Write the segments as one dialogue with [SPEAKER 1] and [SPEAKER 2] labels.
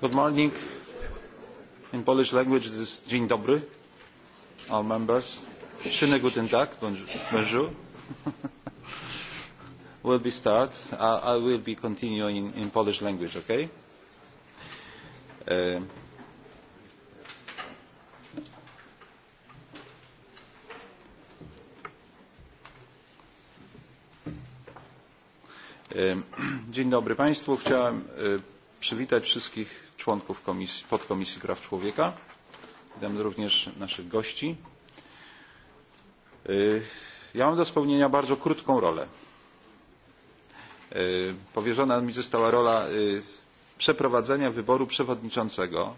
[SPEAKER 1] Good morning. In Polish language, this is dzień dobry. All members. Schönen guten Tag. Bonjour. will be start. I, I will be continuing in Polish language, okay? Uh, dzień dobry państwu chciałem przywitać wszystkich członków komisji, podkomisji praw człowieka. Witam również naszych gości. Ja mam do spełnienia bardzo krótką rolę. Powierzona mi została rola przeprowadzenia wyboru przewodniczącego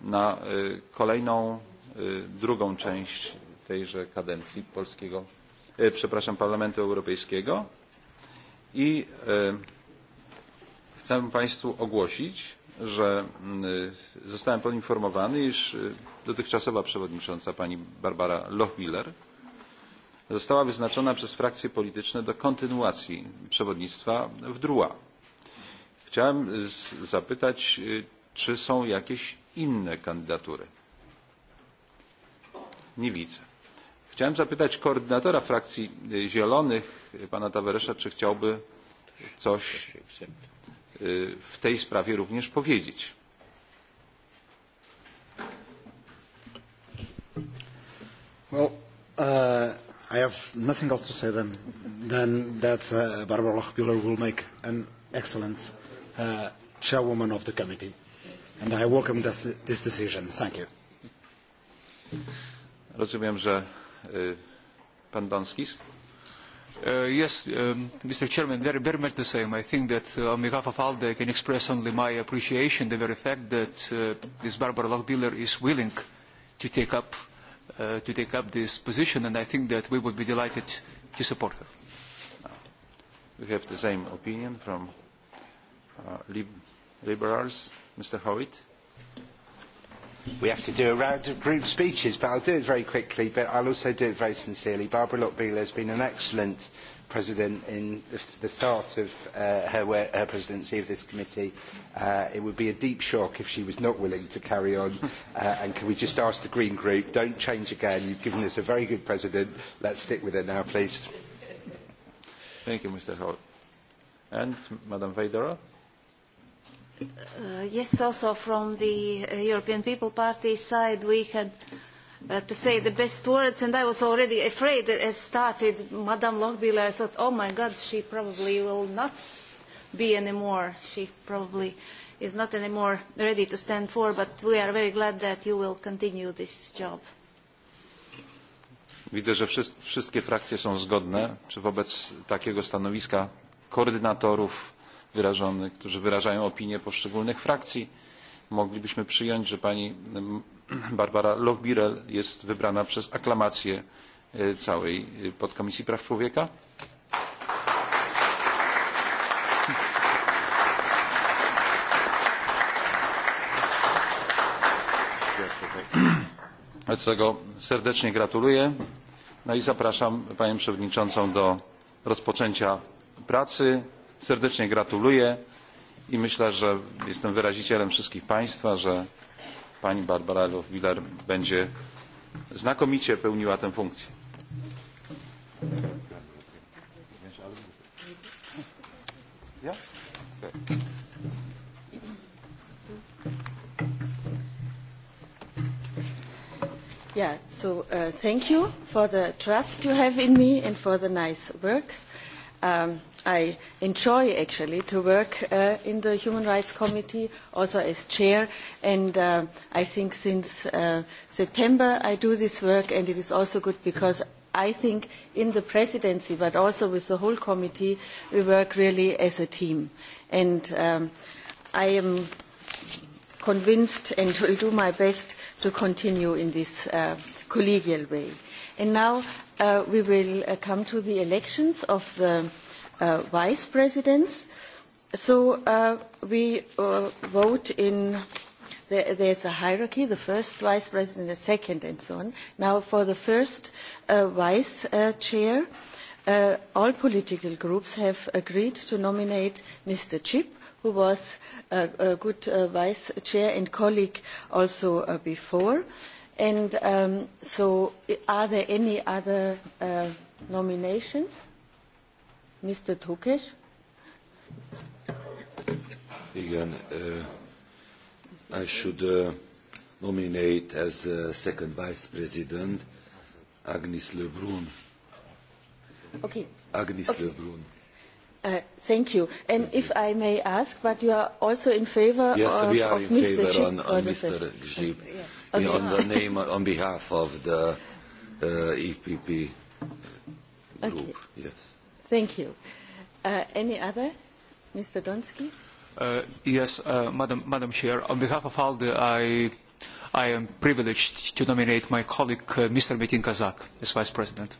[SPEAKER 1] na kolejną, drugą część tejże kadencji polskiego, przepraszam, Parlamentu Europejskiego. I chcę Państwu ogłosić, że zostałem poinformowany, iż dotychczasowa przewodnicząca pani Barbara lochbihler została wyznaczona przez frakcje polityczne do kontynuacji przewodnictwa w DRUA. Chciałem zapytać, czy są jakieś inne kandydatury? Nie widzę. Chciałem zapytać koordynatora frakcji Zielonych, pana tavaresa czy chciałby coś w tej sprawie również
[SPEAKER 2] powiedzieć. Well, uh, I have nothing else to say than, than that uh, Barbara Lochbühler will make an excellent uh, chairwoman of the committee. And I welcome this, this decision. Thank you.
[SPEAKER 1] Rozumiem, że y, pan Donskis. Uh, yes, um,
[SPEAKER 3] Mr. Chairman, very, very much the same. I think that uh, on behalf of ALDE, I can express only my appreciation the very fact that uh, this Barbara Lochbiller is willing to take up uh, to take up this position, and I think that we would be delighted to support her.
[SPEAKER 1] We have the same opinion from uh, lib liberals,
[SPEAKER 4] Mr. Howitt. We have to do a round of group speeches, but I'll do it very quickly, but I'll also do it very sincerely. Barbara Lockbeeler has been an excellent president in the, the start of uh, her, her presidency of this committee. Uh, it would be a deep shock if she was not willing to carry on. Uh, and can we just ask the Green Group, don't change again. You've given us a very good president. Let's stick with her now, please. Thank you, Mr. Holt. And Madam Vaidara.
[SPEAKER 5] Uh, yes, also from the uh, European People Party side, we had uh, to say the best words, and I was already afraid that as started Madame Lochbihler, I thought, oh my God, she probably will not be anymore. She probably is not anymore ready to stand for, but we are very glad that you will continue this job.
[SPEAKER 1] Widzę, że wszyscy, wszystkie frakcje są zgodne. Czy wobec takiego stanowiska koordynatorów wyrażonych, którzy wyrażają opinie poszczególnych frakcji. Moglibyśmy przyjąć, że pani Barbara Lochbirel jest wybrana przez aklamację całej podkomisji praw człowieka. z tego serdecznie gratuluję no i zapraszam panią przewodniczącą do rozpoczęcia pracy serdecznie gratuluję i myślę że jestem wyrazicielem wszystkich państwa że pani barbara lochbihler będzie znakomicie pełniła tę funkcję.
[SPEAKER 6] Yeah, so uh, thank you for the trust you have in me and for the nice work. Um, I enjoy actually to work uh, in the Human Rights Committee, also as chair, and uh, I think since uh, September I do this work, and it is also good because I think in the presidency, but also with the whole committee, we work really as a team. And um, I am convinced and will do my best to continue in this uh, collegial way. And now uh, we will uh, come to the elections of the uh, vice presidents. So uh, we uh, vote in, there, there's a hierarchy, the first vice president, the second, and so on. Now for the first uh, vice chair, all political groups have agreed to nominate Mr. Chip, who was a, a good vice chair and colleague also before. Uh, And um, so are there any other uh, nominations? Mr. Tukes?
[SPEAKER 2] Igen, uh, I should uh, nominate as uh, second vice president Agnes Lebrun. Okay. Agnes okay. Lebrun.
[SPEAKER 6] Uh, thank you. And thank if you. I may ask, but you are also in favor yes, of, we are of in Mr. favor Gzip on, on Mr.
[SPEAKER 1] Gzip. Yes Okay. on the name on behalf of the uh, EPP group. Okay. Yes.
[SPEAKER 6] Thank you. Uh, any other, Mr. Donsky?
[SPEAKER 3] Uh, yes, uh, Madam, Madam Chair. On behalf of ALDE, I, I am privileged to nominate my colleague, uh, Mr. Metin Kazak, as Vice President.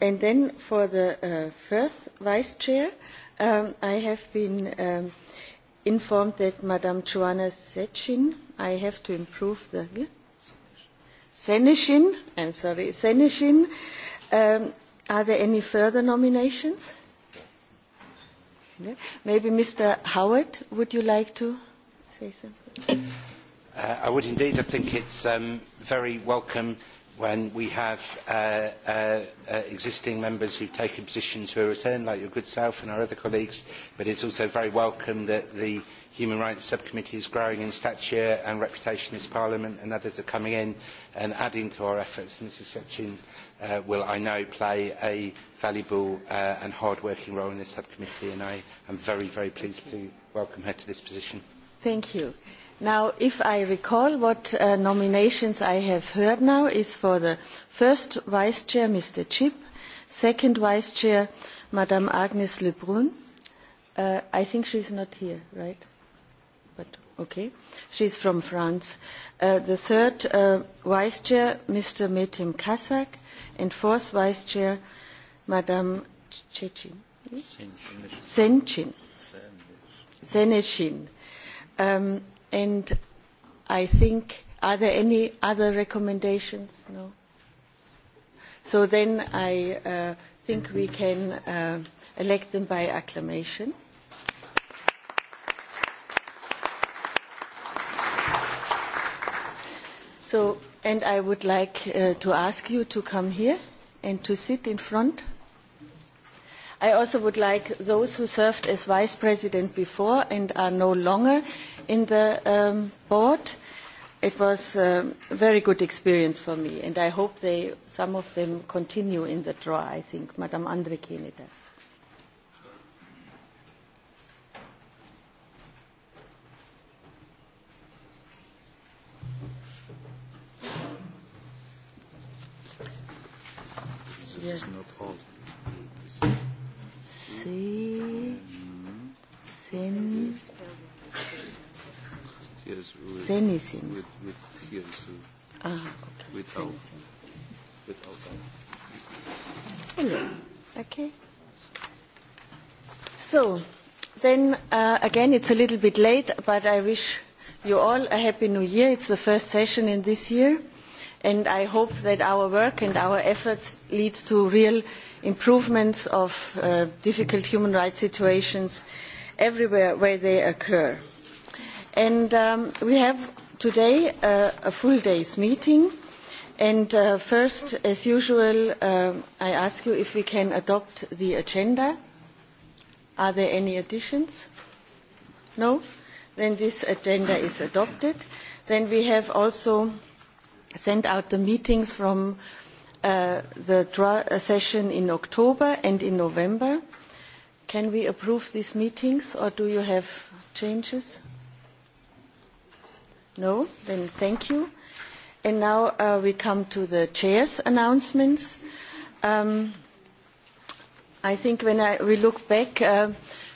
[SPEAKER 6] And then for the uh, first Vice Chair, Um, I have been um, informed that Madam Joanna Sechin, I have to improve the... Yeah? I'm sorry, Senishin. Um, are there any further nominations? Maybe Mr. Howard, would you like to say something?
[SPEAKER 4] Uh, I would indeed. I think it's um, very welcome when we have uh, uh, uh, existing members who've taken positions who are returned, like your good self and our other colleagues, but it's also very welcome that the Human Rights Subcommittee is growing in stature and reputation in this Parliament and others are coming in and adding to our efforts. Ms. Sechin uh, will, I know, play a valuable uh, and hard-working role in this subcommittee and I am very, very pleased to welcome her to this position.
[SPEAKER 6] Thank you. Now, if I recall, what uh, nominations I have heard now is for the first Vice Chair, Mr. Chip, second Vice Chair, Madame Agnes Le Brun. Uh, I think she is not here, right? But okay. she is from France. Uh, the third Vice Chair, Mr. Metin Kazak, and fourth Vice Chair, Madame Chechin.
[SPEAKER 3] Senchin.
[SPEAKER 6] Senchin. Um, and I think, are there any other recommendations? No? So then I uh, think we can uh, elect them by acclamation. So, and I would like uh, to ask you to come here and to sit in front. I also would like those who served as vice president before and are no longer in the um, board. It was a very good experience for me, and I hope they, some of them continue in the draw, I think. Madame Andrekene does.
[SPEAKER 7] Yeah. not all.
[SPEAKER 8] Yes, with, With, with here, so ah, okay. With With
[SPEAKER 6] Hello. Okay. So, then uh, again, it's a little bit late, but I wish you all a happy new year. It's the first session in this year, and I hope that our work and our efforts lead to real improvements of uh, difficult human rights situations everywhere where they occur. And um, we have today uh, a full day's meeting. And uh, first, as usual, uh, I ask you if we can adopt the agenda. Are there any additions? No? Then this agenda is adopted. Then we have also sent out the meetings from uh, the uh, session in October and in November. Can we approve these meetings or do you have changes? No? Then thank you. And now uh, we come to the chair's announcements. Um, I think when I, we look back, uh,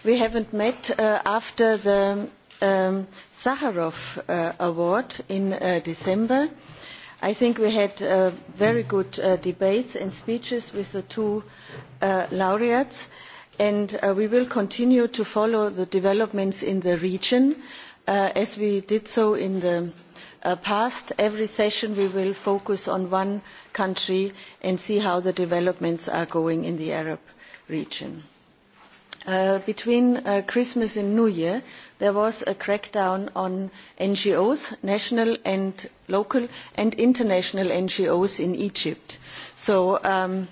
[SPEAKER 6] we haven't met uh, after the um, Sakharov uh, Award in uh, December. I think we had uh, very good uh, debates and speeches with the two laureates, and we will continue to follow the developments in the region Uh, as we did so in the uh, past, every session we will focus on one country and see how the developments are going in the Arab region. Uh, between uh, Christmas and New Year, there was a crackdown on NGOs, national and local and international NGOs in Egypt. So um,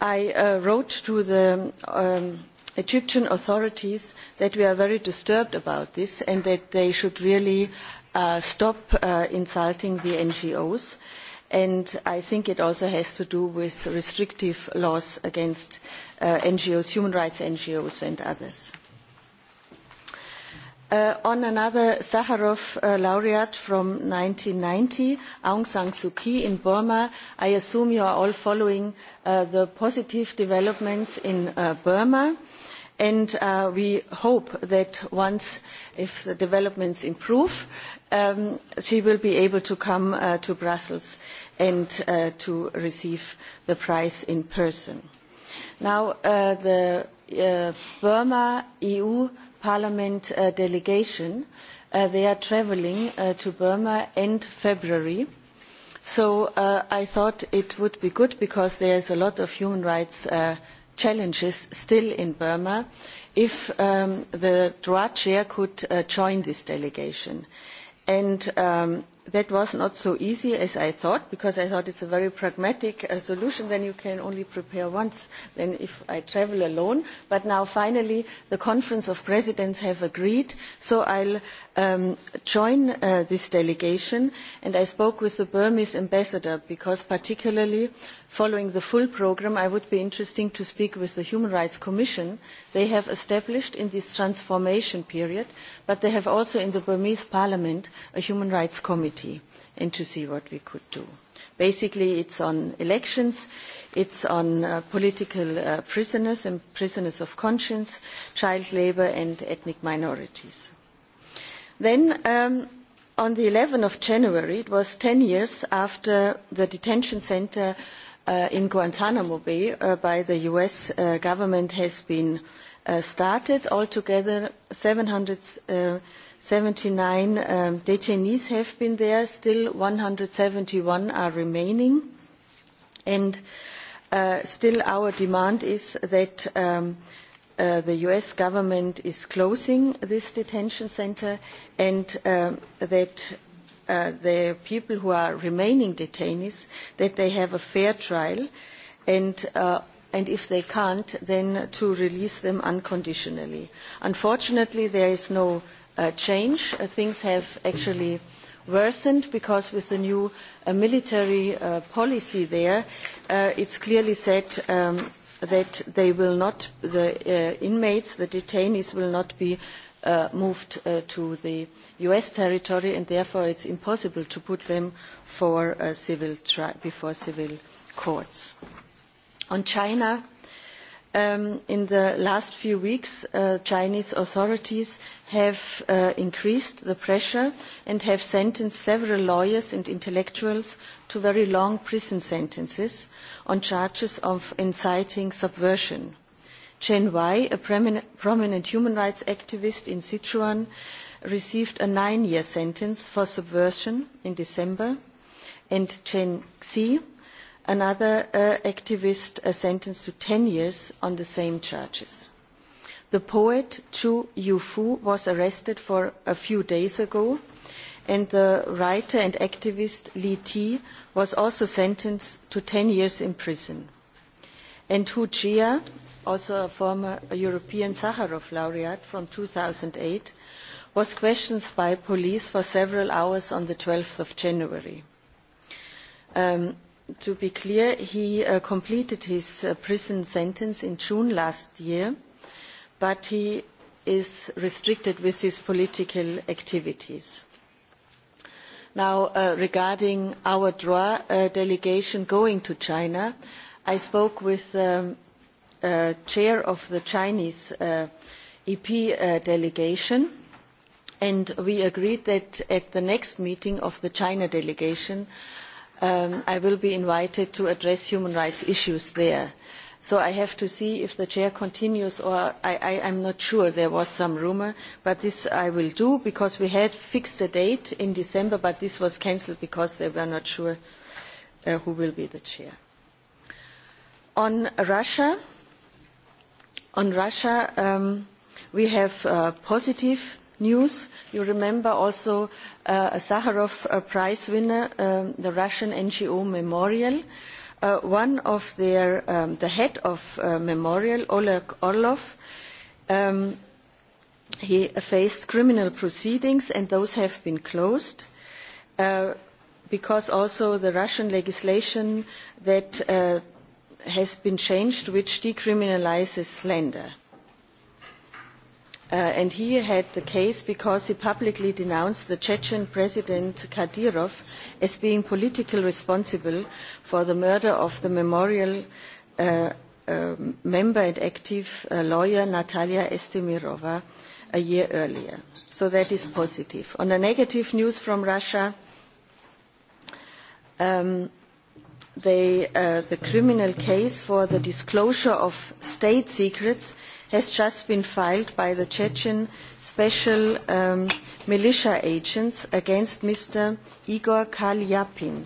[SPEAKER 6] I uh, wrote to the um, Egyptian authorities that we are very disturbed about this and that they should really uh, stop uh, insulting the NGOs. And I think it also has to do with restrictive laws against uh, NGOs, human rights NGOs and others. Uh, on another Sakharov uh, laureate from 1990, Aung San Suu Kyi in Burma. I assume you are all following uh, the positive developments in uh, Burma and uh, we hope that once if the developments improve um, she will be able to come uh, to Brussels and uh, to receive the prize in person. Now uh, the uh, Burma EU Parliament uh, delegation they are travelling to Burma end February so I thought it would be good because there is a lot of human rights challenges still in Burma if um, the Droit chair could uh, join this delegation. And um, that was not so easy as I thought, because I thought it's a very pragmatic uh, solution, then you can only prepare once, then if I travel alone. But now finally, the Conference of Presidents have agreed, so I'll um, join uh, this delegation. And I spoke with the Burmese ambassador, because particularly following the full programme i would be interested to speak with the human rights commission they have established in this transformation period but they have also in the burmese parliament a human rights committee and to see what we could do basically it's on elections it's on uh, political uh, prisoners and prisoners of conscience child labour and ethnic minorities then um, on the 11th of January, it was 10 years after the detention center uh, in Guantanamo Bay uh, by the US uh, government has been uh, started. Altogether, 779 uh, um, detainees have been there. Still 171 are remaining. And uh, still our demand is that um, Uh, the US government is closing this detention center and uh, that Uh, the people who are remaining detainees that they have a fair trial and uh, and if they can't, then to release them unconditionally. Unfortunately, there is no uh, change. Uh, things have actually worsened because with the new uh, military uh, policy there, uh, it's clearly said um, that they will not, the uh, inmates, the detainees will not be Uh, moved uh, to the US territory and therefore it's impossible to put them for a uh, civil before civil courts. On China, um, in the last few weeks, uh, Chinese authorities have increased the pressure and have sentenced several lawyers and intellectuals to very long prison sentences on charges of inciting subversion Chen Wei, a prominent human rights activist in Sichuan, received a nine-year sentence for subversion in December, and Chen Xi, another uh, activist, a sentence to 10 years on the same charges. The poet Chu Yufu was arrested for a few days ago, and the writer and activist Li Ti was also sentenced to 10 years in prison. And Hu Jia, also a former European Sakharov laureate from 2008, was questioned by police for several hours on the 12th of January. Um, to be clear, he uh, completed his uh, prison sentence in June last year, but he is restricted with his political activities. Now, uh, regarding our draw delegation going to China, I spoke with um, Uh, chair of the Chinese uh, EP uh, delegation, and we agreed that at the next meeting of the China delegation, um, I will be invited to address human rights issues there. So I have to see if the chair continues, or I, am not sure. There was some rumor, but this I will do because we had fixed a date in December, but this was cancelled because they were not sure who will be the chair. On Russia, On Russia, um, we have uh, positive news. You remember also uh, a Sakharov uh, Prize winner, um, the Russian NGO Memorial. Uh, one of their, um, the head of uh, Memorial, Oleg Orlov, um, he faced criminal proceedings and those have been closed uh, because also the Russian legislation that has been changed which decriminalises slander. Uh, and he had the case because he publicly denounced the Chechen president Kadyrov as being politically responsible for the murder of the memorial uh, uh, member and active uh, lawyer Natalia Estemirova a year earlier. So that is positive. On the negative news from Russia, um, uh, the criminal case for the disclosure of state secrets has just been filed by the Chechen special um, militia agents against Mr. Igor Kalyapin.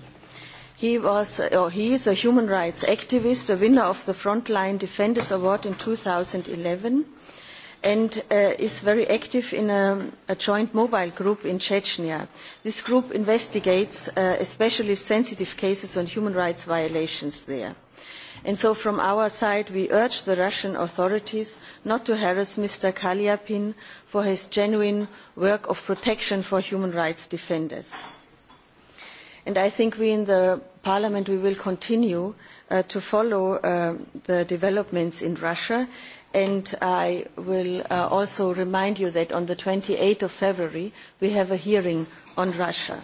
[SPEAKER 6] He, was, uh, or he is a human rights activist, a winner of the Frontline Defenders Award in 2011 and uh, is very active in a, a, joint mobile group in Chechnya. This group investigates uh, especially sensitive cases on human rights violations there. And so from our side, we urge the Russian authorities not to harass Mr. Kalyapin for his genuine work of protection for human rights defenders. And I think we in the Parliament, we will continue uh, to follow uh, the developments in Russia and I will uh, also remind you that on the 28th of February we have a hearing on Russia.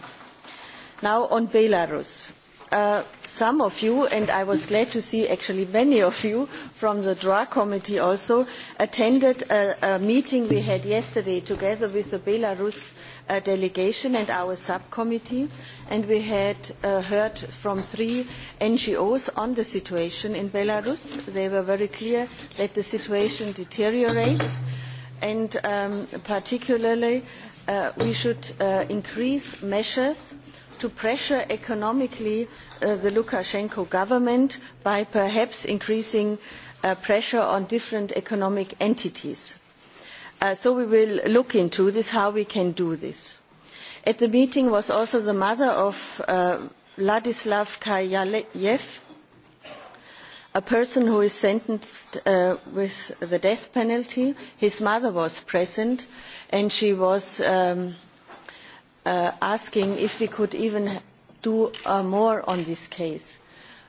[SPEAKER 6] Now on Belarus. Uh, some of you, and I was glad to see actually many of you from the DRA committee also, attended a, a meeting we had yesterday together with the Belarus uh, delegation and our subcommittee, and we had uh, heard from three NGOs on the situation in Belarus. They were very clear that the situation deteriorates, and um, particularly uh, we should uh, increase measures to pressure economically uh, the Lukashenko government by perhaps increasing uh, pressure on different economic entities. Uh, so we will look into this, how we can do this. At the meeting was also the mother of uh, Ladislav Kajalev, a person who is sentenced uh, with the death penalty. His mother was present and she was um, uh, asking if we could even do uh, more on this case.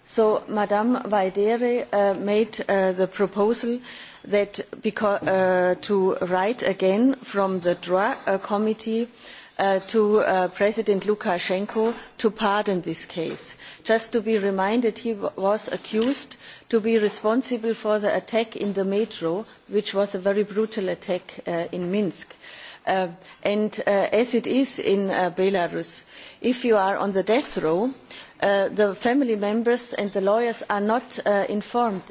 [SPEAKER 6] So Madame Vaidere uh, made uh, the proposal that uh, to write again from the DRA uh, committee to President Lukashenko to pardon this case. Just to be reminded, he was accused to be responsible for the attack in the metro, which was a very brutal attack in Minsk. Uh, Uh, and uh, as it is in uh, belarus if you are on the death row the family members and the lawyers are not informed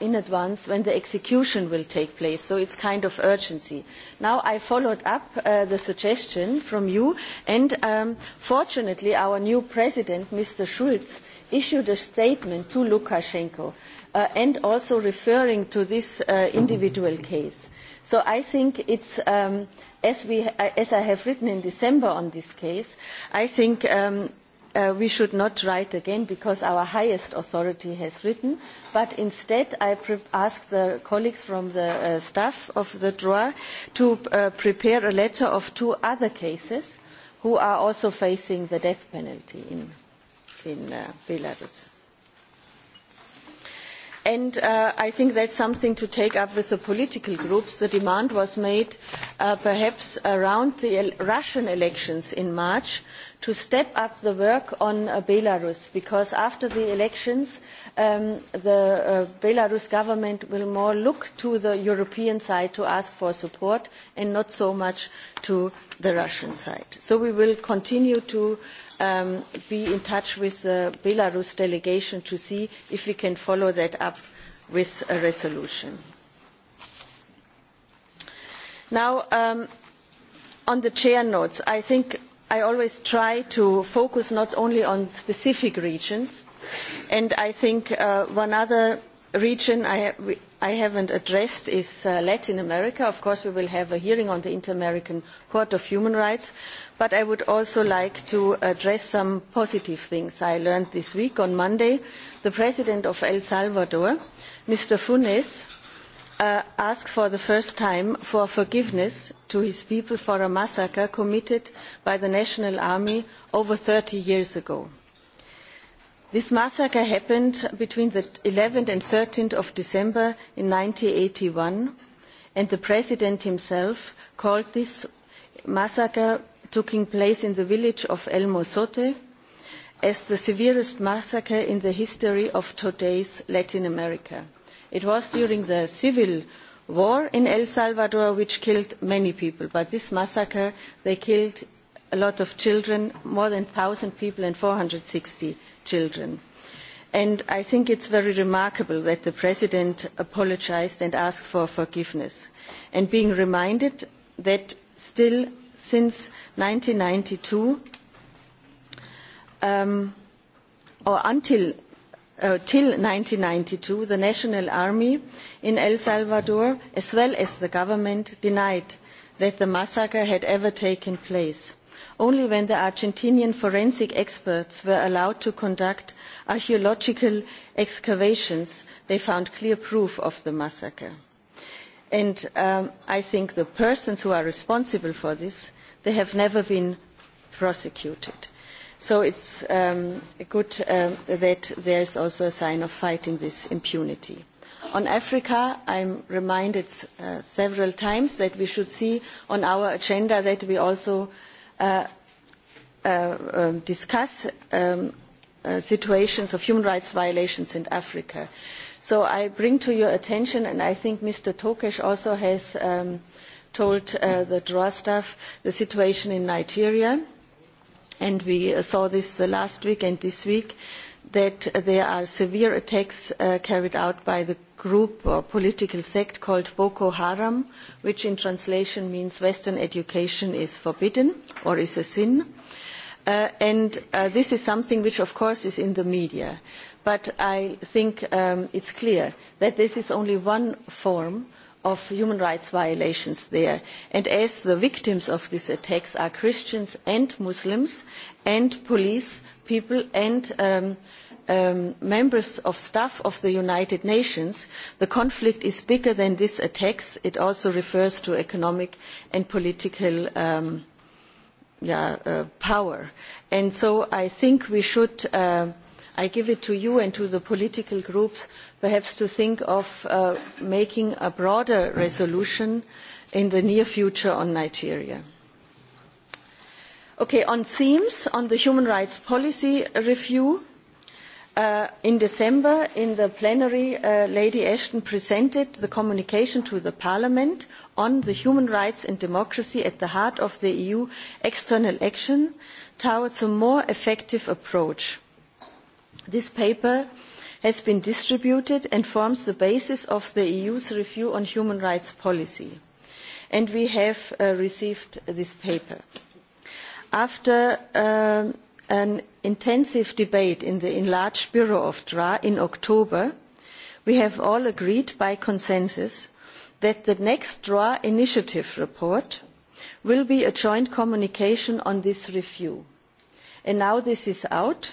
[SPEAKER 6] in advance when the execution will take place so it is a kind of urgency. now i followed up the suggestion from you and um, fortunately our new president mr schulz issued a statement to lukashenko and also referring to this individual case. so i think it is um, as, we, uh, as I have written in December on this case, I think um, Uh, we should not write again because our highest authority has written but instead i ask the colleagues from the uh, staff of the drawer to uh, prepare a letter of two other cases who are also facing the death penalty in, in uh, belarus and uh, I think that's something to take up with the political groups. The demand was made uh, perhaps around the el Russian elections in March to step up the work on uh, Belarus because after the elections um, the uh, Belarus government will more look to the European side to ask for support and not so much to the Russian side. So we will continue to uh, um, be in touch with the Belarus delegation to see if we can follow that up with a resolution. Now, um, on the chair notes, I think I always try to focus not only on specific regions, and I think uh, one other region I, ha I haven't addressed is uh, Latin America. Of course, we will have a hearing on the Inter-American Court of Human Rights, but i would also like to address some positive things i learned this week. on monday the president of el salvador mr funes uh, asked for the first time for forgiveness to his people for a massacre committed by the national army over thirty years ago. this massacre happened between eleven and thirteen december one thousand nine hundred and eighty one and the president himself called this massacre Taking place in the village of El Mozote as the severest massacre in the history of today's Latin America. It was during the civil war in El Salvador which killed many people, but this massacre, they killed a lot of children, more than 1,000 people and 460 children. And I think it's very remarkable that the president apologized and asked for forgiveness. And being reminded that still since 1992 um, or until Uh, till 1992, the National Army in El Salvador, as well as the government, denied that the massacre had ever taken place. Only when the Argentinian forensic experts were allowed to conduct archaeological excavations, they found clear proof of the massacre. And um, I think the persons who are responsible for this they have never been prosecuted. So it's um, good um, that there is also a sign of fighting this impunity. On Africa, I'm reminded uh, several times that we should see on our agenda that we also uh, uh, um, discuss um, uh, situations of human rights violations in Africa. So I bring to your attention, and I think Mr. Tokes also has um, told uh, the draft staff the situation in Nigeria, and we uh, saw this uh, last week and this week, that there are severe attacks uh, carried out by the group or political sect called Boko Haram, which in translation means Western education is forbidden or is a sin. Uh, and uh, this is something which, of course, is in the media. But I think um, it's clear that this is only one form of human rights violations there. And as the victims of these attacks are Christians and Muslims and police people and um, um, members of staff of the United Nations, the conflict is bigger than these attacks. It also refers to economic and political um, yeah, uh, power. And so I think we should uh, I give it to you and to the political groups perhaps to think of uh, making a broader resolution in the near future on Nigeria. Okay, on themes, on the human rights policy review, uh, in December, in the plenary, uh, Lady Ashton presented the communication to the Parliament on the human rights and democracy at the heart of the EU external action towards a more effective approach this paper has been distributed and forms the basis of the eu's review on human rights policy and we have uh, received this paper. after uh, an intensive debate in the enlarged bureau of dra in october we have all agreed by consensus that the next dra initiative report will be a joint communication on this review and now this is out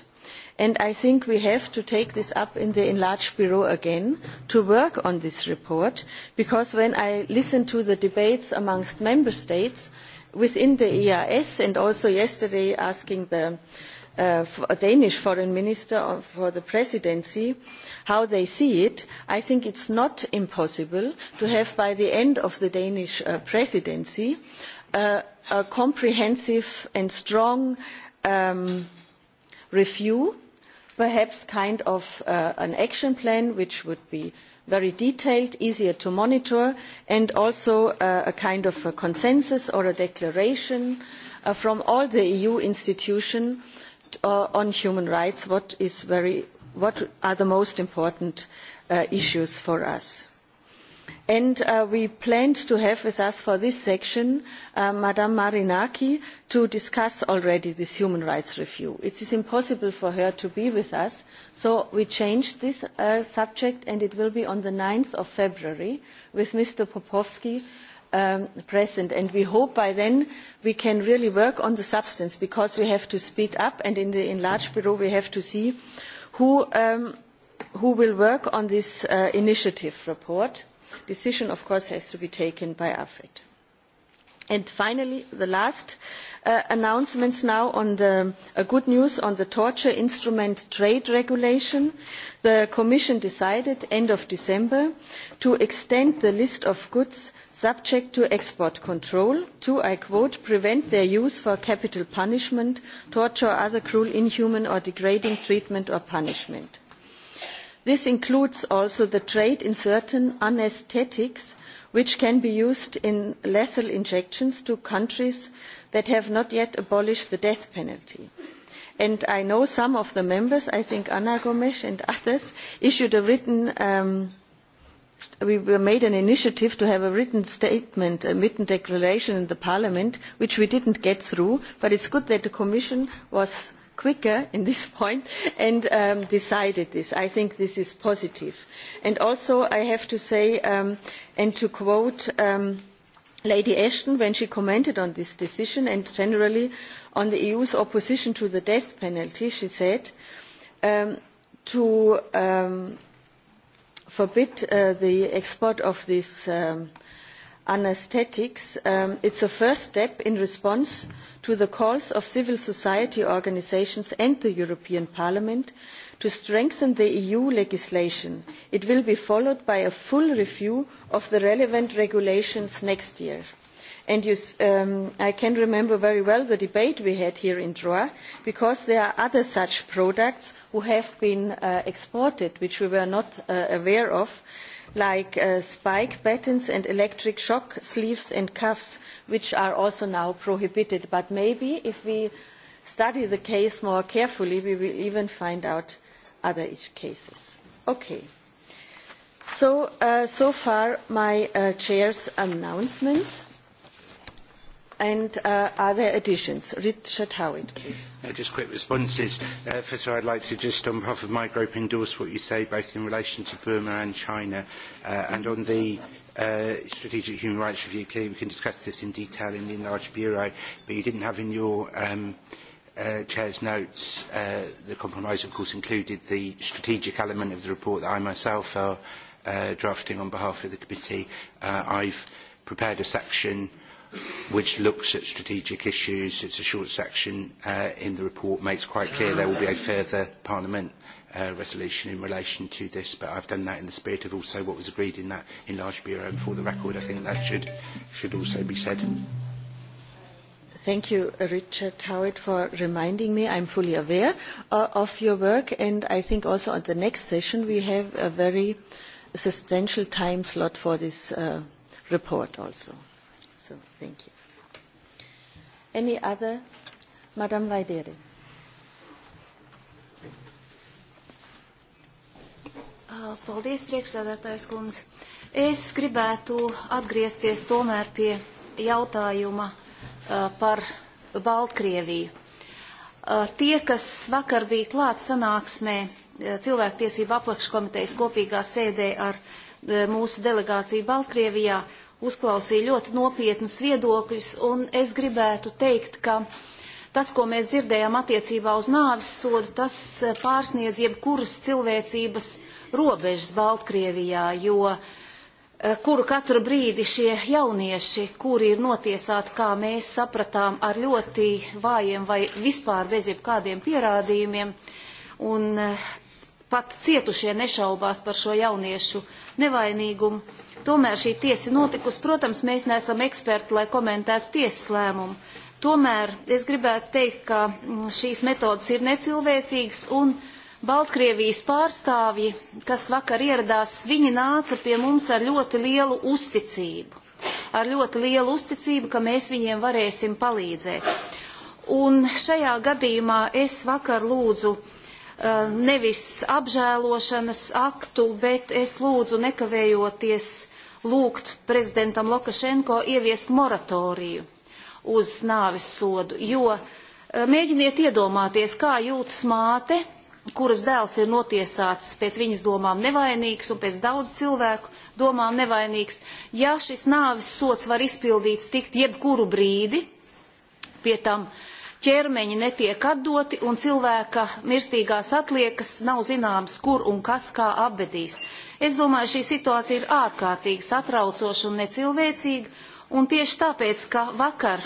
[SPEAKER 6] and I think we have to take this up in the enlarged bureau again to work on this report because when I listen to the debates amongst member states within the EIS and also yesterday asking the uh, Danish foreign minister for the presidency how they see it, I think it's not impossible to have by the end of the Danish uh, presidency uh, a comprehensive and strong um, review perhaps kind of uh, an action plan which would be very detailed, easier to monitor, and also uh, a kind of a consensus or a declaration uh, from all the EU institutions on human rights, what, is very, what are the most important issues for us and uh, we planned to have with us for this section ms uh, Madame Marinaki to discuss already this human rights review. It is impossible for her to be with us, so we changed this uh, subject and it will be on the 9th of February with Mr. Popovski um, present. And we hope by then we can really work on the substance because we have to speed up and in the enlarged bureau we have to see who, um, will work on this initiative report decision of course has to be taken by AFET. And finally, the last uh, announcements now on the good news on the torture instrument trade regulation. The Commission decided end of December to extend the list of goods subject to export control to, I quote, prevent their use for capital punishment, torture or other cruel, inhuman or degrading treatment or punishment This includes also the trade in certain anaesthetics, which can be used in lethal injections to countries that have not yet abolished the death penalty. And I know some of the members, I think Ana Gomes and others, issued a written um, we made an initiative to have a written statement, a written declaration in the Parliament, which we didn't get through, but it's good that the Commission was quicker in this point and um, decided this. I think this is positive. And also I have to say um, and to quote um, Lady Ashton when she commented on this decision and generally on the EU's opposition to the death penalty, she said um, to um, forbid uh, the export of this um, anesthetics, um, it's a first step in response to the calls of civil society organisations and the European Parliament to strengthen the EU legislation. It will be followed by a full review of the relevant regulations next year. And you, um, I can remember very well the debate we had here in Troyes, because there are other such products who have been uh, exported, which we were not uh, aware of, like uh, spike patterns and electric shock sleeves and cuffs, which are also now prohibited. But maybe if we study the case more carefully, we will even find out other cases. Okay. So, uh, so far my uh, chair's announcements. And uh, are there additions? Richard Howitt, please.
[SPEAKER 4] Uh, just quick responses. Uh, first of all, I'd like to just, on behalf of my group, endorse what you say, both in relation to Burma and China, uh, and on the uh, Strategic Human Rights Review. Clearly, we can discuss this in detail in the enlarged bureau, but you didn't have in your um, uh, chair's notes, uh, the compromise, of course, included the strategic element of the report that I myself are uh, drafting on behalf of the committee. Uh, I've prepared a section which looks at strategic issues. It's a short section uh, in the report, makes quite clear there will be a further Parliament uh, resolution in relation to this, but I've done that in the spirit of also what was agreed in that enlarged bureau. And for the record, I think that should, should also be said.
[SPEAKER 6] Thank you, Richard Howitt, for reminding me. I'm fully aware uh, of your work, and I think also on the next session we have a very substantial time slot for this uh, report also. So thank you. Any other? Madame Vaidere.
[SPEAKER 5] Ah, paldies, priekšsēdētājs kundze. Es gribētu atgriezties tomēr pie jautājuma ah, par Baltkrieviju. Ah, tie, kas vakar bija klāt sanāksmē eh, cilvēktiesību apakškomitejas kopīgā sēdē ar eh, mūsu delegāciju Baltkrievijā, uzklausīja ļoti nopietnus viedokļus, un es gribētu teikt, ka tas, ko mēs dzirdējām attiecībā uz nāves sodu, tas eh, pārsniedz jebkuras cilvēcības robežas Baltkrievijā, jo eh, kuru katru brīdi šie jaunieši, kuri ir notiesāti, kā mēs sapratām, ar ļoti vājiem vai vispār bez jebkādiem pierādījumiem, un eh, pat cietušie nešaubās par šo jauniešu nevainīgumu, Tomēr šī tiesa notikusi, protams, mēs neesam eksperti, lai komentētu tiesas lēmumu. Tomēr es gribētu teikt, ka mm, šīs metodas ir necilvēcīgas un Baltkrievijas pārstāvji, kas vakar ieradās, viņi nāca pie mums ar ļoti lielu uzticību. Ar ļoti lielu uzticību, ka mēs viņiem varēsim palīdzēt. Un šajā gadījumā es vakar lūdzu eh, nevis apžēlošanas aktu, bet es lūdzu nekavējoties lūgt prezidentam Lukašenko ieviest moratoriju uz nāves sodu, jo mēģiniet iedomāties, kā jūtas māte, kuras dēls ir notiesāts pēc viņas domām nevainīgs un pēc daudz cilvēku domām nevainīgs. Ja šis nāves sots var izpildīts tikt jebkuru brīdi, pie tam uh, ķermeņi netiek atdoti un cilvēka mirstīgās atliekas nav zināmas, kur un kas kā apbedīs. Es domāju, šī situācija ir ārkārtīgi satraucoša un necilvēcīga, un tieši tāpēc, ka vakar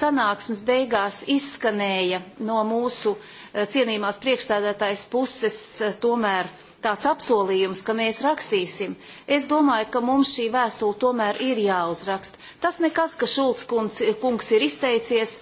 [SPEAKER 5] sanāksmes beigās izskanēja no mūsu eh, cienījumās priekšstādātājas puses eh, tomēr tāds apsolījums, ka mēs rakstīsim. Es domāju, ka mums šī vēstule tomēr ir jāuzrakst. Tas nekas, ka Šulc kungs, kungs ir izteicies,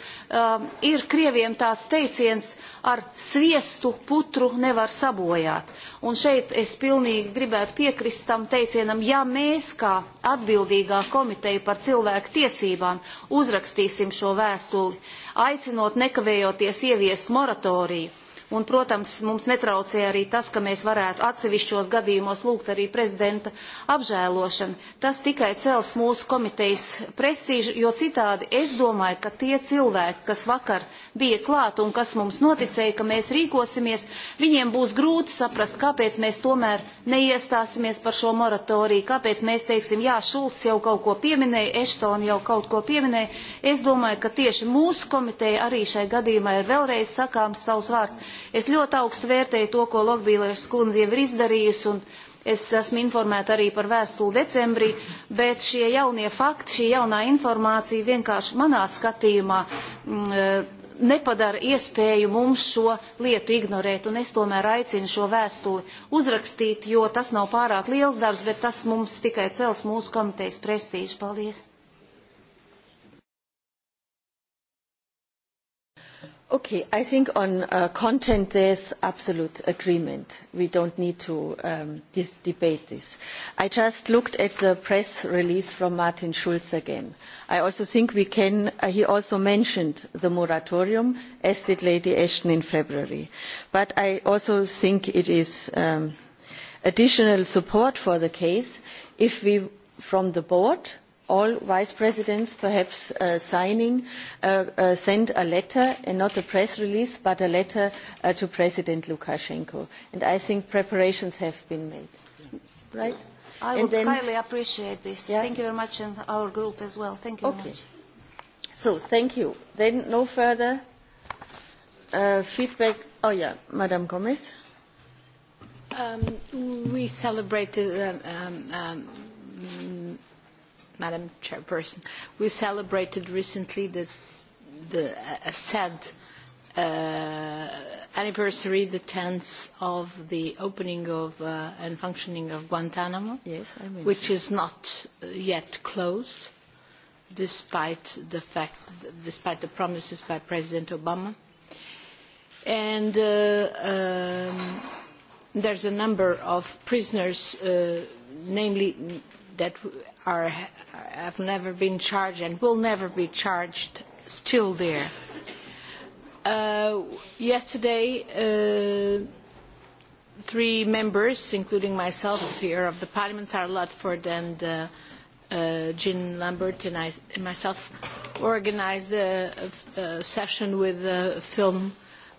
[SPEAKER 5] uh, ir Krieviem tās teiciens ar sviestu putru nevar sabojāt. Un šeit es pilnīgi gribētu piekrist tam teicienam, ja mēs kā atbildīgā komiteja par cilvēku tiesībām uzrakstīsim šo vēstuli, aicinot nekavējoties ieviest moratoriju, un, protams, mums netraucēja arī tas, ka mēs varētu atsevišķos gadījumos lūgt arī prezidenta apžēlošanu. Tas tikai cels mūsu komitejas prestīžu, jo citādi es domāju, ka tie cilvēki, kas vakar bija klāt un kas mums noticēja, ka mēs rīkosimies, viņiem būs grūti saprast, kāpēc mēs tomēr neiestāsimies par šo moratoriju, kāpēc mēs teiksim, jā, Šulcs jau kaut ko pieminēja, Eštoni jau kaut ko pieminēja. Es domāju, ka tieši mūsu komiteja arī šai gadījumā ir vēlreiz sakāms savus vārds. Es ļoti augstu vērtēju to, ko Logbīlers kundze jau ir izdarījusi, un es esmu informēta arī par vēstuli decembrī, bet šie jaunie fakti, šī jaunā informācija vienkārši manā skatījumā mm, eh, nepadara iespēju mums šo lietu ignorēt, un es tomēr aicinu šo vēstuli uzrakstīt, jo tas nav pārāk liels darbs, bet tas mums tikai cels mūsu komitejas prestīžu. Paldies!
[SPEAKER 6] I think on uh, content there is absolute agreement. We don't need to um, debate this. I just looked at the press release from Martin Schulz again. I also think we can, uh, he also mentioned the moratorium, as did Lady Ashton in February. But I also think it is um, additional support for the case if we, from the board, all vice presidents perhaps uh, signing uh, uh, sent a letter and not a press release but a letter uh, to president lukashenko and i think preparations have been made right i and would then, highly
[SPEAKER 5] appreciate this yeah? thank you very much and
[SPEAKER 6] our group as well thank you okay. very much so thank you then no further uh, feedback oh yeah madam gomez um, we celebrated um, um, um
[SPEAKER 9] Madam Chairperson, we celebrated recently the, the uh, sad uh, anniversary, the 10th of the opening of uh, and functioning of Guantanamo, yes, which is not uh, yet closed, despite the fact, despite the promises by President Obama. And uh, um, there's a number of prisoners, uh, namely that are, have never been charged and will never be charged still there. Uh, yesterday, uh, three members, including myself here of the Parliament, Sarah Ludford and uh, uh, Jean Lambert and, I, and myself, organised a, a, a, session with a film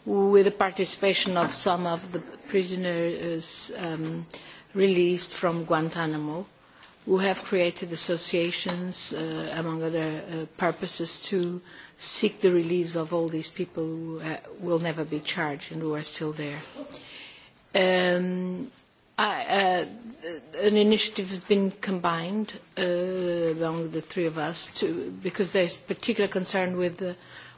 [SPEAKER 9] with the participation of some of the prisoners um, released from Guantanamo who have created associations, uh, among other uh, purposes, to seek the release of all these people who uh, will never be charged and who are still there. Um, I, uh, an initiative has been combined uh, among the three of us to, because there's particular concern with uh,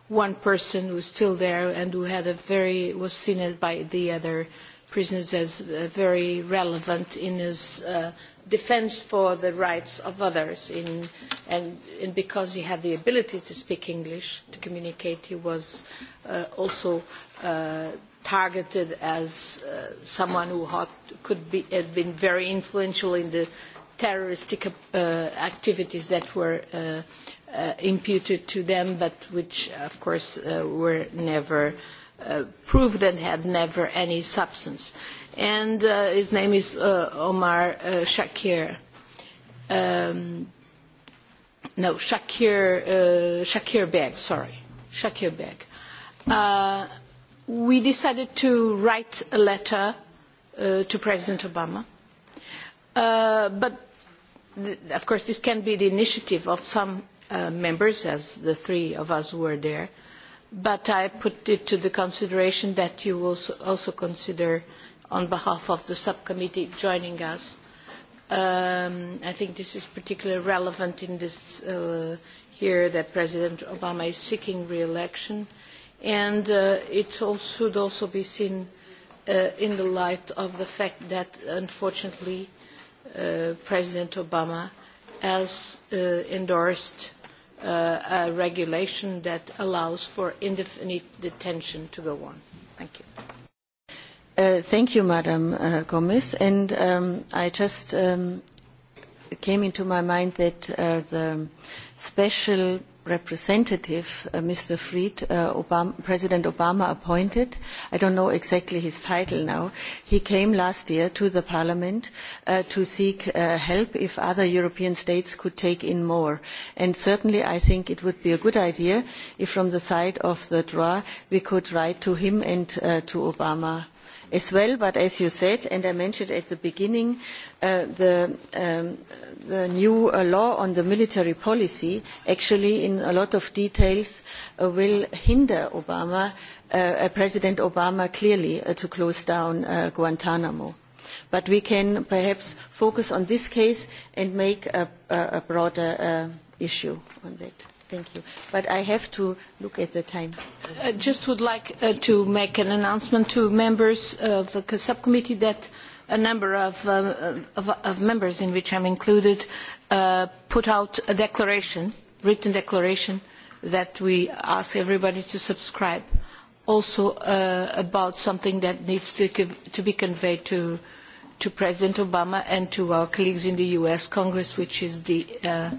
[SPEAKER 9] one person who is still there and who had a very was seen as by the other prisoners as uh, very relevant in his uh, defence for the rights of others in, and, and, because he had the ability to speak English, to communicate, he was uh, also uh, targeted as uh, someone who had, could be, had been very influential in the terroristic uh, activities that were imputed to them, but which, of course, were never uh, Uh, proved and that had never any substance. And uh, his name is uh, Omar uh, Shakir. Um, no, Shakir, uh, Shakir Beg, sorry. Shakir Beg. Uh, we decided to write a letter uh, to President Obama. Uh, but of course this can be the initiative of some uh, members as the three of us were there but I put it to the consideration that you will also, consider on behalf of the subcommittee joining us. Um, I think this is particularly relevant in this uh, here that President Obama is seeking re-election, and uh, it also, should also be seen uh, in the light of the fact that, unfortunately, uh, President Obama has uh, endorsed Uh, a regulation that allows for indefinite detention to go on. Thank you.
[SPEAKER 6] Uh, thank you, Madam uh, Gomez. And um, I just um, came into my mind that uh, the special representative, uh, Mr. Fried, uh, Obama, President Obama appointed. I don't know exactly his title now. He came last year to the Parliament uh, to seek uh, help if other European states could take in more. And certainly I think it would be a good idea if from the side of the draw, we could write to him and uh, to Obama as well. But as you said, and I mentioned at the beginning, uh, um, the, new uh, law on the military policy actually in a lot of details uh, will hinder President Obama clearly to close down Guantanamo. But we can perhaps focus on this case and make a, a broader issue on that. Thank you. But I have to look at the time. I just
[SPEAKER 9] would like uh, to make an announcement to members of the subcommittee that a number of, uh, of, of members in which I'm included uh, put out a declaration, written declaration, that we ask everybody to subscribe, also uh, about something that needs to, to be conveyed to, to President Obama and to our colleagues in the U.S. Congress, which is the... Uh,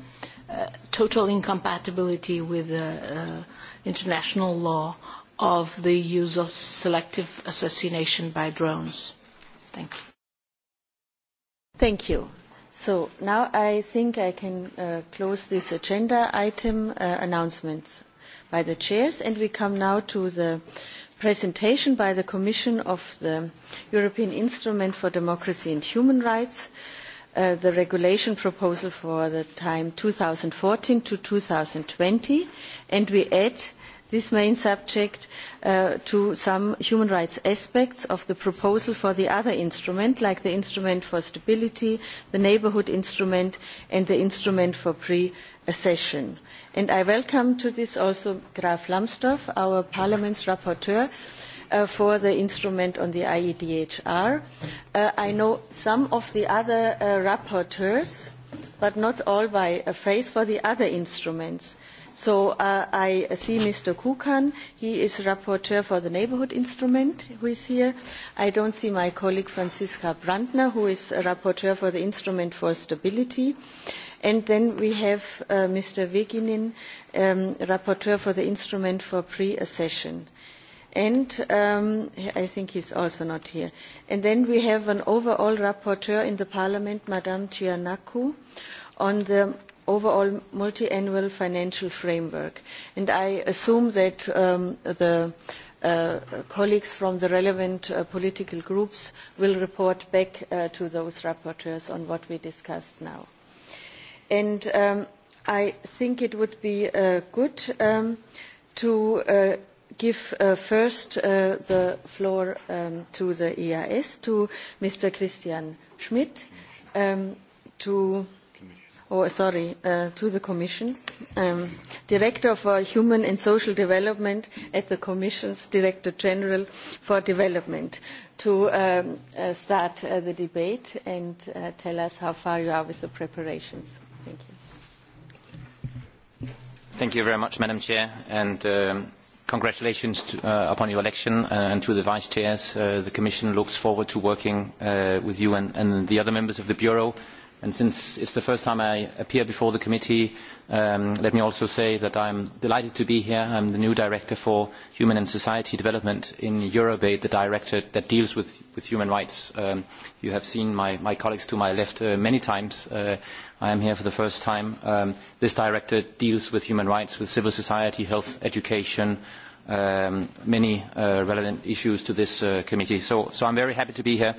[SPEAKER 9] Uh, total incompatibility with the uh, uh, international law of the use of selective assassination by drones. Thank you.
[SPEAKER 6] Thank you. So now I think I can uh, close this agenda item uh, announcements by the chairs and we come now to the presentation by the Commission of the European Instrument for Democracy and Human Rights Uh, the regulation proposal for the time 2014 to 2020, and we add this main subject uh, to some human rights aspects of the proposal for the other instrument, like the instrument for stability, the neighbourhood instrument, and the instrument for pre-accession. And I welcome to this also Graf Lambsdorff, our Parliament's rapporteur, uh, for the instrument on the IEDHR. Uh, I know some of the other uh, rapporteurs, but not all by face, for the other instruments. So uh, I see Mr. Kukan. He is rapporteur for the neighbourhood instrument who is here. I don't see my colleague Franziska Brandner, who is rapporteur for the instrument for stability. And then we have uh, Mr. Veginin, um, rapporteur for the instrument for pre-accession. Uh, and um, I think he's also not here. And then we have an overall rapporteur in the Parliament, Madame Giannakou, on the overall multi-annual financial framework. And I assume that um, the uh, colleagues from the relevant uh, political groups will report back uh, to those rapporteurs on what we discussed now. And um, I think it would be uh, good um, to uh, give uh, first uh, the floor um, to the EIS, to Mr. Christian Schmidt, um, to, oh, sorry, uh, to the Commission, um, Director for Human and Social Development at the Commission's Director General for Development, to um, uh, start uh, the debate and uh, tell us how far you are with the preparations. Thank you.
[SPEAKER 10] Thank you very much, Madam Chair, and um, congratulations uh, upon your election uh, and to the vice chairs. Uh, the commission looks forward to working uh, with you and, and, the other members of the bureau. And since it's the first time I appear before the committee, Um, let me also say that I'm delighted to be here. I'm the new director for human and society development in Eurobate, the director that deals with, with human rights. Um, you have seen my, my, colleagues to my left uh, many times. Uh, I am here for the first time. Um, this director deals with human rights, with civil society, health, education, um, many uh, relevant issues to this uh, committee. So, so I'm very happy to be here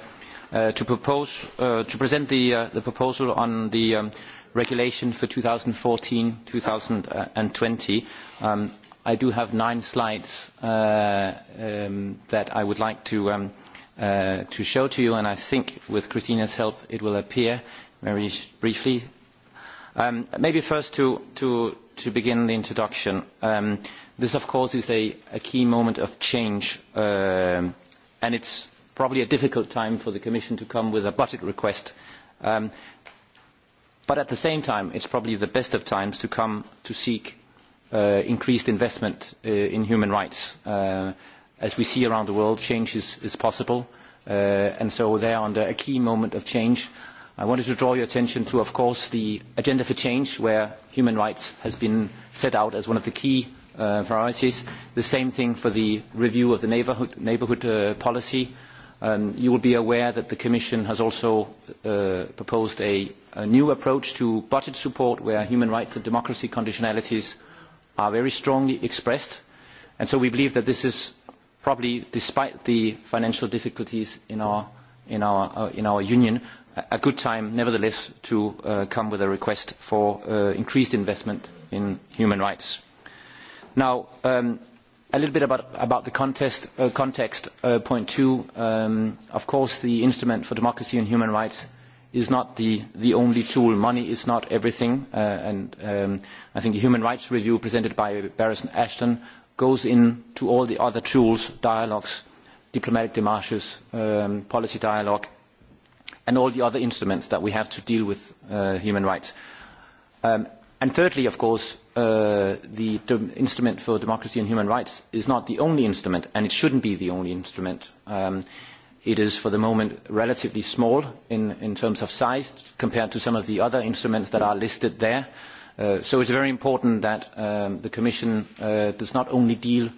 [SPEAKER 10] uh, to, propose, uh, to present the, the, proposal on the um, regulation for 2014-2020. Um, I do have nine slides uh, um, that I would like to, um, uh, to show to you, and I think with Christina's help it will appear very briefly. Um, maybe first to, to, to begin the introduction. Um, this, of course, is a, a key moment of change, um, and it's probably a difficult time for the Commission to come with a budget request. Um, But at the same time, it's probably the best of times to come to seek uh, increased investment uh, in human rights. Uh, as we see around the world, change is, is possible, uh, and so they are under a key moment of change. I wanted to draw your attention to, of course, the Agenda for Change, where human rights has been set out as one of the key uh, priorities. The same thing for the review of the neighbourhood, neighborhood uh, policy. Um, you will be aware that the Commission has also proposed a a new approach to budget support where human rights and democracy conditionalities are very strongly expressed. And so we believe that this is probably, despite the financial difficulties in our, in our, uh, in our union, a good time nevertheless to uh, come with a request for uh, increased investment in human rights. Now, um, a little bit about, about the contest, uh, context, uh, point two. Um, of course, the instrument for democracy and human rights is not the, the only tool. Money is not everything. Uh, and um, I think the human rights review presented by Barrison Ashton goes into all the other tools, dialogues, diplomatic demarches, um, policy dialogue, and all the other instruments that we have to deal with uh, human rights. Um, and thirdly, of course, uh, the instrument for democracy and human rights is not the only instrument, and it shouldn't be the only instrument. Um, It is for the moment relatively small in, terms of size compared to some of the other instruments that are listed there. Uh, it's very important that um, the Commission uh, does not only deal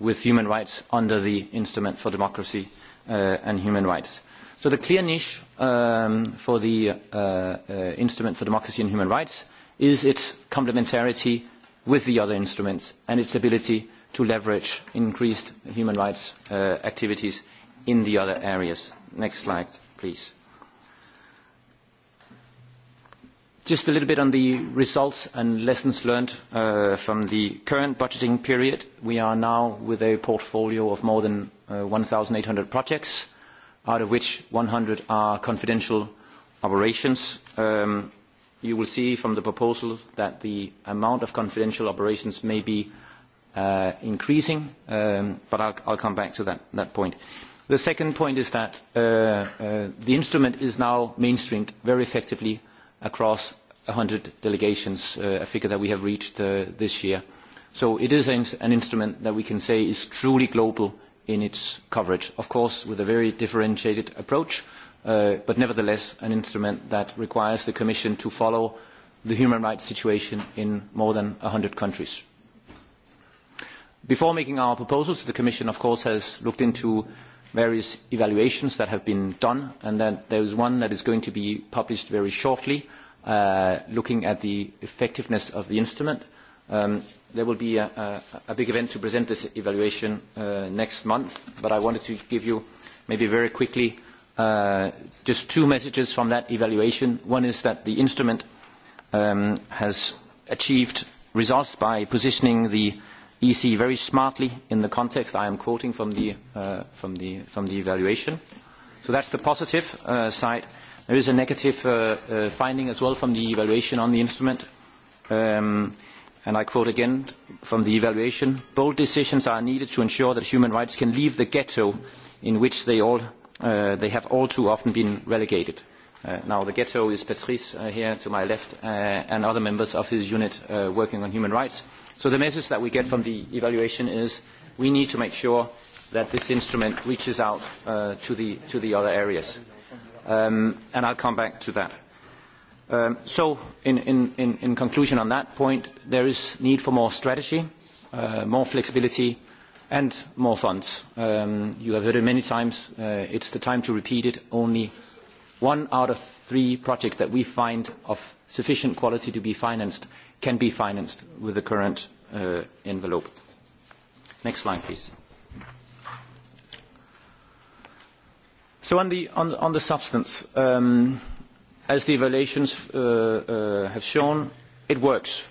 [SPEAKER 10] with human rights under the Instrument for Democracy uh, and Human Rights. the clear niche um, for the Instrument for Democracy and Human Rights is its complementarity with the other instruments and its ability to leverage increased human rights activities in the other areas. Next slide, please. Just a little bit on the results and lessons learned uh, from the current budgeting period. We are now with a portfolio of more than uh, 1,800 projects, out of which 100 are confidential operations. Um, you will see from the proposal that the amount of confidential operations may be uh, increasing, um, but I'll, I'll come back to that, that point. The second point is that uh, uh, the instrument is now mainstreamed very effectively across 100 delegations, uh, a figure that we have reached uh, this year. So it is an, an, instrument that we can say is truly global in its coverage, of course with a very differentiated approach, uh, but nevertheless an instrument that requires the Commission to follow the human rights situation in more than 100 countries. Before making our proposals, the Commission of course has looked into various evaluations that have been done, and then there is one that is going to be published very shortly, uh, looking at the effectiveness of the instrument. Um, there will be a, a, a, big event to present this evaluation uh, next month, but I wanted to give you maybe very quickly uh, just two messages from that evaluation. One is that the instrument um, has achieved results by positioning the EC very smartly in the context I am quoting from the, uh, from the, from the evaluation. So that's the positive uh, side. There is a negative uh, uh, finding as well from the evaluation on the instrument. Um, and I quote again from the evaluation, bold decisions are needed to ensure that human rights can leave the ghetto in which they, all, uh, they have all too often been relegated. Uh, now the ghetto is Patrice uh, here to my left uh, and other members of his unit uh, working on human rights So the message that we get from the evaluation is we need to make sure that this instrument reaches out uh, to, the, to the other areas. Um, and I'll come back to that. Um, so in, in, in, conclusion on that point, there is need for more strategy, uh, more flexibility, and more funds. Um, you have heard it many times. Uh, it's the time to repeat it. Only one out of three projects that we find of sufficient quality to be financed can be financed with the current uh, envelope. Next slide, please. So on the, on, on the substance, um, as the evaluations uh, uh, have shown, it works.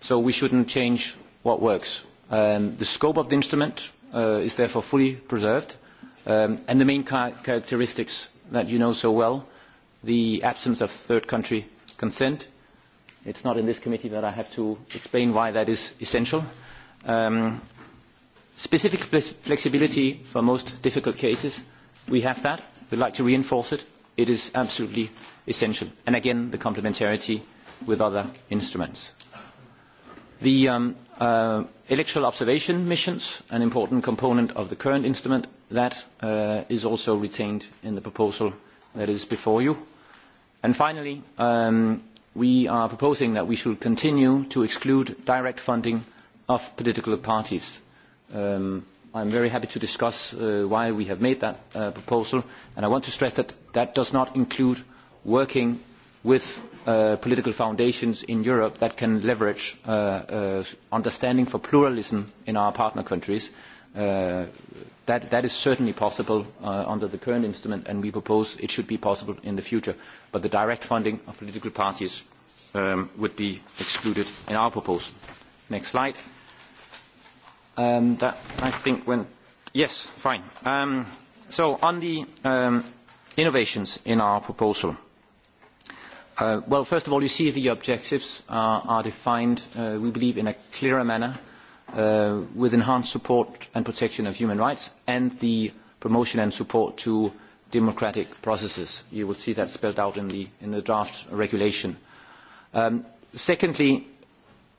[SPEAKER 10] So we shouldn't change what works. Um, the scope of the instrument uh, is therefore fully preserved, um, and the main char characteristics that you know so well, the absence of third country consent, It's not in this committee that I have to explain why that is essential. Um, specific flexibility for most difficult cases, we have that. We'd like to reinforce it. It is absolutely essential. And again, the complementarity with other instruments. The um, uh, electoral observation missions, an important component of the current instrument, that uh, is also retained in the proposal that is before you. And finally, um, we are proposing that we should continue to exclude direct funding of political parties. Um, I'm very happy to discuss uh, why we have made that uh, proposal, and I want to stress that that does not include working with uh, political foundations in Europe that can leverage uh, uh, understanding for pluralism in our partner countries. Uh, that, that is certainly possible uh, under the current instrument, and we propose it should be possible in the future. But the direct funding of political parties um, would be excluded in our proposal. Next slide. Um, that, I think, when... Yes, fine. Um, so on the um, innovations in our proposal, uh, well, first of all, you see the objectives uh, are defined, uh, we believe, in a clearer manner uh, with enhanced support and protection of human rights and the promotion and support to democratic processes. You will see that spelled out in the, in the draft regulation. Um, secondly,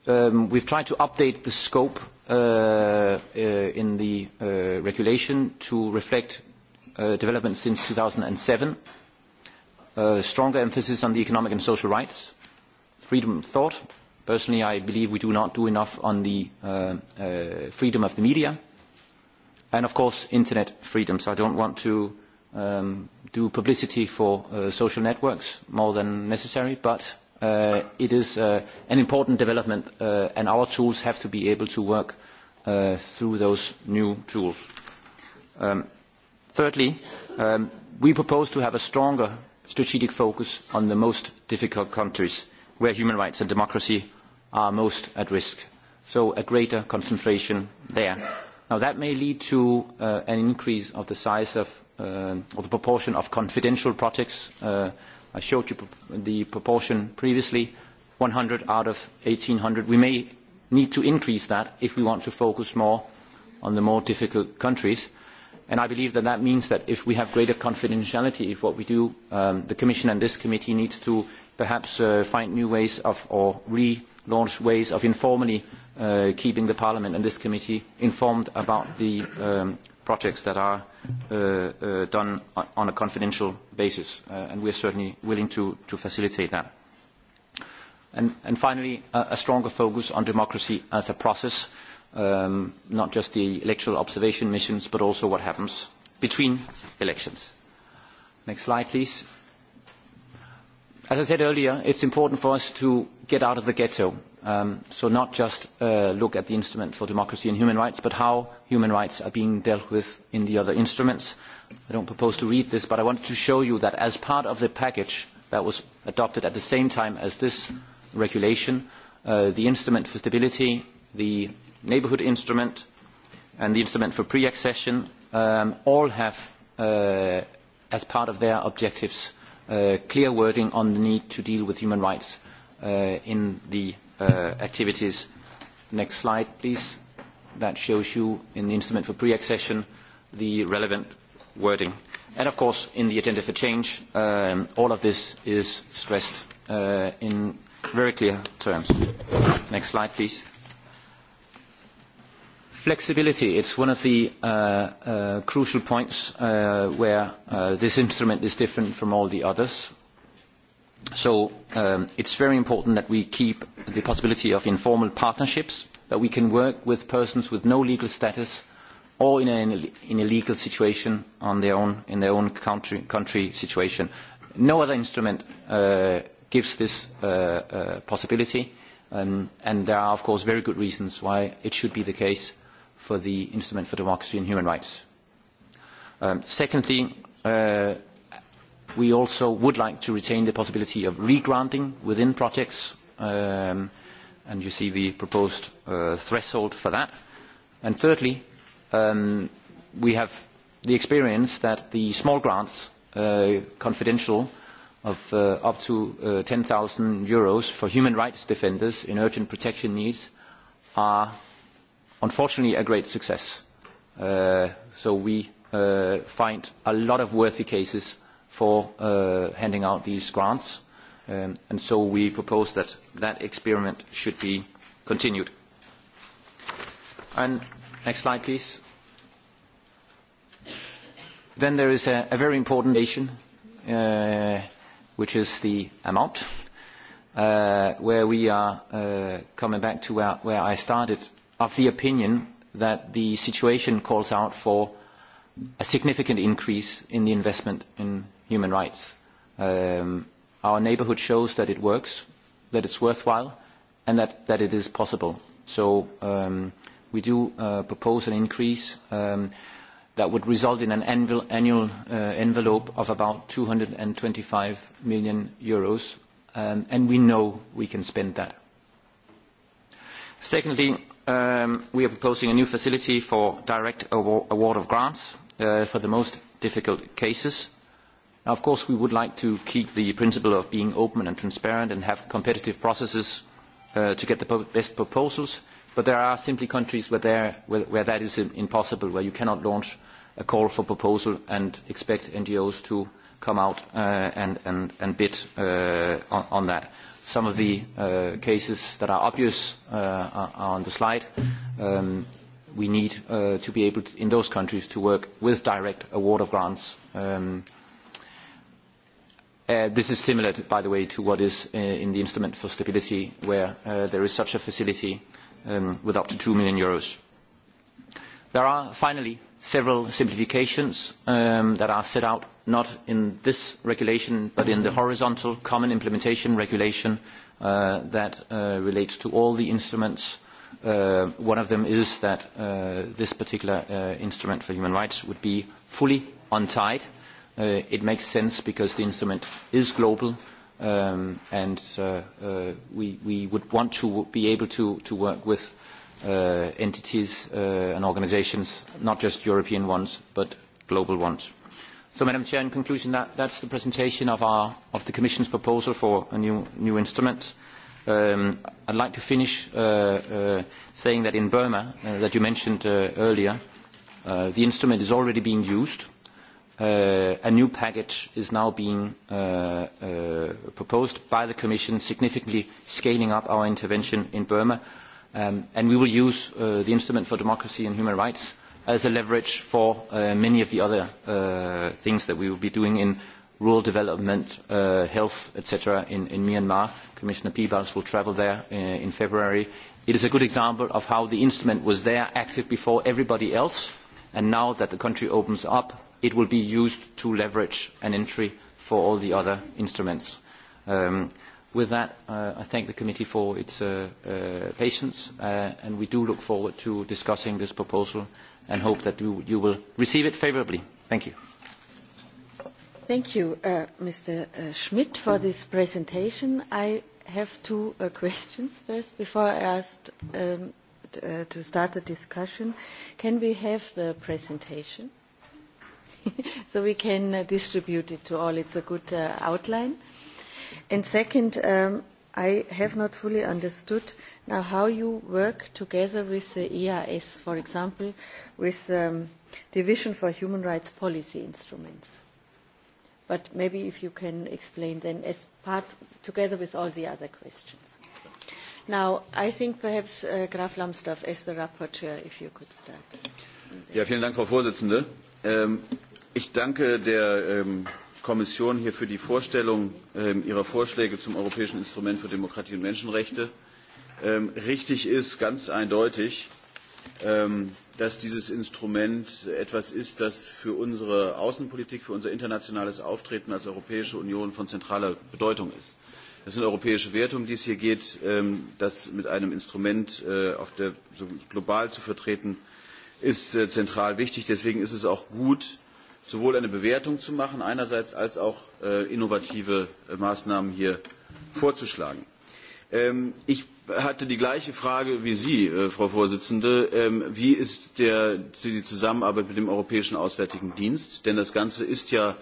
[SPEAKER 10] um, we've tried to update the scope uh, uh, in the uh, regulation to reflect uh, developments since 2007, uh, stronger emphasis on the economic and social rights, freedom of thought, Personally, I believe we do not do enough on the uh, uh, freedom of the media and, of course, internet freedom. So I don't want to um, do publicity for uh, social networks more than necessary, but uh, it is uh, an important development uh, and our tools have to be able to work uh, through those new tools. Um, thirdly, um, we propose to have a stronger strategic focus on the most difficult countries where human rights and democracy are most at risk. So a greater concentration there. Now that may lead to uh, an increase of the size of, uh, or the proportion of confidential projects. Uh, I showed you the proportion previously, 100 out of 1800. We may need to increase that if we want to focus more on the more difficult countries. And I believe that that means that if we have greater confidentiality if what we do, um, the Commission and this committee needs to perhaps uh, find new ways of, or relaunch ways of informally uh, keeping the Parliament and this committee informed about the um, projects that are uh, uh done on a confidential basis, uh, and we are certainly willing to, to facilitate that. And, and finally, a, a, stronger focus on democracy as a process, um, not just the electoral observation missions, but also what happens between elections. Next slide, please. As I said earlier, it's important for us to get out of the ghetto. Um, so not just uh, look at the instrument for democracy and human rights, but how human rights are being dealt with in the other instruments. I don't propose to read this, but I wanted to show you that as part of the package that was adopted at the same time as this regulation, uh, the instrument for stability, the neighbourhood instrument, and the instrument for pre-accession um, all have, uh, as part of their objectives, Uh, clear wording on the need to deal with human rights uh, in the uh, activities. Next slide, please. That shows you in the instrument for pre-accession the relevant wording. And of course, in the agenda for change, um, all of this is stressed in very clear terms. Next slide, please. Flexibility, it's one of the uh, uh, crucial points uh, where uh, this instrument is different from all the others. So um, it's very important that we keep the possibility of informal partnerships, that we can work with persons with no legal status or in a, in a legal situation on their own, in their own country, country situation. No other instrument uh, gives this uh, possibility, um, and there are, of course, very good reasons why it should be the case for the Instrument for Democracy and Human Rights. Um, secondly, uh, we also would like to retain the possibility of re-granting within projects, um, and you see the proposed uh, threshold for that. And thirdly, um, we have the experience that the small grants, uh, confidential, of uh, up to uh, 10,000 euros for human rights defenders in urgent protection needs are unfortunately a great success. Uh, so we uh, find a lot of worthy cases for uh, handing out these grants. Um, and so we propose that that experiment should be continued. And next slide, please. Then there is a, a very important nation, uh, which is the amount, uh, where we are uh, coming back to where, where I started of the opinion that the situation calls out for a significant increase in the investment in human rights. Um, our neighbourhood shows that it works, that it's worthwhile, and that, that it is possible. So um, we do uh, propose an increase um, that would result in an annual, annual uh, envelope of about 225 million euros, um, and we know we can spend that. Secondly, um, we are proposing a new facility for direct award of grants uh, for the most difficult cases. Now, of course, we would like to keep the principle of being open and transparent and have competitive processes uh, to get the best proposals, but there are simply countries where, where, where that is impossible, where you cannot launch a call for proposal and expect NGOs to come out uh, and, and, and bid uh, on, on that. Some of the uh, cases that are obvious uh, are on the slide. Um, we need uh, to be able, to, in those countries, to work with direct award of grants. Um, uh, this is similar, to, by the way, to what is uh, in the instrument for stability, where uh, there is such a facility um, with up to 2 million euros. There are, finally, several simplifications um, that are set out not in this regulation but in the horizontal common implementation regulation uh, that uh, relates to all the instruments. Uh, one of them is that uh, this particular uh, instrument for human rights would be fully untied. Uh, it makes sense because the instrument is global um, and we, we, would want to be able to, to work with uh, entities uh, and organizations, not just European ones, but global ones. So, Madam Chair, in conclusion, that, that's the presentation of, our, of the Commission's proposal for a new, new instrument. Um, I'd like to finish uh, uh, saying that in Burma, uh, that you mentioned uh, earlier, uh, the instrument is already being used. Uh, a new package is now being uh, uh, proposed by the Commission, significantly scaling up our intervention in Burma Um, and we will use uh, the Instrument for Democracy and Human Rights as a leverage for uh, many of the other uh, things that we will be doing in rural development, uh, health, etc. In, in Myanmar. Commissioner Peebles will travel there uh, in February. It is a good example of how the instrument was there, active before everybody else, and now that the country opens up, it will be used to leverage an entry for all the other instruments. Um, With that, uh, I thank the committee for its uh, uh, patience, uh, and we do look forward to discussing this proposal and hope that you, you will receive it favorably. Thank you.
[SPEAKER 6] Thank you, uh, Mr. Uh, Schmidt, for this presentation. I have two questions first before I ask um, to start the discussion. Can we have the presentation? so we can distribute it to all. It's a good outline. And second, um, I have not fully understood now how you work together with the EIS, for example, with um, the Vision for Human Rights Policy Instruments. But maybe if you can explain then as part, together with all the other questions. Now, I think perhaps uh, Graf Lambsdorff as the rapporteur, if you could start.
[SPEAKER 11] Ja, vielen Dank, Frau Vorsitzende. Ähm, ich danke der ähm, Kommission hier für die Vorstellung ähm, ihrer Vorschläge zum Europäischen Instrument für Demokratie und Menschenrechte. Ähm, richtig ist ganz eindeutig, ähm, dass dieses Instrument etwas ist, das für unsere Außenpolitik, für unser internationales Auftreten als Europäische Union von zentraler Bedeutung ist. Es sind europäische Werte, um die es hier geht, das mit einem Instrument äh, auf der, so global zu vertreten, ist äh, zentral wichtig. Deswegen ist es auch gut, sowohl eine Bewertung zu machen einerseits als auch äh, innovative äh, Maßnahmen hier vorzuschlagen. Ähm, ich hatte die gleiche Frage wie Sie, äh, Frau Vorsitzende. Ähm, wie ist der, die Zusammenarbeit mit dem Europäischen Auswärtigen Dienst? Denn das Ganze ist ja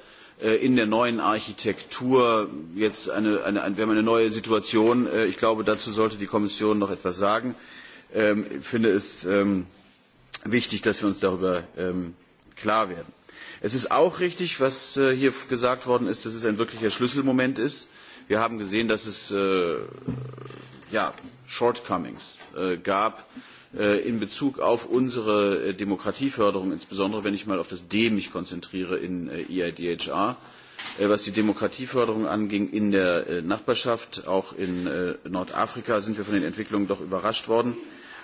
[SPEAKER 11] in der neuen Architektur jetzt eine, eine, wir haben eine neue Situation. Ich glaube, dazu sollte die Kommission noch etwas sagen. Ähm, ich finde es wichtig, dass wir uns darüber klar werden. Es ist auch richtig, was äh, hier gesagt worden ist, dass es ein wirklicher Schlüsselmoment ist. Wir haben gesehen, dass es äh, ja, Shortcomings äh, gab äh, in Bezug auf unsere äh, Demokratieförderung, insbesondere wenn ich mal auf das D mich konzentriere in äh, EIDHR, was die Demokratieförderung anging in der Nachbarschaft, auch in Nordafrika sind wir von den Entwicklungen doch überrascht worden.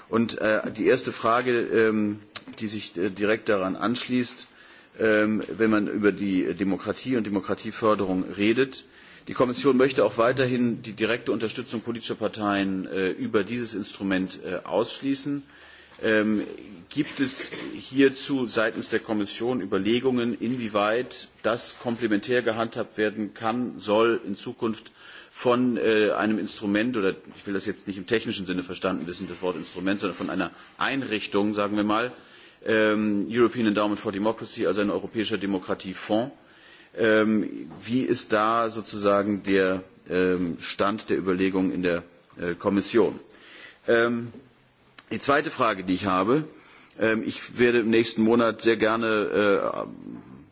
[SPEAKER 11] Und die erste Frage, ähm, die sich direkt daran anschließt, Ähm, wenn man über die Demokratie und Demokratieförderung redet. Die Kommission möchte auch weiterhin die direkte Unterstützung politischer Parteien äh, über dieses Instrument äh, ausschließen. Ähm, gibt es hierzu seitens der Kommission Überlegungen, inwieweit das komplementär gehandhabt werden kann, soll in Zukunft von äh, einem Instrument oder ich will das jetzt nicht im technischen Sinne verstanden wissen, das Wort Instrument, sondern von einer Einrichtung, sagen wir mal, ähm, European Endowment for Democracy, also ein europäischer Demokratiefonds. Ähm, wie ist da sozusagen der ähm, Stand der Überlegungen in der äh, Kommission? Ähm, die zweite Frage, die ich habe, ähm, ich werde im nächsten Monat sehr gerne äh,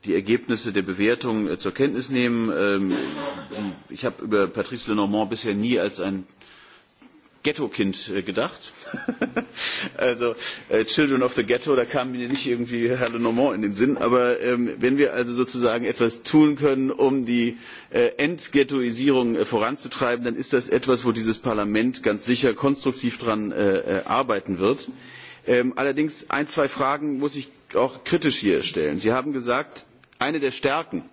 [SPEAKER 11] die Ergebnisse der Bewertung äh, zur Kenntnis nehmen. Ähm, ich habe über Patrice Lenormand bisher nie als ein Ghetto-Kind äh, gedacht. also äh, Children of the Ghetto, da kam mir nicht irgendwie Herr Lenormand in den Sinn. Aber ähm, wenn wir also sozusagen etwas tun können, um die äh, Entghettoisierung äh, voranzutreiben, dann ist das etwas, wo dieses Parlament ganz sicher konstruktiv dran äh, äh arbeiten wird. Ähm, allerdings ein, zwei Fragen muss ich auch kritisch hier stellen. Sie haben gesagt, eine der Stärken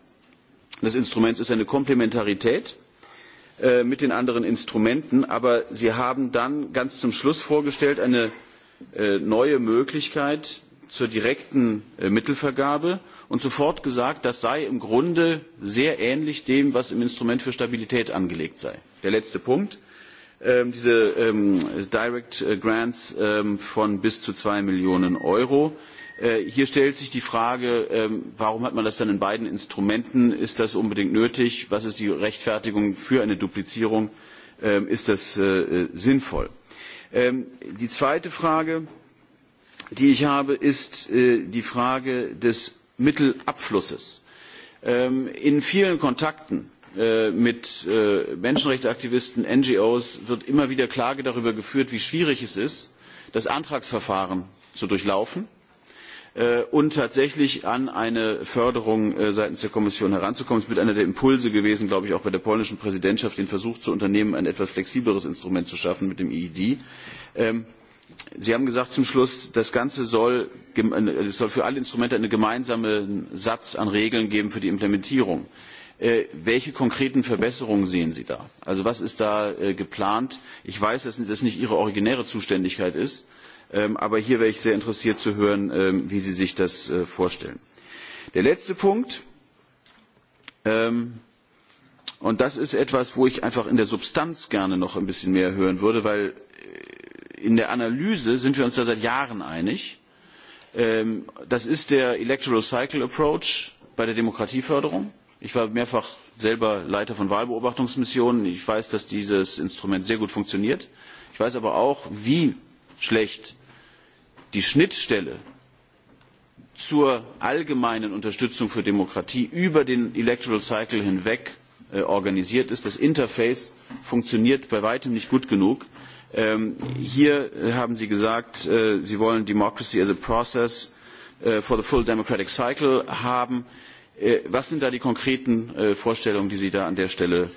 [SPEAKER 11] des Instruments ist eine Komplementarität Äh, mit den anderen Instrumenten. Aber Sie haben dann ganz zum Schluss vorgestellt eine äh, neue Möglichkeit zur direkten äh, Mittelvergabe und sofort gesagt, das sei im Grunde sehr ähnlich dem, was im Instrument für Stabilität angelegt sei. Der letzte Punkt. Ähm, diese ähm, Direct Grants ähm, von bis zu zwei Millionen Euro Äh, hier stellt sich die Frage, ähm, warum hat man das dann in beiden Instrumenten? Ist das unbedingt nötig? Was ist die Rechtfertigung für eine Duplizierung? Ähm, ist das äh, äh, sinnvoll? Ähm, die zweite Frage, die ich habe, ist die Frage des Mittelabflusses. In vielen Kontakten mit Menschenrechtsaktivisten, NGOs wird immer wieder Klage darüber geführt, wie schwierig es ist, das Antragsverfahren zu durchlaufen Äh, und tatsächlich an eine Förderung äh, seitens der Kommission heranzukommen. Es ist mit einer der Impulse gewesen, glaube ich, auch bei der polnischen Präsidentschaft, den Versuch zu unternehmen, ein etwas flexibleres Instrument zu schaffen mit dem EED. Ähm, Sie haben gesagt zum Schluss, das Ganze soll, äh, es soll für alle Instrumente einen gemeinsamen Satz an Regeln geben für die Implementierung. welche konkreten Verbesserungen sehen Sie da? Also was ist da geplant? Ich weiß, dass das nicht Ihre originäre Zuständigkeit ist, Ähm, aber hier wäre ich sehr interessiert zu hören, ähm, wie Sie sich das äh, vorstellen. Der letzte Punkt, ähm, und das ist etwas, wo ich einfach in der Substanz gerne noch ein bisschen mehr hören würde, weil äh, in der Analyse sind wir uns da seit Jahren einig. Das ist der Electoral Cycle Approach bei der Demokratieförderung. Ich war mehrfach selber Leiter von Wahlbeobachtungsmissionen. Ich weiß, dass dieses Instrument sehr gut funktioniert. Ich weiß aber auch, wie schlecht die schnittstelle zur allgemeinen unterstützung für demokratie über den electoral cycle hinweg äh, organisiert ist das interface funktioniert bei weitem nicht gut genug. Ähm, hier haben sie gesagt äh, sie wollen democracy as a process äh, for the full democratic cycle haben. was sind da die konkreten vorstellungen die sie da an der stelle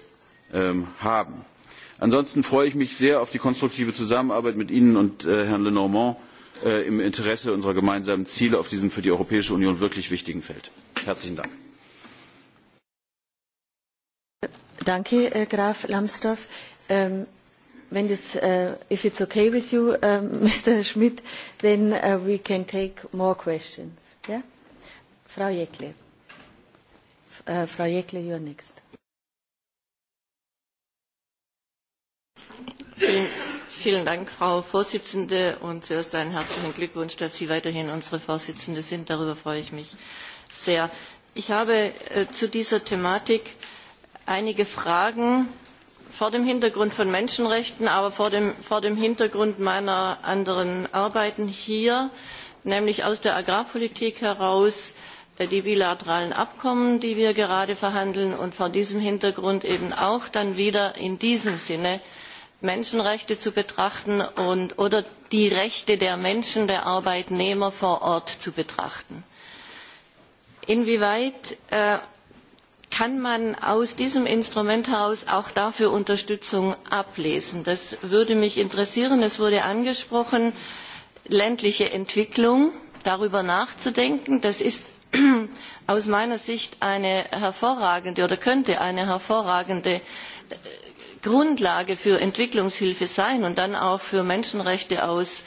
[SPEAKER 11] ähm, haben? ansonsten freue ich mich sehr auf die konstruktive zusammenarbeit mit ihnen und herrn lenormand Äh, im Interesse unserer gemeinsamen Ziele auf diesem für die Europäische Union wirklich wichtigen Feld. Herzlichen Dank.
[SPEAKER 6] Danke, Herr äh, Graf Lambsdorff. Ähm, uh, if it's okay with you, uh, Mr. Schmidt, then uh, we can take more questions. Yeah? Frau Jekle. Uh, Frau Jekle, are next. Vielen Dank, Frau
[SPEAKER 12] Vorsitzende. Und zuerst einen herzlichen Glückwunsch, dass Sie weiterhin unsere Vorsitzende sind. Darüber freue ich mich sehr. Ich habe äh, zu dieser Thematik einige Fragen vor dem Hintergrund von Menschenrechten, aber vor dem, vor dem Hintergrund meiner anderen Arbeiten hier, nämlich aus der Agrarpolitik heraus äh, die bilateralen Abkommen, die wir gerade verhandeln und vor diesem Hintergrund eben auch dann wieder in diesem Sinne Menschenrechte zu betrachten oder die Rechte der Menschen, der Arbeitnehmer vor Ort zu betrachten. Inwieweit äh, kann man aus diesem Instrument heraus auch dafür Unterstützung ablesen? Das würde mich interessieren. Es wurde angesprochen, ländliche Entwicklung, darüber nachzudenken. Das ist aus meiner Sicht eine hervorragende oder könnte eine hervorragende Grundlage für Entwicklungshilfe sein und dann auch für Menschenrechte aus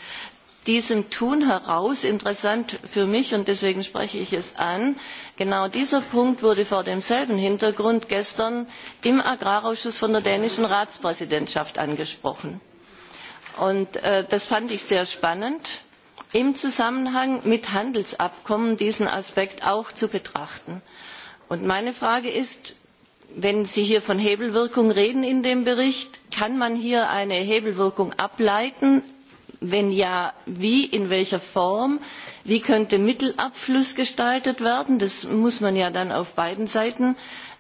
[SPEAKER 12] diesem Tun heraus interessant für mich und deswegen spreche ich es an. Genau dieser Punkt wurde vor demselben Hintergrund gestern im Agrarausschuss von der dänischen Ratspräsidentschaft angesprochen. Und äh, das fand ich sehr spannend, im Zusammenhang mit Handelsabkommen diesen Aspekt auch zu betrachten. Und meine Frage ist, wenn Sie hier von Hebelwirkung reden in dem Bericht, kann man hier eine Hebelwirkung ableiten? Wenn ja, wie, in welcher Form? Wie könnte Mittelabfluss gestaltet werden? Das muss man ja dann auf beiden Seiten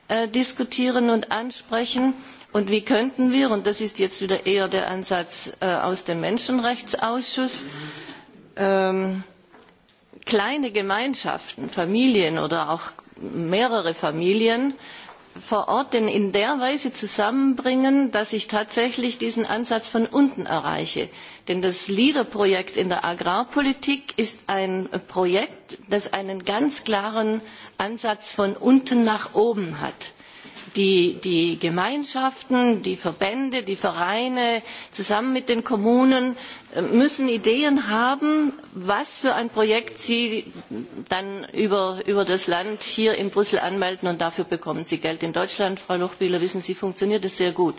[SPEAKER 12] äh, diskutieren und ansprechen. Und wie könnten wir, und das ist jetzt wieder eher der Ansatz äh, aus dem Menschenrechtsausschuss, ähm, kleine Gemeinschaften, Familien oder auch mehrere Familien vor Ort denn in der Weise zusammenbringen, dass ich tatsächlich diesen Ansatz von unten erreiche. Denn das LEADER-Projekt in der Agrarpolitik ist ein Projekt, das einen ganz klaren Ansatz von unten nach oben hat die, Gemeinschaften, die Verbände, die Vereine zusammen mit den Kommunen äh, müssen Ideen haben, was für ein Projekt sie dann über, über das Land hier in Brüssel anmelden und dafür bekommen sie Geld. In Deutschland, Frau Lochbühler, wissen Sie, funktioniert das sehr gut.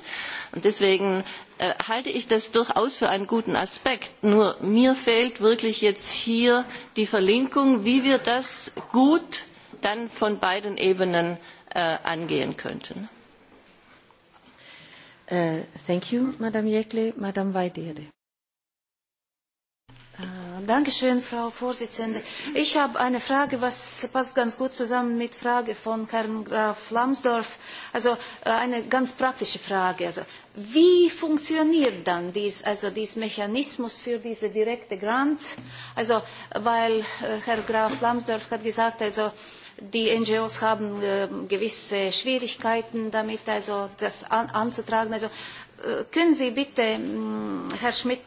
[SPEAKER 12] Und deswegen äh, halte ich das durchaus für einen guten Aspekt. Nur mir fehlt wirklich jetzt hier die Verlinkung, wie wir das gut dann von beiden Ebenen äh, angehen könnten.
[SPEAKER 6] Uh, thank you, Madame Jekle. Madame Weidere. Äh, Danke schön, Frau Vorsitzende. Ich habe eine Frage,
[SPEAKER 5] was passt ganz gut zusammen mit Frage von Herrn Graf Lambsdorff. Also äh, eine ganz praktische Frage. Also, wie funktioniert dann dies, also dies Mechanismus für diese direkte Grant? Also, weil Herr Graf Lambsdorff hat gesagt, also Die NGOs haben äh, gewisse Schwierigkeiten damit, also das an, anzutragen. Also, äh, können Sie bitte, mh, mm, Herr Schmidt,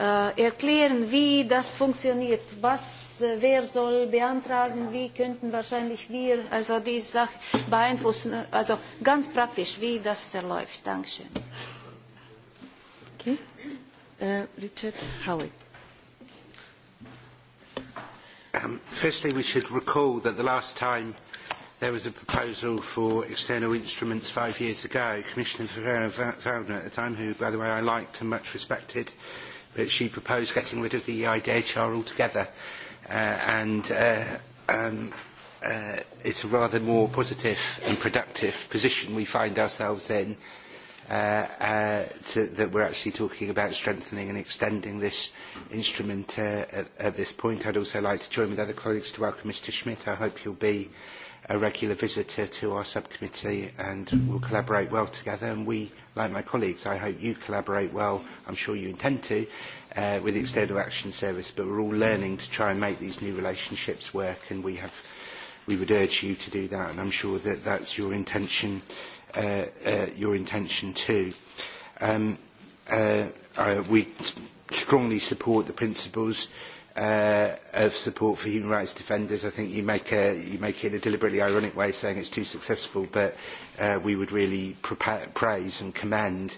[SPEAKER 5] äh, erklären, wie das funktioniert? Was, äh, wer soll beantragen? Wie könnten wahrscheinlich wir also die Sache beeinflussen? Also ganz praktisch, wie das verläuft. Dankeschön. Okay. Uh, Richard
[SPEAKER 6] Howitt.
[SPEAKER 4] Um, firstly, we should recall that the last time there was a proposal for external instruments five years ago, Commissioner Ferreira-Valdner at the time, who, by the way, I liked and much respected, but she proposed getting rid of the EIDHR altogether. Uh, and uh, um, uh, it's a rather more positive and productive position we find ourselves in uh, uh, to, that we're actually talking about strengthening and extending this instrument uh, at, at this point. I'd also like to join with other colleagues to welcome Mr Schmidt. I hope you'll be a regular visitor to our subcommittee and we'll collaborate well together and we, like my colleagues, I hope you collaborate well, I'm sure you intend to, uh, with the External Action Service, but we're all learning to try and make these new relationships work and we have, we would urge you to do that and I'm sure that that's your intention uh, Uh, uh, your intention too. Um, uh, uh, we strongly support the principles uh, of support for human rights defenders. I think you make, a, you make it in a deliberately ironic way saying it's too successful, but uh, we would really praise and commend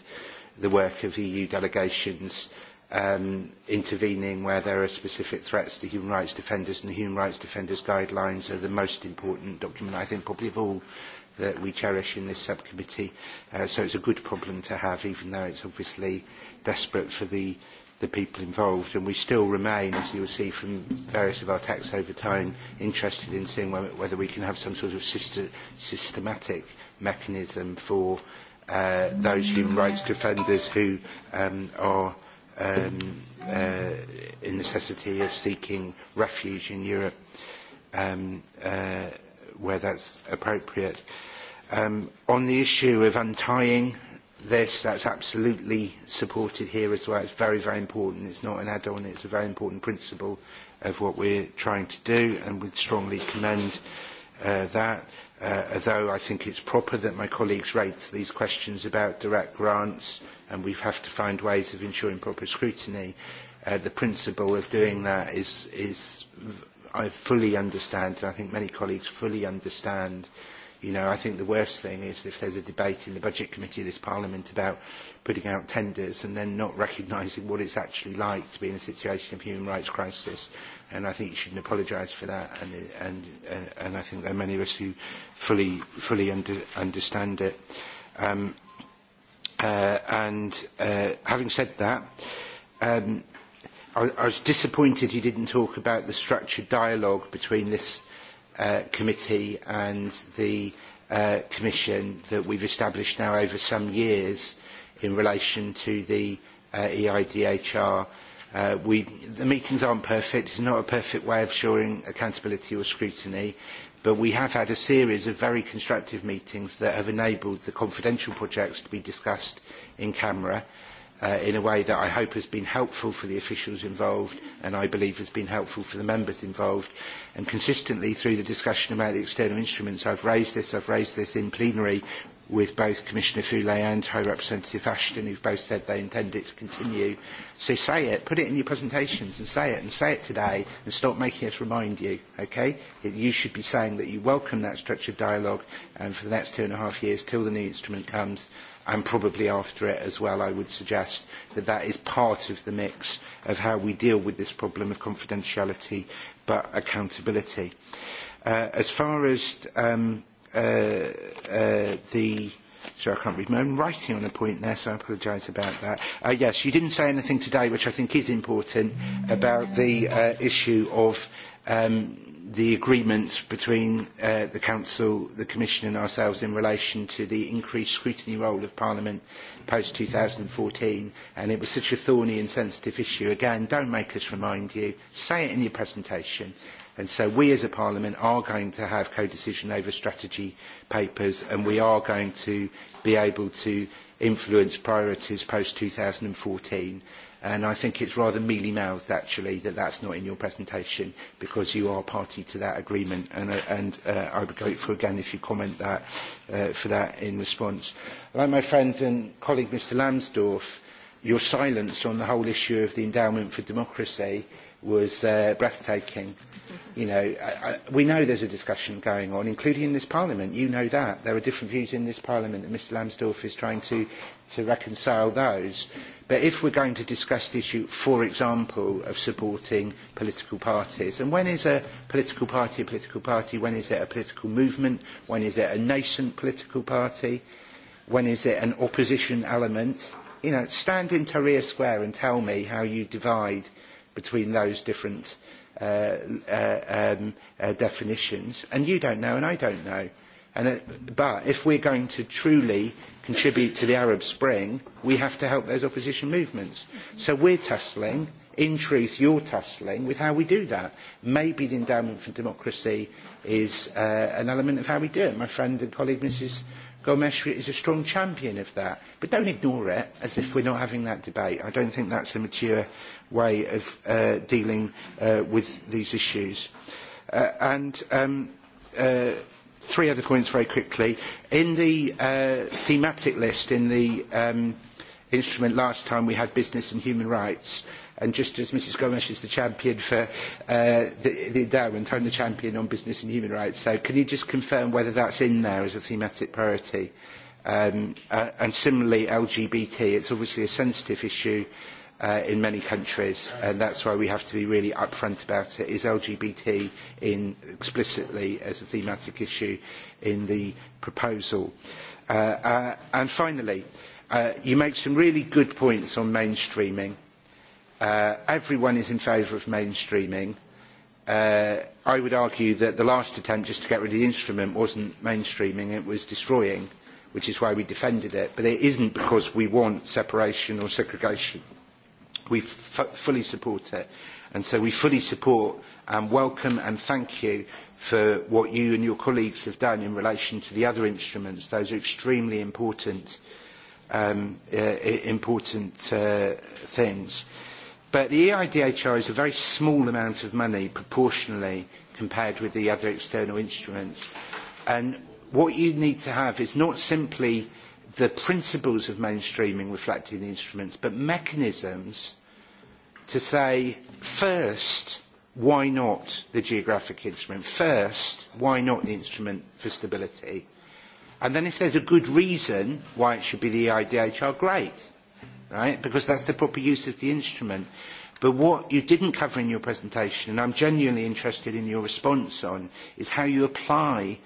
[SPEAKER 4] the work of EU delegations um, intervening where there are specific threats to human rights defenders and the Human Rights Defenders Guidelines are the most important document I think probably of all that we cherish in this subcommittee. Uh, so it's a good problem to have, even though it's obviously desperate for the, the people involved. And we still remain, as you will see from various of our texts over time, interested in seeing whether we can have some sort of system, systematic mechanism for uh, those human rights defenders who um, are um, uh, in necessity of seeking refuge in Europe um, uh, where that's appropriate. Um, on the issue of untying this, that's absolutely supported here as well. It's very, very important. It's not an add-on, it's a very important principle of what we're trying to do, and we'd strongly commend uh, that. Uh, although I think it's proper that my colleagues raise these questions about direct grants, and we have to find ways of ensuring proper scrutiny, uh, the principle of doing that is, is I fully understand, and I think many colleagues fully understand uh, You know, I think the worst thing is if there's a debate in the Budget Committee of this Parliament about putting out tenders and then not recognising what it's actually like to be in a situation of human rights crisis. And I think you shouldn't apologise for that. And, and, uh, and, I think there are many of us who fully, fully under, understand it. Um, uh, and uh, having said that, um, I, I was disappointed you didn't talk about the structured dialogue between this uh, Committee and the uh, Commission that we've established now over some years in relation to the uh, EIDHR. Uh, we, the meetings aren't perfect. It's not a perfect way of ensuring accountability or scrutiny. But we have had a series of very constructive meetings that have enabled the confidential projects to be discussed in camera. Uh, in a way that I hope has been helpful for the officials involved and I believe has been helpful for the members involved. And consistently through the discussion about the external instruments, I've raised this, I've raised this in plenary with both Commissioner Foulet and High Representative Ashton, who've both said they intend it to continue. So say it, put it in your presentations and say it, and say it today, and stop making us remind you, okay? You should be saying that you welcome that structured dialogue, and for the next two and a half years, till the new instrument comes, and probably after it as well, I would suggest that that is part of the mix of how we deal with this problem of confidentiality but accountability. Uh, as far as um, uh, uh, the Sorry, I can't read my own writing on a point there, so I apologise about that. Uh, yes, you didn't say anything today, which I think is important, about the uh, issue of um, the agreement between uh, the Council, the Commission and ourselves in relation to the increased scrutiny role of Parliament post-2014, and it was such a thorny and sensitive issue. Again, don't make us remind you. Say it in your presentation. And so we as a Parliament are going to have co-decision over strategy papers, and we are going to be able to influence priorities post-2014 and I think it's rather mealy-mouthed actually that that's not in your presentation because you are party to that agreement and, uh, and uh, I would be grateful again if you comment that, uh, for that in response. Like my friend and colleague Mr Lambsdorff, your silence on the whole issue of the endowment for democracy was uh, breathtaking. You know, I, I, we know there's a discussion going on, including in this Parliament. You know that. There are different views in this Parliament, and Mr Lambsdorff is trying to, to reconcile those. But if we're going to discuss the issue, for example, of supporting political parties, and when is a political party a political party? When is it a political movement? When is it a nascent political party? When is it an opposition element? You know, stand in Tahrir Square and tell me how you divide between those different uh, uh, um, uh, definitions. And you don't know, and I don't know. And, uh, but if we're going to truly contribute to the Arab Spring, we have to help those opposition movements. So we're tussling, in truth, you're tussling with how we do that. Maybe the Endowment for Democracy is uh, an element of how we do it. My friend and colleague Mrs Gomes is a strong champion of that. But don't ignore it as if we're not having that debate. I don't think that's a mature way of uh, dealing uh, with these issues. Uh, and um, uh, three other points very quickly. In the uh, thematic list, in the um, instrument last time, we had business and human rights. And just as Mrs Gomes is the champion for uh, the, the endowment, I'm the champion on business and human rights. So can you just confirm whether that's in there as a thematic priority? Um, uh, and similarly, LGBT, it's obviously a sensitive issue uh, in many countries, and that's why we have to be really upfront about it, is LGBT in explicitly as a thematic issue in the proposal. Uh, uh, and finally, uh, you make some really good points on mainstreaming. Uh, everyone is in favour of mainstreaming. Uh, I would argue that the last attempt just to get rid of the instrument wasn't mainstreaming, it was destroying, which is why we defended it. But it isn't because we want separation or segregation We fully support it. And so we fully support and welcome and thank you for what you and your colleagues have done in relation to the other instruments. Those are extremely important, um, uh, important uh, things. But the EIDHR is a very small amount of money proportionally compared with the other external instruments. And what you need to have is not simply the principles of mainstreaming reflected in the instruments, but mechanisms to say, first, why not the geographic instrument? First, why not the instrument for stability? And then if there's a good reason why it should be the EIDHR, oh, great, right? Because that's the proper use of the instrument. But what you didn't cover in your presentation, and I'm genuinely interested in your response on, is how you apply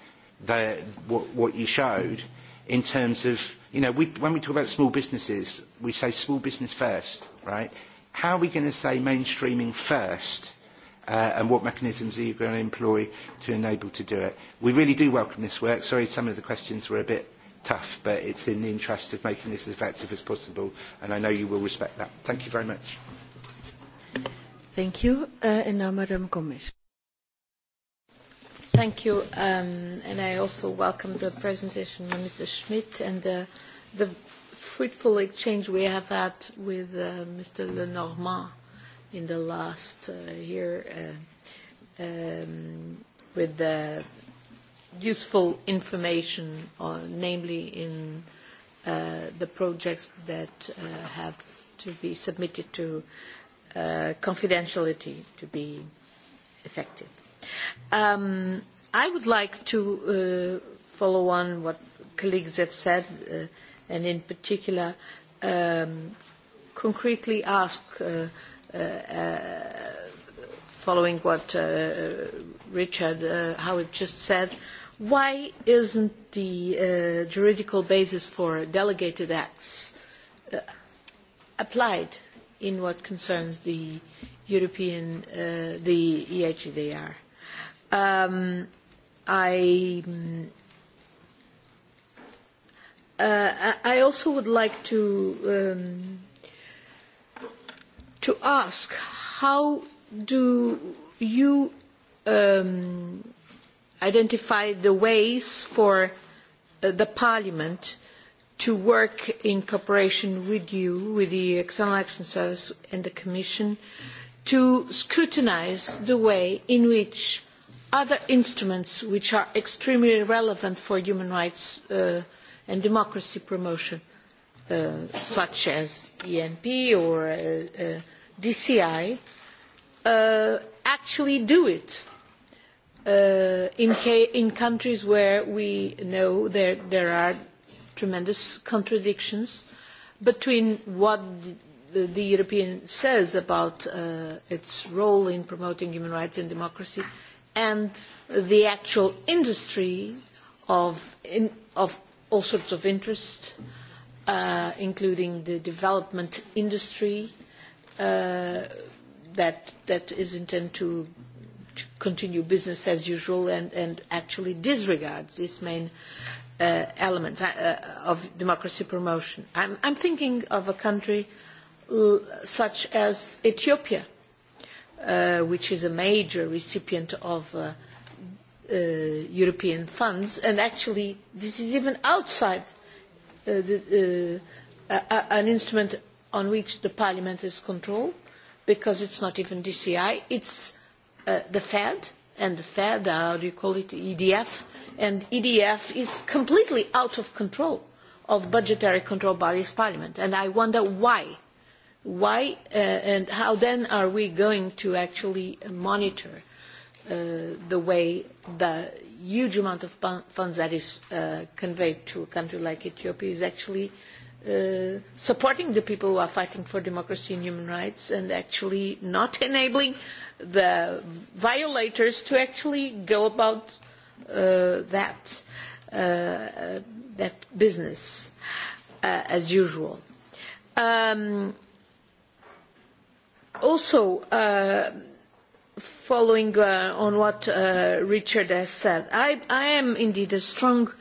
[SPEAKER 4] the, what, what you showed in terms of you know, we, when we talk about small businesses, we say small business first, right? How are we going to say mainstreaming first? Uh, and what mechanisms are you going to employ to enable to do it? We really do welcome this work. Sorry, some of the questions were a bit tough, but it's in the interest of making this as effective as possible, and I know you will respect that. Thank you very much.
[SPEAKER 6] Thank you. Uh, and now, Madam Commissioner. Thank
[SPEAKER 9] you. Um, and I also welcome the presentation by Mr. Schmidt and the, the fruitful exchange we have had with uh, Mr. Lenormand in the last uh, year uh, um, with the useful information, on, uh, namely in uh, the projects that uh, have to be submitted to uh, confidentiality to be effective. Um, I would like to uh, follow on what colleagues have said, uh, and in particular, um, concretely ask, uh, uh, uh following what uh, Richard Howard just said, why isn't the juridical basis for delegated acts applied in what concerns the European, the EHDR? Um, I, uh, I also would like to um, to ask how do you um, identify the ways for uh, the Parliament to work in cooperation with you, with the External Action Service and the Commission, to scrutinise the way in which other instruments which are extremely relevant for human rights uh, and democracy promotion, uh, such as ENP or uh, DCI, actually do it in, countries where we know there, are tremendous contradictions between what the, the European says about its role in promoting human rights and democracy and the actual industry of, in, of all sorts of interest, uh, including the development industry uh, that, that is intended to, to, continue business as usual and, and actually disregards this main uh, element uh, uh, of democracy promotion. I'm, I'm thinking of a country such as Ethiopia, Uh, which is a major recipient of uh, uh, European funds, and actually this is even outside uh, the, uh, an instrument on which the Parliament has control, because it's not even DCI, it's the Fed, and the Fed, how do you call it, EDF, and EDF is completely out of control of budgetary control by this Parliament, and I wonder why why uh, and how then are we going to actually monitor uh, the way the huge amount of funds that is uh, conveyed to a country like Ethiopia is actually uh, supporting the people who are fighting for democracy and human rights and actually not enabling the violators to actually go about uh, that, uh, that business as usual. Um, also, uh, following uh, on what uh, Richard has said, I, am indeed a strong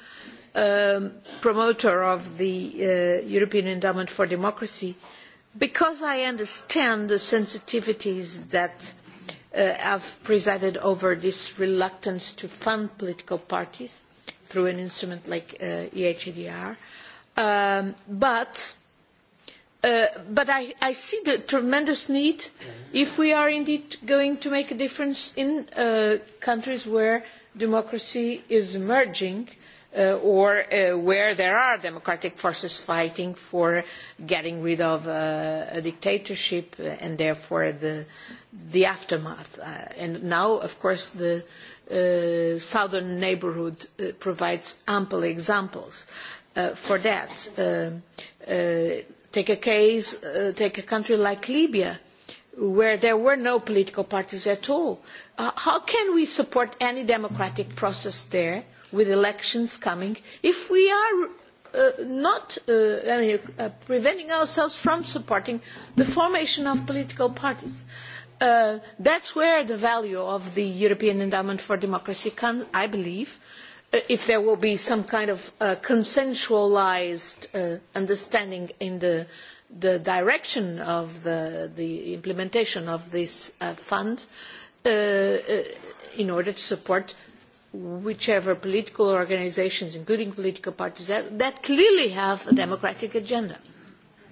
[SPEAKER 9] um, promoter of the European Endowment for Democracy because I understand the sensitivities that have presided over this reluctance to fund political parties through an instrument like the Um, but Uh, but I, see the tremendous need if we are indeed going to make a difference in uh, countries where democracy is emerging uh, or uh, where there are democratic forces fighting for getting rid of uh, a dictatorship and therefore the, the aftermath. and now, of course, the southern neighbourhood provides ample examples for that. Uh, Take a case, uh, take a country like Libya, where there were no political parties at all. Uh, how can we support any democratic process there with elections coming if we are uh, not uh, I mean, uh, preventing ourselves from supporting the formation of political parties? Uh, that's where the value of the European Endowment for Democracy can, I believe, if there will be some kind of uh, consensualized uh, understanding in the, the direction of the, the, implementation of this uh, fund uh, uh, in order to support whichever political organisations, including political parties, that, that, clearly have a democratic agenda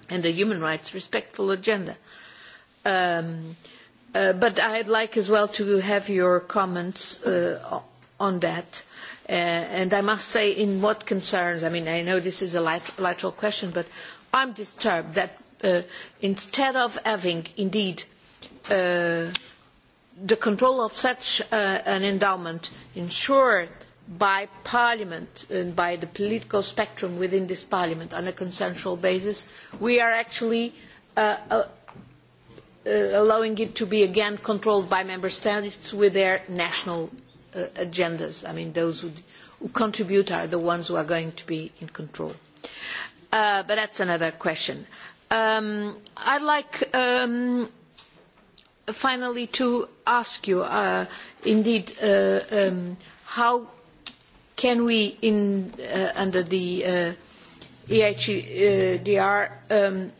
[SPEAKER 9] and a human rights respectful agenda. Um, uh, but I'd like as well to have your comments on that Uh, and I must say, in what concerns, I mean, I know this is a lateral question, but I'm disturbed that uh, instead of having, indeed, uh, the control of such uh, an endowment ensured by Parliament and by the political spectrum within this Parliament on a consensual basis, we are actually uh, allowing it to be again controlled by Member States with their national Uh, agendas. I mean, those who, who contribute are the ones who are going to be in control. Uh, but that's another question. Um, I'd like um, finally to ask you, uh, indeed, uh, um, how can we, in, uh, under the uh, EHDR, uh, um,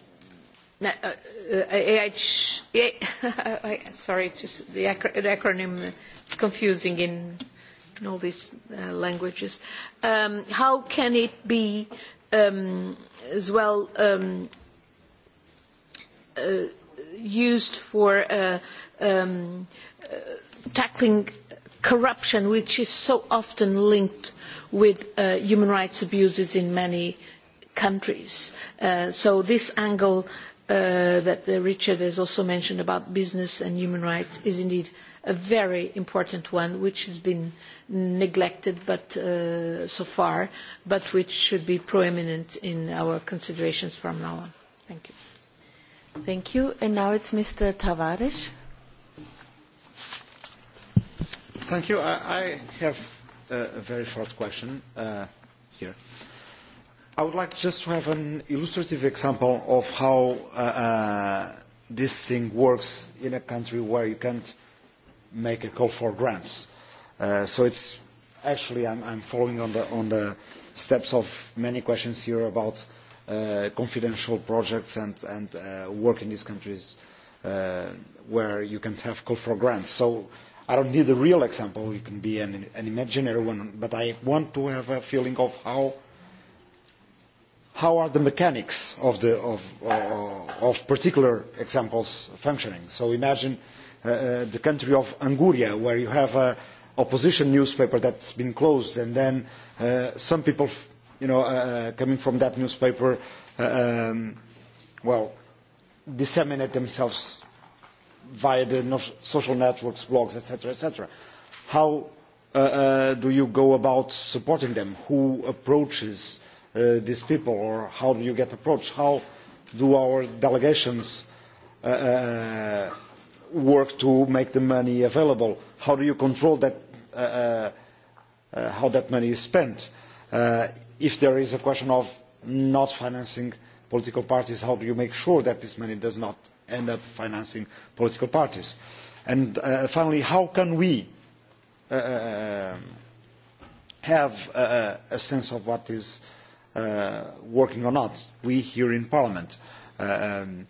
[SPEAKER 9] uh, AH, sorry, just the acronym It's confusing in, in all these uh, languages. Um, how can it be um, as well um, uh, used for uh, um, uh, tackling corruption, which is so often linked with uh, human rights abuses in many countries. Uh, so this angle uh, that uh, Richard has also mentioned about business and human rights is indeed a very important one which has been neglected but, uh, so far, but which should be proeminent in our
[SPEAKER 6] considerations from now on. Thank you. Thank you. And now it's Mr. Tavares.
[SPEAKER 2] Thank you. I, I have a, a very short question uh, here. I would like just to have an illustrative example of how uh, uh, this thing works in a country where you can't make a call for grants. Uh, so it's actually I'm, I'm following on the, on the steps of many questions here about uh, confidential projects and, and uh, work in these countries uh, where you can have call for grants. So I don't need a real example. It can be an, an imaginary one, but I want to have a feeling of how how are the mechanics of, the, of, uh, of particular examples functioning. So imagine uh, Uh, uh, the country of Anguria, where you have an opposition newspaper that's been closed, and then uh, some people, you know, coming from that newspaper, um, well, disseminate themselves via the social networks, blogs, etc., etc. How uh, uh, do you go about supporting them? Who approaches uh, these people, or how do you get approached? How do our delegations work to make the money available? How do you control that, uh, uh, uh, how that money is spent? Uh, if there is a question of not financing political parties, how do you make sure that this money does not end up financing political parties? And uh, finally, how can we uh, um, have a, a, sense of what is working or not, we here in Parliament? Um,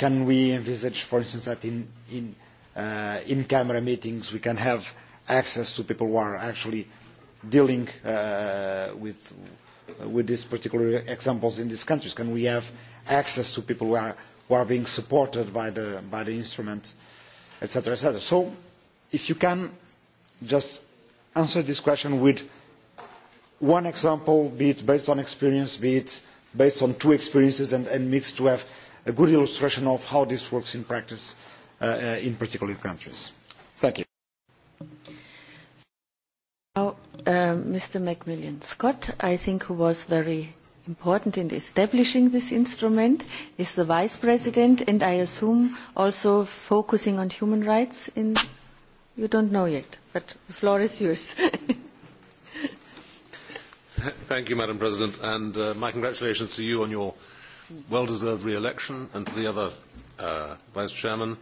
[SPEAKER 2] can we envisage, for instance, that in, in uh, in-camera meetings we can have access to people who are actually dealing uh, with, with these particular examples in these countries? Can we have access to people who are, who are being supported by the, by the instrument, etc., etc.? So if you can just answer this question with one example, be it based on experience, be it based on two experiences and, and mixed to have a good illustration of how this works in practice uh, uh, in particular countries. Thank you.
[SPEAKER 6] Now, uh, Mr. Macmillan Scott, I think who was very important in establishing this instrument is the vice president and i assume also focusing on human rights in you don't know yet but the floor is yours
[SPEAKER 8] thank you madam president and uh, my congratulations to you on your well-deserved re-election, and to the other uh, Vice Chairman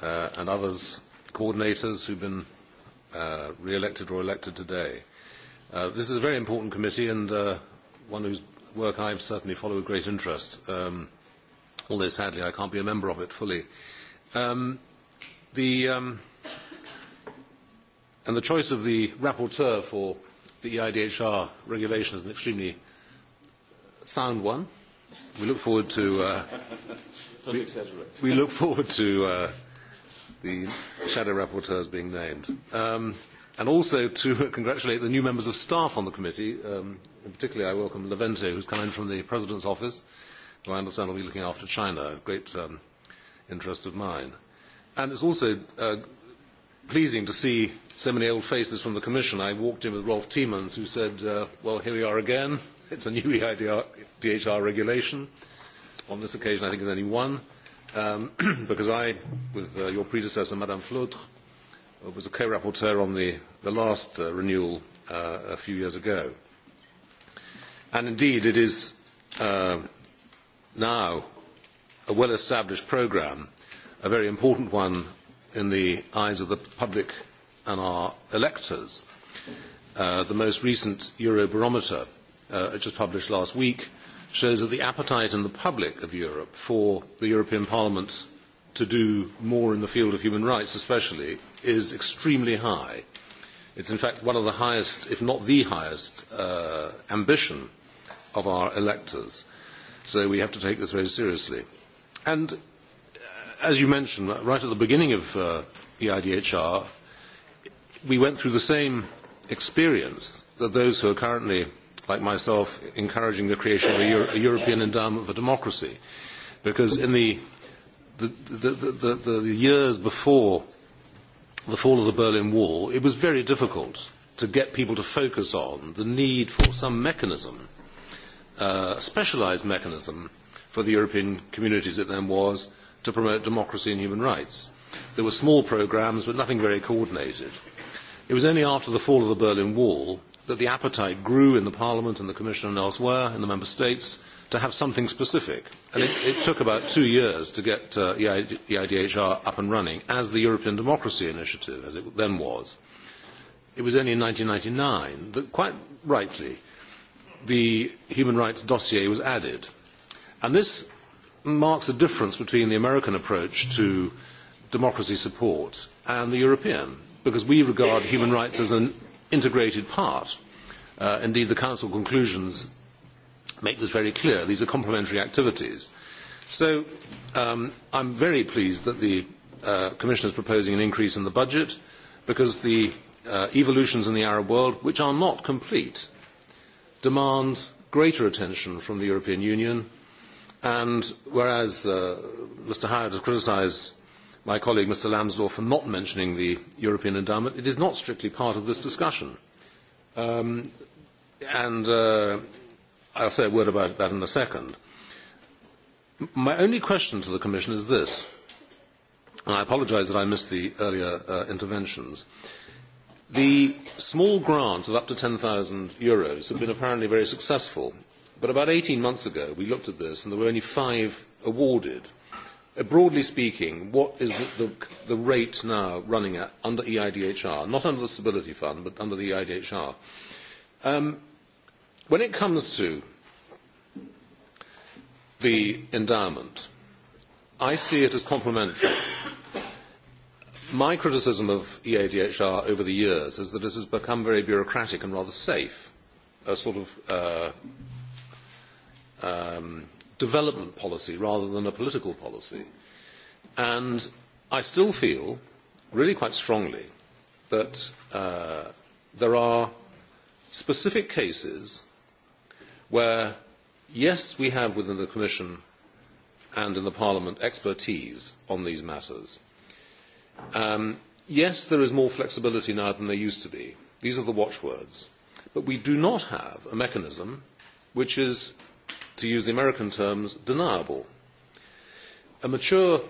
[SPEAKER 8] uh, and others, coordinators who have been uh, re-elected or elected today. Uh, this is a very important committee and uh, one whose work have certainly followed with great interest, um, although sadly I can't be a member of it fully. Um, the, um, and the choice of the rapporteur for the EIDHR regulation is an extremely sound one we look forward to. Uh, we, we, look forward to uh, the shadow rapporteurs being named, um, and also to congratulate the new members of staff on the committee. Um, in particular, I welcome Levente, who's come in from the president's office, who I understand will be looking after China. A great um, interest of mine, and it's also. Uh, pleasing to see so many old faces from the Commission. I walked in with Rolf Tiemens, who said, uh, well, here we are again it is a new eidhr regulation. On this occasion, I think there is only one, um, because I, with uh, your predecessor, ms flautre uh, was a co-rapporteur on the, last uh, renewal a few years ago. And indeed, it is now a well-established programme, a very important one in the eyes of the public and our electors. the most recent Eurobarometer uh, just published last week shows that the appetite in the public of Europe for the European Parliament to do more in the field of human rights especially is extremely high. It's in fact one of the highest, if not the highest, uh, ambition of our electors. So we have to take this very seriously. And uh, as you mentioned, right at the beginning of uh, EIDHR, we went through the same experience that those who are currently like myself, encouraging the creation of a, Euro a European endowment for democracy. Because in the, the, the, the, years before the fall of the Berlin Wall, it was very difficult to get people to focus on the need for some mechanism, uh, a specialised mechanism for the European communities it then was, to promote democracy and human rights. There were small programmes, but nothing very coordinated. It was only after the fall of the Berlin Wall that the appetite grew in the Parliament and the Commission and elsewhere in the Member States to have something specific. And it, it took about two years to get uh, EIDHR up and running as the European Democracy Initiative, as it then was. It was only in 1999 that, quite rightly, the human rights dossier was added. And this marks a difference between the American approach to democracy support and the European, because we regard human rights as an integrated part. Uh, indeed, the Council conclusions make this very clear. These are complementary activities. So um, I'm very pleased that the uh, Commission is proposing an increase in the budget because the uh, evolutions in the Arab world, which are not complete, demand greater attention from the European Union. And whereas uh, Mr. Howard has criticised my colleague Mr Lambsdorff for not mentioning the European Endowment. It is not strictly part of this discussion. Um, and uh, I'll say a word about that in a second. My only question to the Commission is this, and I apologise that I missed the earlier uh, interventions. The small grants of up to €10,000 have been apparently very successful, but about 18 months ago we looked at this and there were only five awarded – Uh, broadly speaking, what is the, the, the rate now running at under EIDHR, not under the Stability Fund, but under the EIDHR? Um, when it comes to the endowment, I see it as complementary. My criticism of EADHR over the years is that it has become very bureaucratic and rather safe, a sort of uh, um, development policy rather than a political policy. And I still feel, really quite strongly, that uh, there are specific cases where, yes, we have within the Commission and in the Parliament expertise on these matters. Um, yes, there is more flexibility now than there used to be. These are the watchwords. But we do not have a mechanism which is to use the American terms, deniable. A mature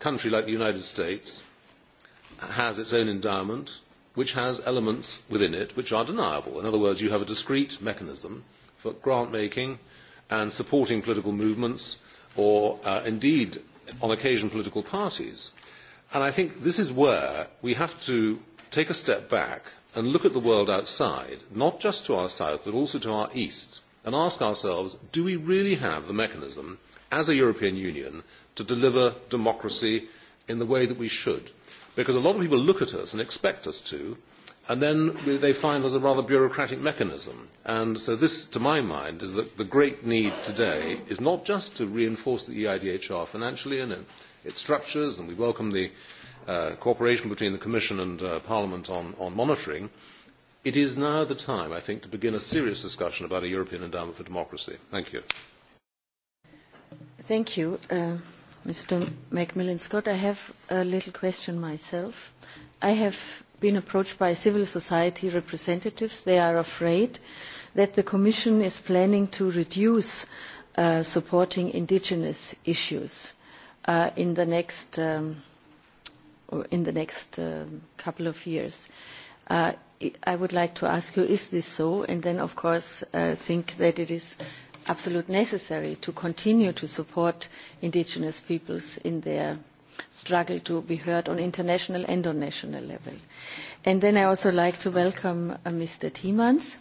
[SPEAKER 8] country like the United States has its own endowment, which has elements within it which are deniable. In other words, you have a discrete mechanism for grant making and supporting political movements or uh, indeed on occasion political parties. And I think this is where we have to take a step back and look at the world outside, not just to our south, but also to our east and ask ourselves, do we really have the mechanism as a European Union to deliver democracy in the way that we should? Because a lot of people look at us and expect us to, and then they find there's a rather bureaucratic mechanism. And so this, to my mind, is that the great need today is not just to reinforce the EIDHR financially and its structures, and we welcome the uh, cooperation between the Commission and uh, Parliament on, on monitoring, It is now the time, I think, to begin a serious discussion about a European Endowment for Democracy. Thank you.
[SPEAKER 6] Thank you, uh, Mr. Macmillan Scott. I have a little question myself. I have been approached by civil society representatives. They are afraid that the Commission is planning to reduce uh, supporting indigenous issues uh, in the next, um, in the next um, couple of years. Uh, Uh, I would like to ask you, is this so? And then, of course, uh, think that it is absolutely necessary to continue to support indigenous peoples in their struggle to be heard on international and on national level. And then I also like to welcome uh, Mr. Tiemanns.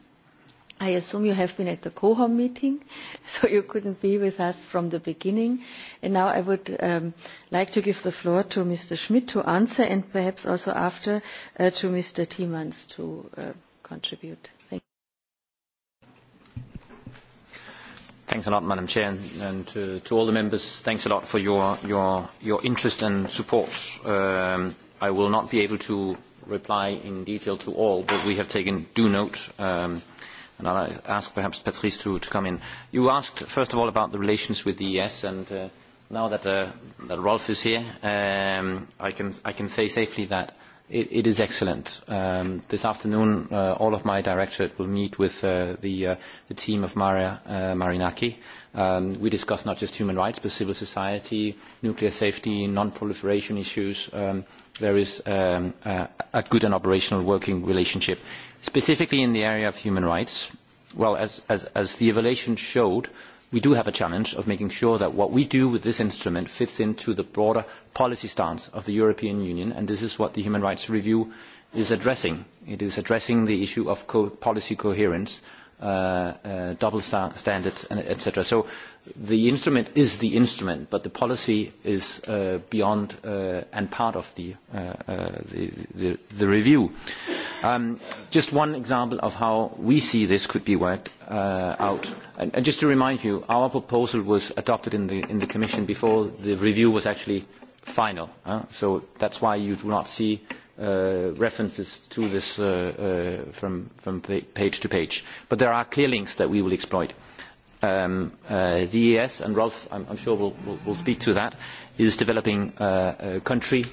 [SPEAKER 6] I assume you have been at the COHOM meeting, so you couldn't be with us from the beginning. And now I would um, like to give the floor to Mr. Schmidt to answer and perhaps also after uh, to Mr. Tiemanns to uh, contribute. Thank
[SPEAKER 10] Thanks a lot, Madam Chair, and, and to, to all the members, thanks a lot for your, your, your interest and support. Um, I will not be able to reply in detail to all, but we have taken due note um, – and I'll ask perhaps Patrice to, to come in. You asked, first of all, about the relations with the ES, and uh, now that, uh, that Rolf is here, um, I, can, I can say safely that it, it is excellent. Um, this afternoon, uh, all of my directorate will meet with uh, the, uh, the team of Maria uh, Marinaki. Um, we discuss not just human rights, but civil society, nuclear safety, non-proliferation issues. Um, there is um, a, a good and operational working relationship Specifically in the area of human rights, well, as, as, as the evaluation showed, we do have a challenge of making sure that what we do with this instrument fits into the broader policy stance of the European Union, and this is what the Human Rights Review is addressing. It is addressing the issue of co policy coherence Uh, uh, double st standards, etc. So the instrument is the instrument, but the policy is uh, beyond and part of the, the, the, the review. Um, just one example of how we see this could be worked out. And, and just to remind you, our proposal was adopted in the, in the Commission before the review was actually final. so that's why you do not see Uh, references to this uh, uh, from, from page to page. But there are clear links that we will exploit. Um, uh, the ES and Rolf, I'm, I'm sure, will we'll speak to that, is developing uh, country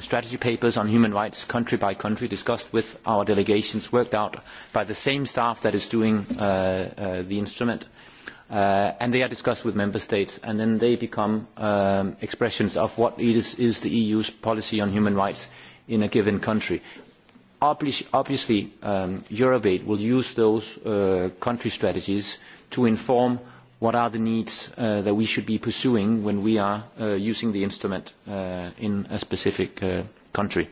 [SPEAKER 10] strategy papers on human rights country by country, discussed with our delegations, worked out by the same staff that is doing the instrument. Uh, and they are discussed with member states, and then they become um, expressions of what is, is the EU's policy on human rights in a given country. obviously, um, Eurobaid will use those uh, country strategies to inform what are the needs uh, that we should be pursuing when we are uh, using the instrument uh, in a specific uh, country.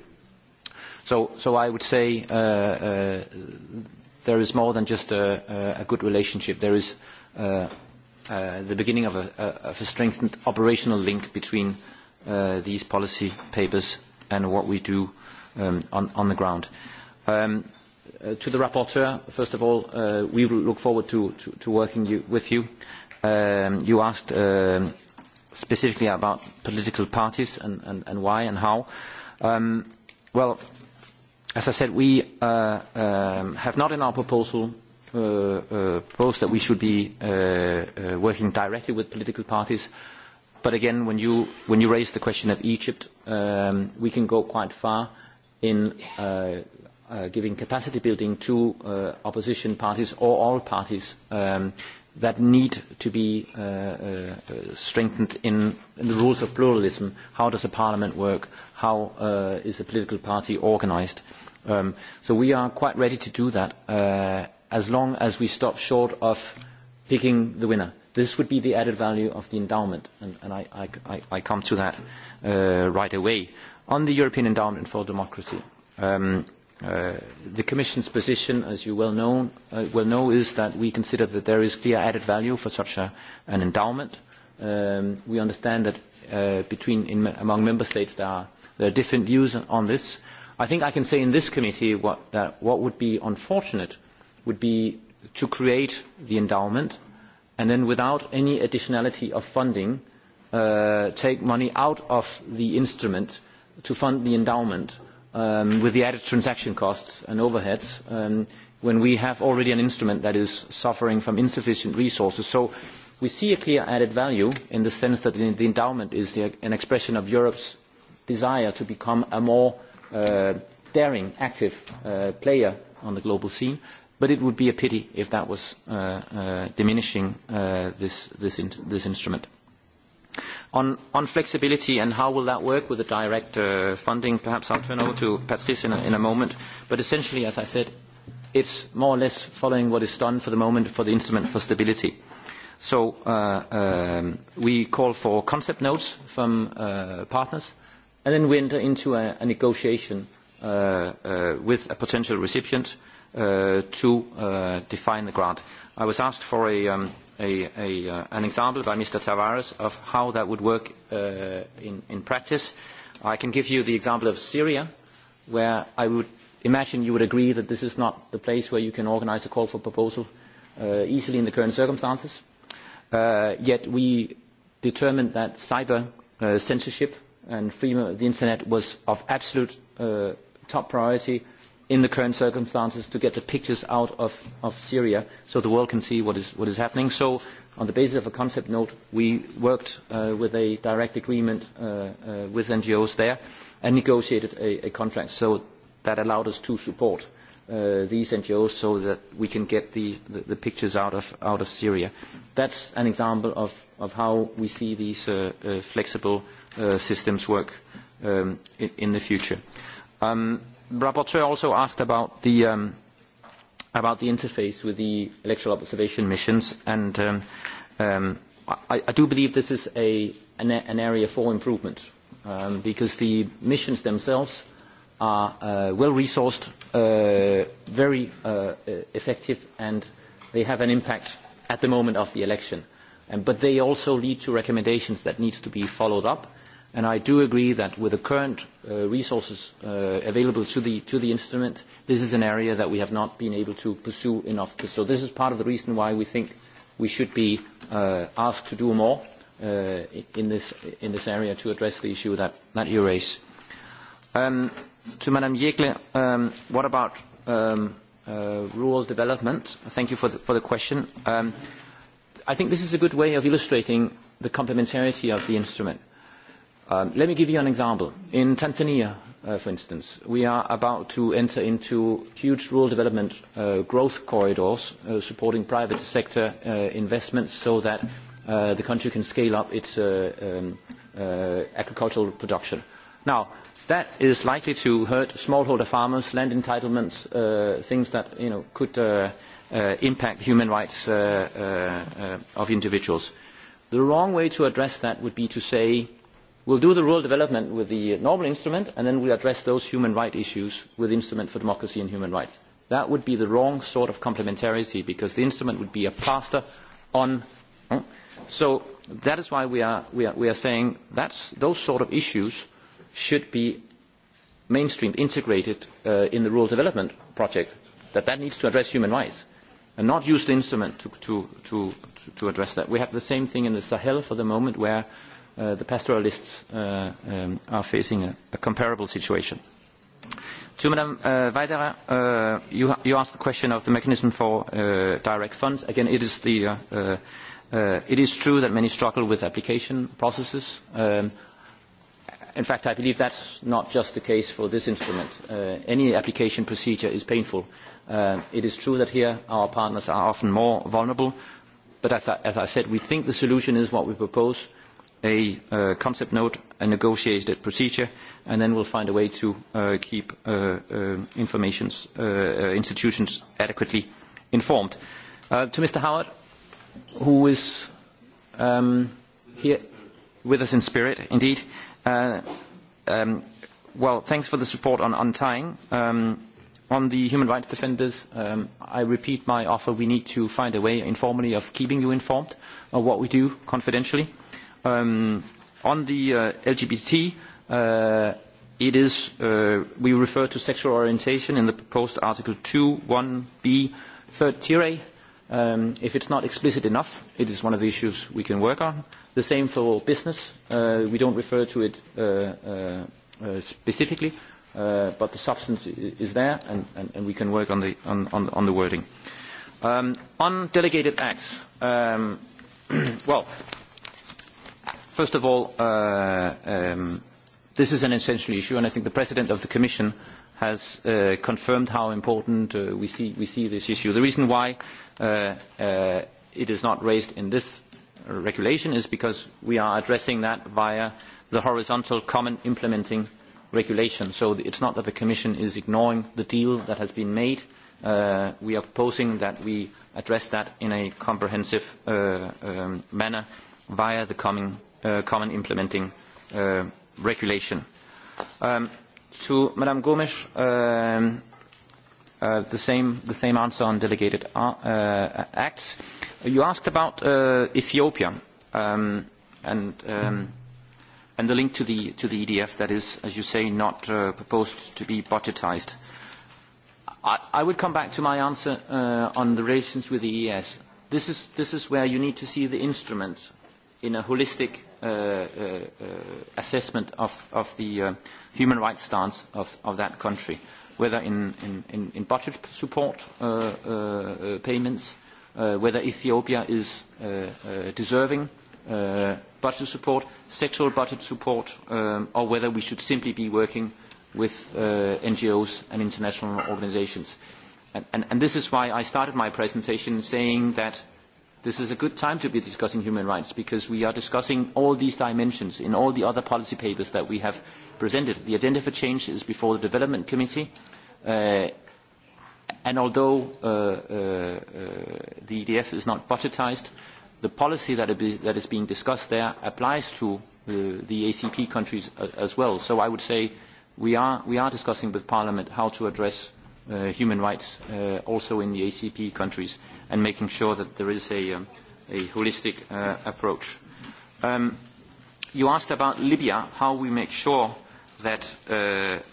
[SPEAKER 10] So, so I would say uh, there is more than just a, a good relationship. There is the beginning of a, of a strengthened operational link between these policy papers and what we do um, on, on, the ground. Um, uh, to the rapporteur, first of all, uh, we look forward to, to, to working you, with you. Um, you asked um, specifically about political parties and, and, and why and how. Um, well, as I said, we uh, um, have not in our proposal proposed uh, uh, that we should be uh, working directly with political parties. But again, when you, when you raise the question of Egypt, um, we can go quite far in uh, uh, giving capacity building to uh, opposition parties or all parties um, that need to be uh, uh, strengthened in, in, the rules of pluralism. How does a parliament work? How uh, is a political party organised? Um, so we are quite ready to do that as long as we stop short of picking the winner This would be the added value of the endowment, and, and I, I, I, come to that uh, right away. On the European Endowment for Democracy, um, uh, the Commission's position, as you well know, uh, well know, is that we consider that there is clear added value for such a, an endowment. Um, we understand that uh, between in, among member states there are, there are different views on this. I think I can say in this committee what, that what would be unfortunate would be to create the endowment and then without any additionality of funding uh, take money out of the instrument to fund the endowment um, with the added transaction costs and overheads um, when we have already an instrument that is suffering from insufficient resources. So we see a clear added value in the sense that the endowment is the, an expression of Europe's desire to become a more uh, daring, active uh, player on the global scene, But it would be a pity if that was uh, uh, diminishing uh, this, this, in this instrument. On, on flexibility and how will that work with the direct uh, funding, perhaps I'll turn over to Patrice in a, in a moment. But essentially, as I said, it's more or less following what is done for the moment for the instrument for stability. So uh, um, we call for concept notes from uh, partners, and then we enter into a, a negotiation with a potential recipient uh, to uh, define the grant. I was asked for a, um, a, a, uh, an example by Mr. Tavares of how that would work uh, in, in practice. I can give you the example of Syria, where I would imagine you would agree that this is not the place where you can organize a call for proposal uh, easily in the current circumstances. Uh, yet we determined that cyber uh, censorship and freedom of the internet was of absolute uh, top priority in the current circumstances to get the pictures out of, of Syria so the world can see what is, what is happening. So on the basis of a concept note, we worked uh, with a direct agreement uh, uh, with NGOs there and negotiated a, a, contract. So that allowed us to support uh, these NGOs so that we can get the, the, the, pictures out of, out of Syria. That's an example of, of how we see these uh, uh, flexible systems work um, in, in, the future. Um, rapporteur also asked about the um, about the interface with the electoral observation missions, and um, um, I, I do believe this is a an, an area for improvement um, because the missions themselves are uh, well resourced, uh, very uh, effective, and they have an impact at the moment of the election. And, but they also lead to recommendations that needs to be followed up And I do agree that with the current uh, resources uh, available to the, instrument, this is an area that we have not been able to pursue enough. So this is part of the reason why we think we should be uh, asked to do more in, this, area to address the issue that, you raise. Um, to Madame Jeggle, um, what about um, rural development? Thank you for the, question. I think this is a good way of illustrating the complementarity of the instrument Um, let me give you an example. In Tanzania, uh, for instance, we are about to enter into huge rural development uh, growth corridors uh, supporting private sector uh, investments so that uh, the country can scale up its uh, um, agricultural production. Now, that is likely to hurt smallholder farmers, land entitlements, things that you know, could impact human rights of individuals. The wrong way to address that would be to say We'll do the rural development with the normal instrument, and then we'll address those human rights issues with the Instrument for Democracy and Human Rights. That would be the wrong sort of complementarity, because the instrument would be a plaster on... So that is why we are, we are, we are saying that those sort of issues should be mainstreamed, integrated uh, in the rural development project, that that needs to address human rights, and not use the instrument to, to, to, to address that. We have the same thing in the Sahel for the moment, where Uh, the pastoralists uh, um, are facing a, a, comparable situation. To Madam uh, Weidera, uh, you, you, asked the question of the mechanism for uh, direct funds. Again, it is, the, it is, true that many struggle with application processes. Um, in fact, I believe that's not just the case for this instrument. any application procedure is painful. it is true that here our partners are often more vulnerable, but as I, as I said, we think the solution is what we propose a uh, concept note, a negotiated procedure, and then we'll find a way to uh, keep uh, uh, uh, uh institutions adequately informed. to Mr. Howard, who is um, here with us in spirit, indeed. Um, well, thanks for the support on untying. Um, on the human rights defenders, um, I repeat my offer. We need to find a way informally of keeping you informed of what we do confidentially. Um, on the uh, LGBT, uh, it is, uh, we refer to sexual orientation in the proposed Article 2, 1b, 3rd tier. Um, if it's not explicit enough, it is one of the issues we can work on. The same for business. Uh, we don't refer to it uh, uh, uh specifically, uh, but the substance is there, and, and, and we can work on the, on, on, on the wording. Um, on delegated acts, um, well, First of all, uh, um, this is an essential issue, and I think the President of the Commission has uh, confirmed how important uh, we, see, we, see, this issue. The reason why uh, uh, it is not raised in this regulation is because we are addressing that via the horizontal common implementing regulation. So it's not that the Commission is ignoring the deal that has been made. Uh, we are proposing that we address that in a comprehensive uh, um, manner via the coming uh, common implementing uh, regulation. Um, to Madam Gomes, um, uh, the, same, the same answer on delegated uh, uh, acts. You asked about uh, Ethiopia um, and, um, and the link to the, to the EDF that is, as you say, not uh, proposed to be budgetized. I, I would come back to my answer uh, on the relations with the EES. This is, this is where you need to see the instrument in a holistic Uh, uh, uh, assessment of, of the human rights stance of, of that country, whether in, in, in budget support payments, whether Ethiopia is deserving budget support, sexual budget support, um, or whether we should simply be working with uh, NGOs and international organizations. And, and, and this is why I started my presentation saying that this is a good time to be discussing human rights because we are discussing all these dimensions in all the other policy papers that we have presented. The agenda for change is before the development committee. Uh, and although uh, uh, uh the EDF is not budgetized, the policy that, be, that is being discussed there applies to uh, the ACP countries as well. So I would say we are, we are discussing with Parliament how to address uh, human rights uh, also in the ACP countries and making sure that there is a, um, a holistic uh, approach. Um, you asked about Libya, how we make sure that uh,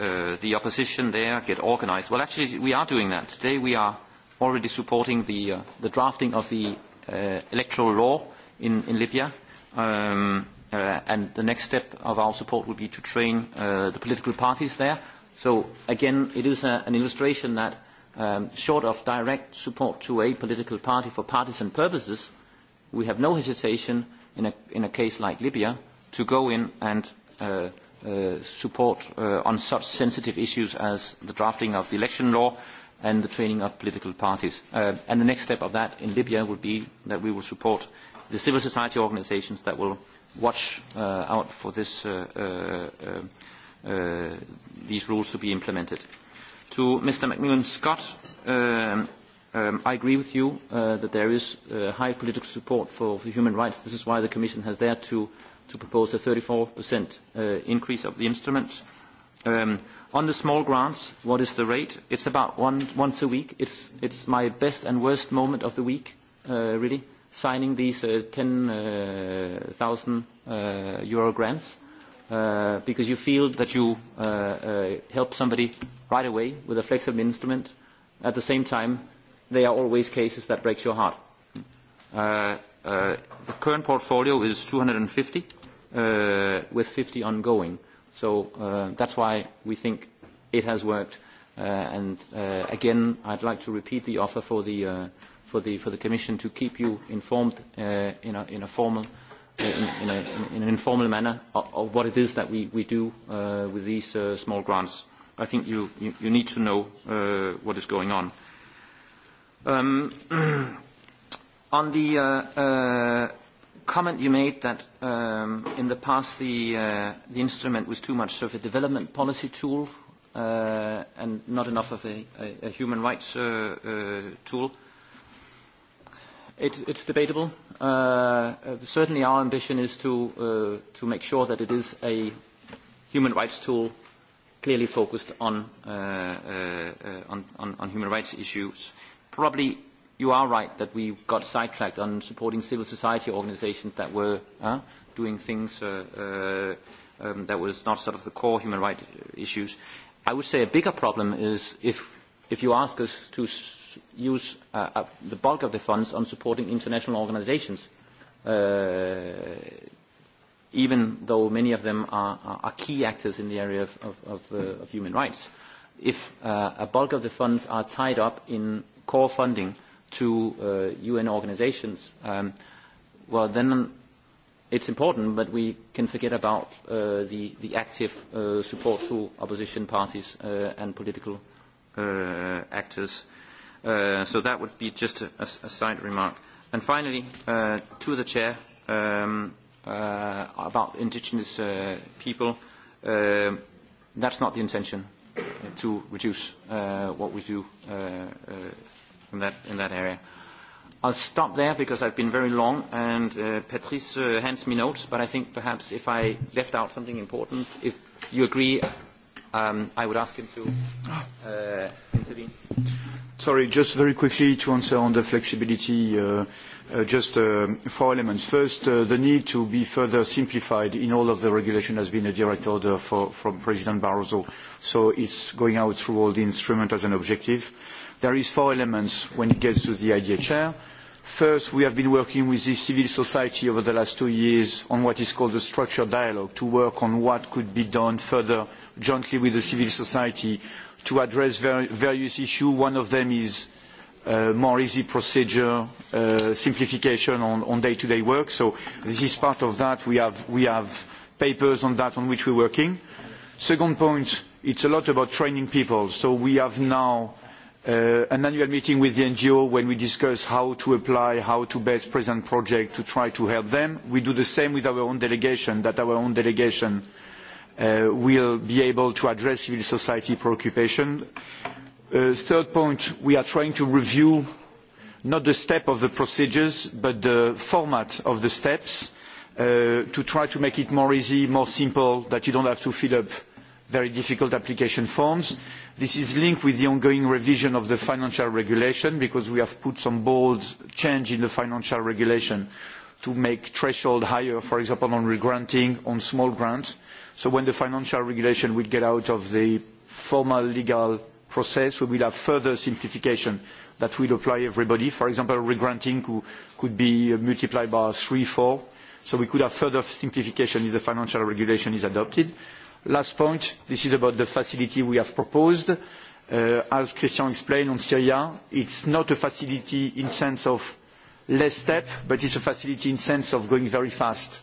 [SPEAKER 10] uh, the opposition there get organized. Well, actually, we are doing that. Today we are already supporting the, uh, the drafting of the uh, electoral law in, in Libya. Um, uh, and the next step of our support will be to train uh, the political parties there So again, it is a, uh, an illustration that um, short of direct support to a political party for partisan purposes, we have no hesitation in a, in a case like Libya to go in and uh, uh, support uh, on such sensitive issues as the drafting of the election law and the training of political parties. Uh, and the next step of that in Libya would be that we will support the civil society organizations that will watch uh, out for this, uh, uh, uh, uh these rules to be implemented. To Mr. McMillan Scott, um, um, I agree with you uh, that there is uh, high political support for, for human rights. This is why the Commission has there to, to propose a 34% uh, increase of the instrument. Um, on the small grants, what is the rate? It's about one, once a week. It's, it's my best and worst moment of the week, uh, really, signing these uh, 10,000 uh, uh, euro grants. Uh, because you feel that you uh, uh, help somebody right away with a flexible instrument. At the same time, they are always cases that breaks your heart. Uh, uh, the current portfolio is 250 uh, with 50 ongoing. So uh, that's why we think it has worked. Uh, and uh, again, I'd like to repeat the offer for the, uh, for the, for the Commission to keep you informed uh, in, a, in a formal in, a, in an informal manner of, of what it is that we, we do uh, with these uh, small grants. I think you, you, you need to know uh, what is going on. Um, on the uh, uh, comment you made that um, in the past the, uh, the instrument was too much of a development policy tool uh, and not enough of a, a, a human rights uh, uh, tool, uh, it's debatable. Uh, uh, certainly, our ambition is to uh, to make sure that it is a human rights tool, clearly focused on uh, uh, on, on, on human rights issues. Probably, you are right that we got sidetracked on supporting civil society organisations that were uh, doing things uh, uh, um, that was not sort of the core human rights issues. I would say a bigger problem is if if you ask us to use uh, uh, the bulk of the funds on supporting international organizations, uh, even though many of them are, are, are key actors in the area of, of, of, uh, of human rights. If uh, a bulk of the funds are tied up in core funding to uh, UN organizations, um, well, then it's important, but we can forget about uh, the, the active uh, support to opposition parties uh, and political uh, actors Uh, so that would be just a, a, a side remark. And finally, uh, to the chair um, uh, about indigenous uh, people. Uh, that's not the intention uh, to reduce uh, what we do uh, uh, in, that, in that area. I'll stop there because I've been very long and uh, Patrice uh, hands me notes, but I think perhaps if I left out something important, if you agree, um, I would ask him to ah. uh, intervene.
[SPEAKER 3] Sorry, just very quickly to answer on the flexibility, uh, uh, just uh, four elements. First, the need to be further simplified in all of the regulation has been a direct order from President Barroso, so it's going out through all the instrument as an objective. There is four elements when it gets to the IDHR. First, we have been working with the civil society over the last two years on what is called the structured dialogue to work on what could be done further jointly with the civil society to address various issues. One of them is uh, more easy procedure, uh, simplification on day-to-day -day work. So this is part of that. We have, we have papers on that on which we're working. Second point, it's a lot about training people. So we have now Uh, an annual meeting with the NGO when we discuss how to apply, how to best present project to try to help them. We do the same with our own delegation, that our own delegation uh, will be able to address civil society preoccupation. Uh, third point, we are trying to review not the step of the procedures, but the format of the steps uh, to try to make it more easy, more simple, that you don't have to fill up very difficult application forms. This is linked with the ongoing revision of the financial regulation because we have put some bold change in the financial regulation to make threshold higher, for example, on regranting, on small grants So when the financial regulation will get out of the formal legal process, we will have further simplification that will apply everybody. For example, regranting could be uh, multiplied by three, four. So we could have further simplification if the financial regulation is adopted. Last point, this is about the facility we have proposed. Uh, as Christian explained on Syria, it's not a facility in sense of less step, but it's a facility in sense of going very fast.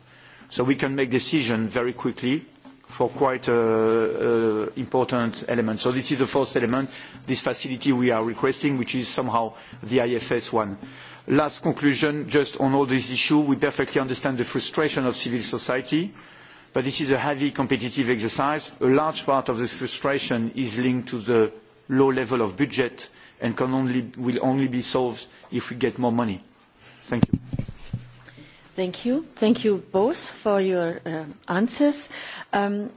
[SPEAKER 3] So we can make decisions very quickly for quite an important element. So this is the first element, this facility we are requesting, which is somehow the IFS one. Last conclusion, just on all this issue, we perfectly understand the frustration of civil society, but this is a heavy competitive exercise. A large part of this frustration is linked to the low level of budget and can only, will only be solved if we get more money. Thank you.
[SPEAKER 6] Thank you. Thank you both for your uh, answers. Um,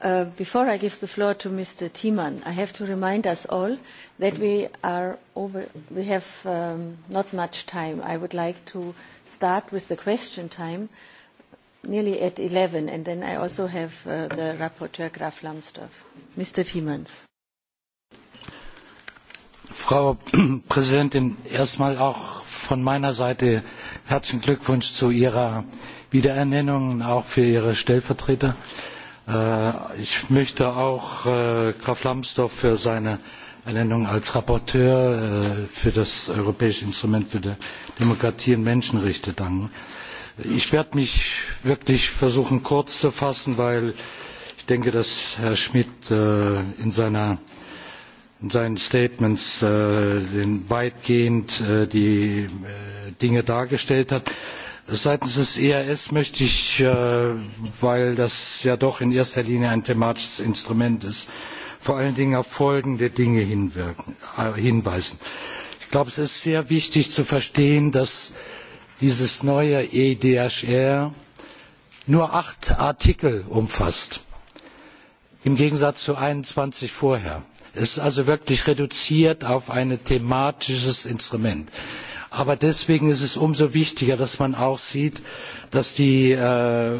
[SPEAKER 6] uh, before I give the floor to Mr. Thiemann, I have to remind us all that we are over, we have um, not much time. I would like to start with the question time nearly at 11, and then I also have uh, the rapporteur Graf Lambsdorff. Mr. Thiemanns.
[SPEAKER 13] Frau Präsidentin, erstmal auch von meiner Seite herzlichen Glückwunsch zu Ihrer Wiederernennung, und auch für Ihre Stellvertreter. Äh, ich möchte auch äh, Graf Lambsdorff für seine Ernennung als Rapporteur äh, für das Europäische Instrument für Demokratie und Menschenrechte danken. Ich werde mich wirklich versuchen, kurz zu fassen, weil ich denke, dass Herr Schmidt in seiner in seinen Statements äh, weitgehend äh, die äh, Dinge dargestellt hat. Seitens des ERS möchte ich, weil das ja doch in erster Linie ein thematisches Instrument ist, vor allen Dingen auf folgende Dinge hinweisen. Ich glaube, es ist sehr wichtig zu verstehen, dass dieses neue EDHR nur acht Artikel umfasst, im Gegensatz zu 21 vorher. Es ist also wirklich reduziert auf ein thematisches Instrument. Aber deswegen ist es umso wichtiger, dass man auch sieht, dass die, äh, äh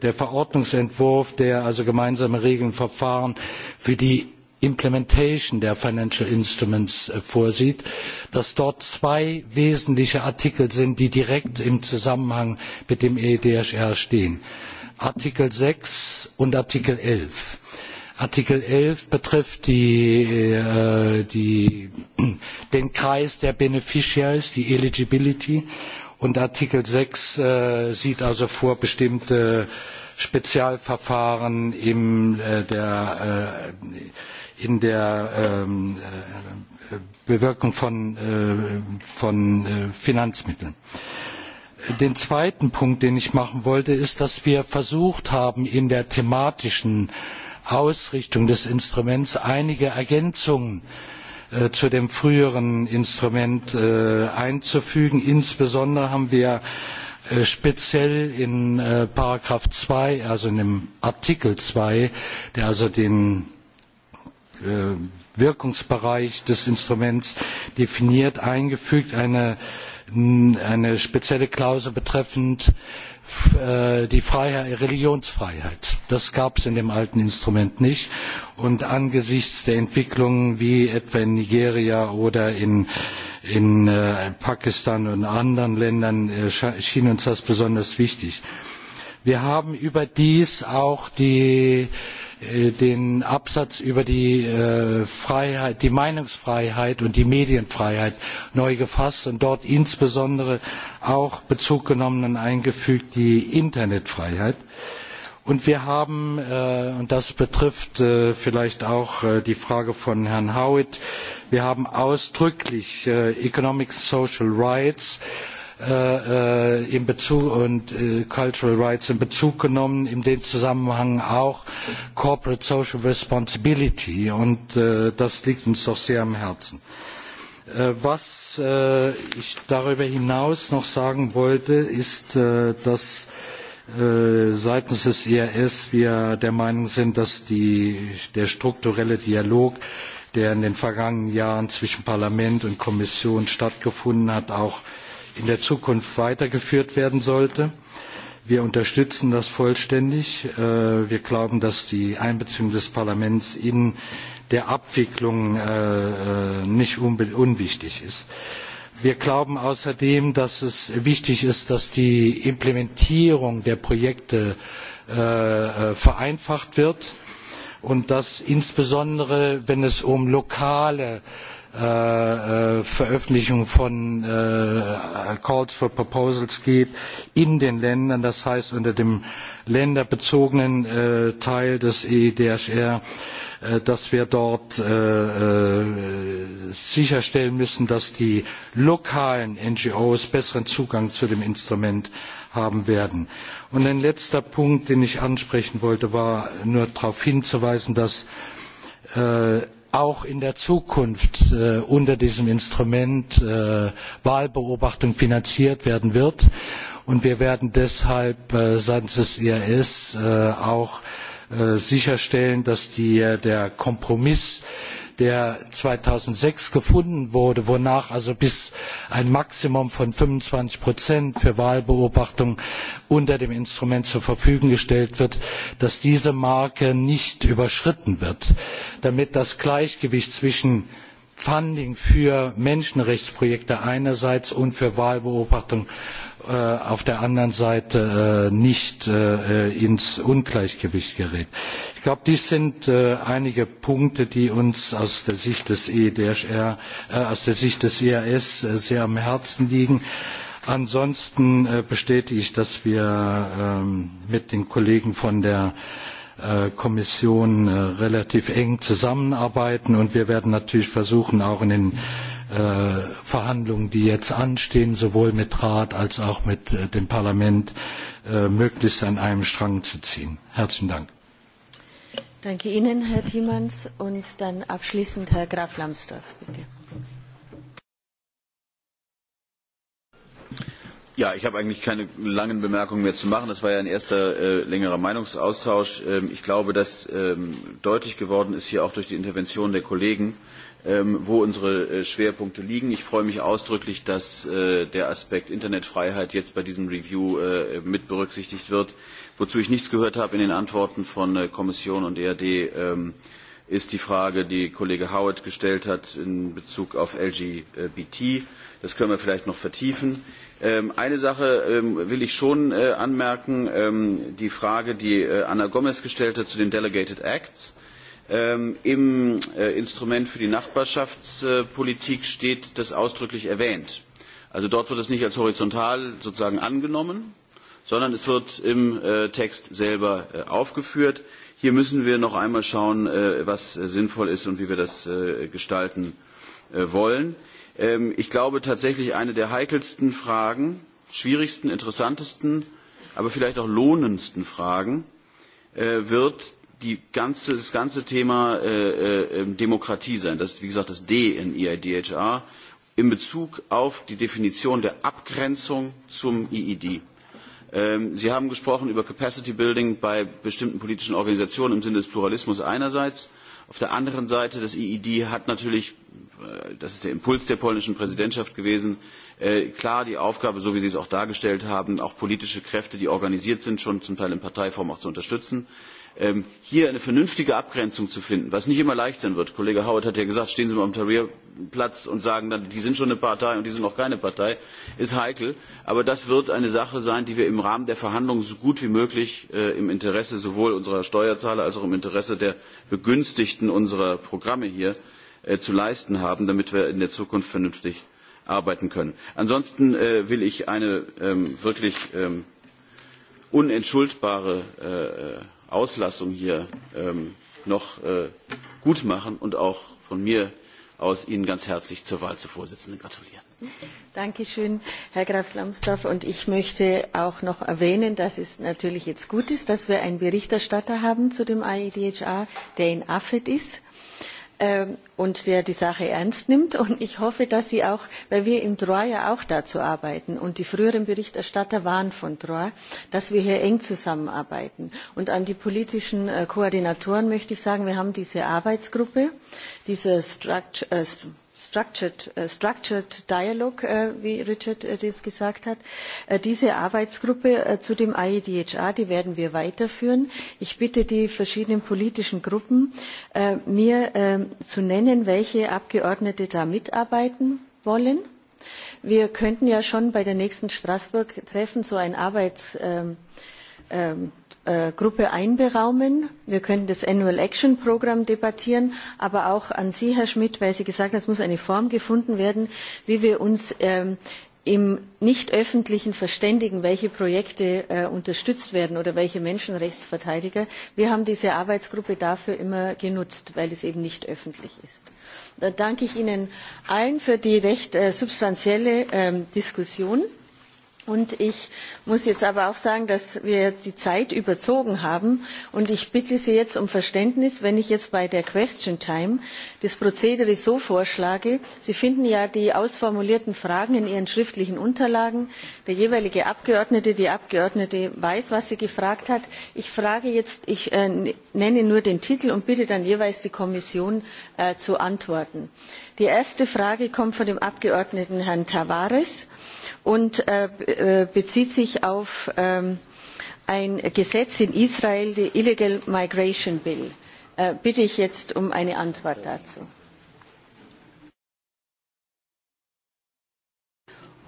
[SPEAKER 13] der Verordnungsentwurf, der also gemeinsame Regeln und Verfahren für die Implementation der Financial Instruments äh, vorsieht, dass dort zwei wesentliche Artikel sind, die direkt im Zusammenhang mit dem EDHR stehen. Artikel sechs und Artikel elf. Artikel 11 betrifft die, äh, die, den Kreis der Beneficiaries, die Eligibility. Und Artikel 6 äh, sieht also vor, bestimmte Spezialverfahren im, äh, der, äh, in der ähm, äh, Bewirkung von, äh, von äh, Finanzmitteln. Den zweiten Punkt, den ich machen wollte, ist, dass wir versucht haben, in der thematischen äh, Ausrichtung des Instruments einige Ergänzungen äh, zu dem früheren Instrument äh, einzufügen. Insbesondere haben wir äh, speziell in äh, Paragraph 2, also in dem Artikel 2, der also den Wirkungsbereich des Instruments definiert, eingefügt eine, eine spezielle Klausel betreffend Äh, die Freiheit, Religionsfreiheit. Das gab es in dem alten Instrument nicht. Und angesichts der Entwicklungen wie etwa in Nigeria oder in, in äh, Pakistan und anderen Ländern äh, schien uns das besonders wichtig. Wir haben überdies auch die äh, Äh, den Absatz über die äh, Freiheit, die Meinungsfreiheit und die Medienfreiheit neu gefasst und dort insbesondere auch Bezug genommen und eingefügt die Internetfreiheit. Und wir haben, äh, und das betrifft äh, vielleicht auch äh, die Frage von Herrn Howitt, wir haben ausdrücklich äh, Economic Social Rights Äh, äh, in Bezug und äh, Cultural Rights in Bezug genommen, in dem Zusammenhang auch Corporate Social Responsibility und äh, das liegt uns doch sehr am Herzen. Äh, was äh, ich darüber hinaus noch sagen wollte, ist, äh, dass äh, seitens des IRS wir der Meinung sind, dass die, der strukturelle Dialog, der in den vergangenen Jahren zwischen Parlament und Kommission stattgefunden hat, auch in der Zukunft weitergeführt werden sollte. Wir unterstützen das vollständig. Äh, wir glauben, dass die Einbeziehung des Parlaments in der Abwicklung äh, äh, nicht unwichtig ist. Wir glauben außerdem, dass es wichtig ist, dass die Implementierung der Projekte vereinfacht wird und dass insbesondere, wenn es um lokale Äh, äh, Veröffentlichung von äh, Calls for Proposals geht in den Ländern, das heißt unter dem länderbezogenen Teil des EDHR, dass wir dort sicherstellen müssen, dass die lokalen NGOs besseren Zugang zu dem Instrument haben werden. Und ein letzter Punkt, den ich ansprechen wollte, war nur darauf hinzuweisen, dass auch in der Zukunft äh, unter diesem Instrument äh, Wahlbeobachtung finanziert werden wird. Und wir werden deshalb äh, seitens des IRS auch sicherstellen, dass die, der Kompromiss der zweitausendsechs gefunden wurde wonach also bis ein maximum von fünfundzwanzig für wahlbeobachtung unter dem instrument zur verfügung gestellt wird dass diese marke nicht überschritten wird damit das gleichgewicht zwischen Funding für Menschenrechtsprojekte einerseits und für Wahlbeobachtung äh, auf der anderen Seite äh, nicht äh, ins Ungleichgewicht gerät. Ich glaube, dies sind einige Punkte, die uns aus der Sicht des EDHR, aus der Sicht des EAS sehr am Herzen liegen. Ansonsten bestätige ich, dass wir ähm, mit den Kollegen von der Äh, Kommission äh, relativ eng zusammenarbeiten und wir werden natürlich versuchen, auch in den äh, Verhandlungen, die jetzt anstehen, sowohl mit Rat als auch mit dem Parlament, möglichst an einem Strang zu ziehen. Herzlichen Dank.
[SPEAKER 6] Danke Ihnen, Herr Thiemanns. Und dann abschließend Herr Graf Lambsdorff, bitte.
[SPEAKER 11] Ja, ich habe eigentlich keine langen Bemerkungen mehr zu machen. Das war ja ein erster äh, längerer Meinungsaustausch. Ähm, ich glaube, dass ähm, deutlich geworden ist hier auch durch die Intervention der Kollegen, ähm, wo unsere äh, Schwerpunkte liegen. Ich freue mich ausdrücklich, dass äh, der Aspekt Internetfreiheit jetzt bei diesem Review äh, mit berücksichtigt wird. Wozu ich nichts gehört habe in den Antworten von äh, Kommission und ERD, ähm, ist die Frage, die Kollege Howard gestellt hat in Bezug auf LGBT. Das können wir vielleicht noch vertiefen. Ähm, eine Sache ähm, will ich schon äh, anmerken, ähm, die Frage, die äh, Anna Gomez gestellt hat zu den Delegated Acts. Im äh, Instrument für die Nachbarschaftspolitik steht das ausdrücklich erwähnt. Also dort wird es nicht als horizontal sozusagen angenommen, sondern es wird im Text selber aufgeführt. Hier müssen wir noch einmal schauen, was sinnvoll ist und wie wir das gestalten wollen. Ähm, ich glaube tatsächlich eine der heikelsten Fragen, schwierigsten, interessantesten, aber vielleicht auch lohnendsten Fragen äh, wird ganze, das ganze Thema äh, äh, ähm, Demokratie sein. Das ist, wie gesagt, das D in EIDHR in Bezug auf die Definition der Abgrenzung zum EED. Ähm, Sie haben gesprochen über Capacity Building bei bestimmten politischen Organisationen im Sinne des Pluralismus einerseits. Auf der anderen Seite, das EED hat natürlich Äh, das ist der Impuls der polnischen Präsidentschaft gewesen, äh, klar die Aufgabe, so wie Sie es auch dargestellt haben, auch politische Kräfte, die organisiert sind, schon zum Teil in Parteiform auch zu unterstützen. Ähm, hier eine vernünftige Abgrenzung zu finden, was nicht immer leicht sein wird. Kollege Howard hat ja gesagt, stehen Sie mal am Tarierplatz und sagen dann, die sind schon eine Partei und die sind noch keine Partei, ist heikel. Aber das wird eine Sache sein, die wir im Rahmen der Verhandlungen so gut wie möglich äh, im Interesse sowohl unserer Steuerzahler als auch im Interesse der Begünstigten unserer Programme hier Äh, zu leisten haben, damit wir in der Zukunft vernünftig arbeiten können. Ansonsten äh, will ich eine ähm, wirklich ähm, unentschuldbare äh, Auslassung hier ähm, noch gut machen und auch von mir aus Ihnen ganz herzlich zur Wahl zur Vorsitzenden gratulieren.
[SPEAKER 6] Danke schön, Herr Graf Lambsdorff. Und ich möchte auch noch erwähnen, dass es natürlich jetzt gut ist, dass wir einen Berichterstatter haben zu dem IEDHA, der in AFED ist Ähm, und der die Sache ernst nimmt. Und ich hoffe, dass Sie auch, weil wir im Droit ja auch dazu arbeiten und die früheren Berichterstatter waren von Droit, dass wir hier eng zusammenarbeiten. Und an die politischen äh, Koordinatoren möchte ich sagen, wir haben diese Arbeitsgruppe, diese Structure, äh, Äh, structured, dialogue, äh, wie Richard äh, dies gesagt hat. Diese Arbeitsgruppe zu dem IEDHR, die werden wir weiterführen. Ich bitte die verschiedenen politischen Gruppen, mir ähm, zu nennen, welche Abgeordnete da mitarbeiten wollen. Wir könnten ja schon bei der nächsten Straßburg-Treffen so ein Arbeits ähm, ähm, Äh, Gruppe einberaumen. Wir können das Annual Action Programm debattieren, aber auch an Sie, Herr Schmidt, weil Sie gesagt haben, es muss eine Form gefunden werden, wie wir uns ähm, im nicht öffentlichen verständigen welche projekte äh, unterstützt werden oder welche menschenrechtsverteidiger. wir haben diese arbeitsgruppe dafür immer genutzt weil es eben nicht öffentlich ist. da danke ich ihnen allen für die recht äh, substanzielle ähm, diskussion. Und ich muss jetzt aber auch sagen, dass wir die Zeit überzogen haben. Und ich bitte Sie jetzt um Verständnis, wenn ich jetzt bei der Question Time das Prozedere so vorschlage. Sie finden ja die ausformulierten Fragen in Ihren schriftlichen Unterlagen. Der jeweilige Abgeordnete, die Abgeordnete weiß, was sie gefragt hat. Ich frage jetzt, ich äh, nenne nur den Titel und bitte dann jeweils die Kommission äh, zu antworten die erste frage kommt von dem abgeordneten herrn tavares und se äh, äh, bezieht sich auf äh, ein gesetz in israel die illegal migration bill. Äh, bitte ich jetzt um eine antwort dazu.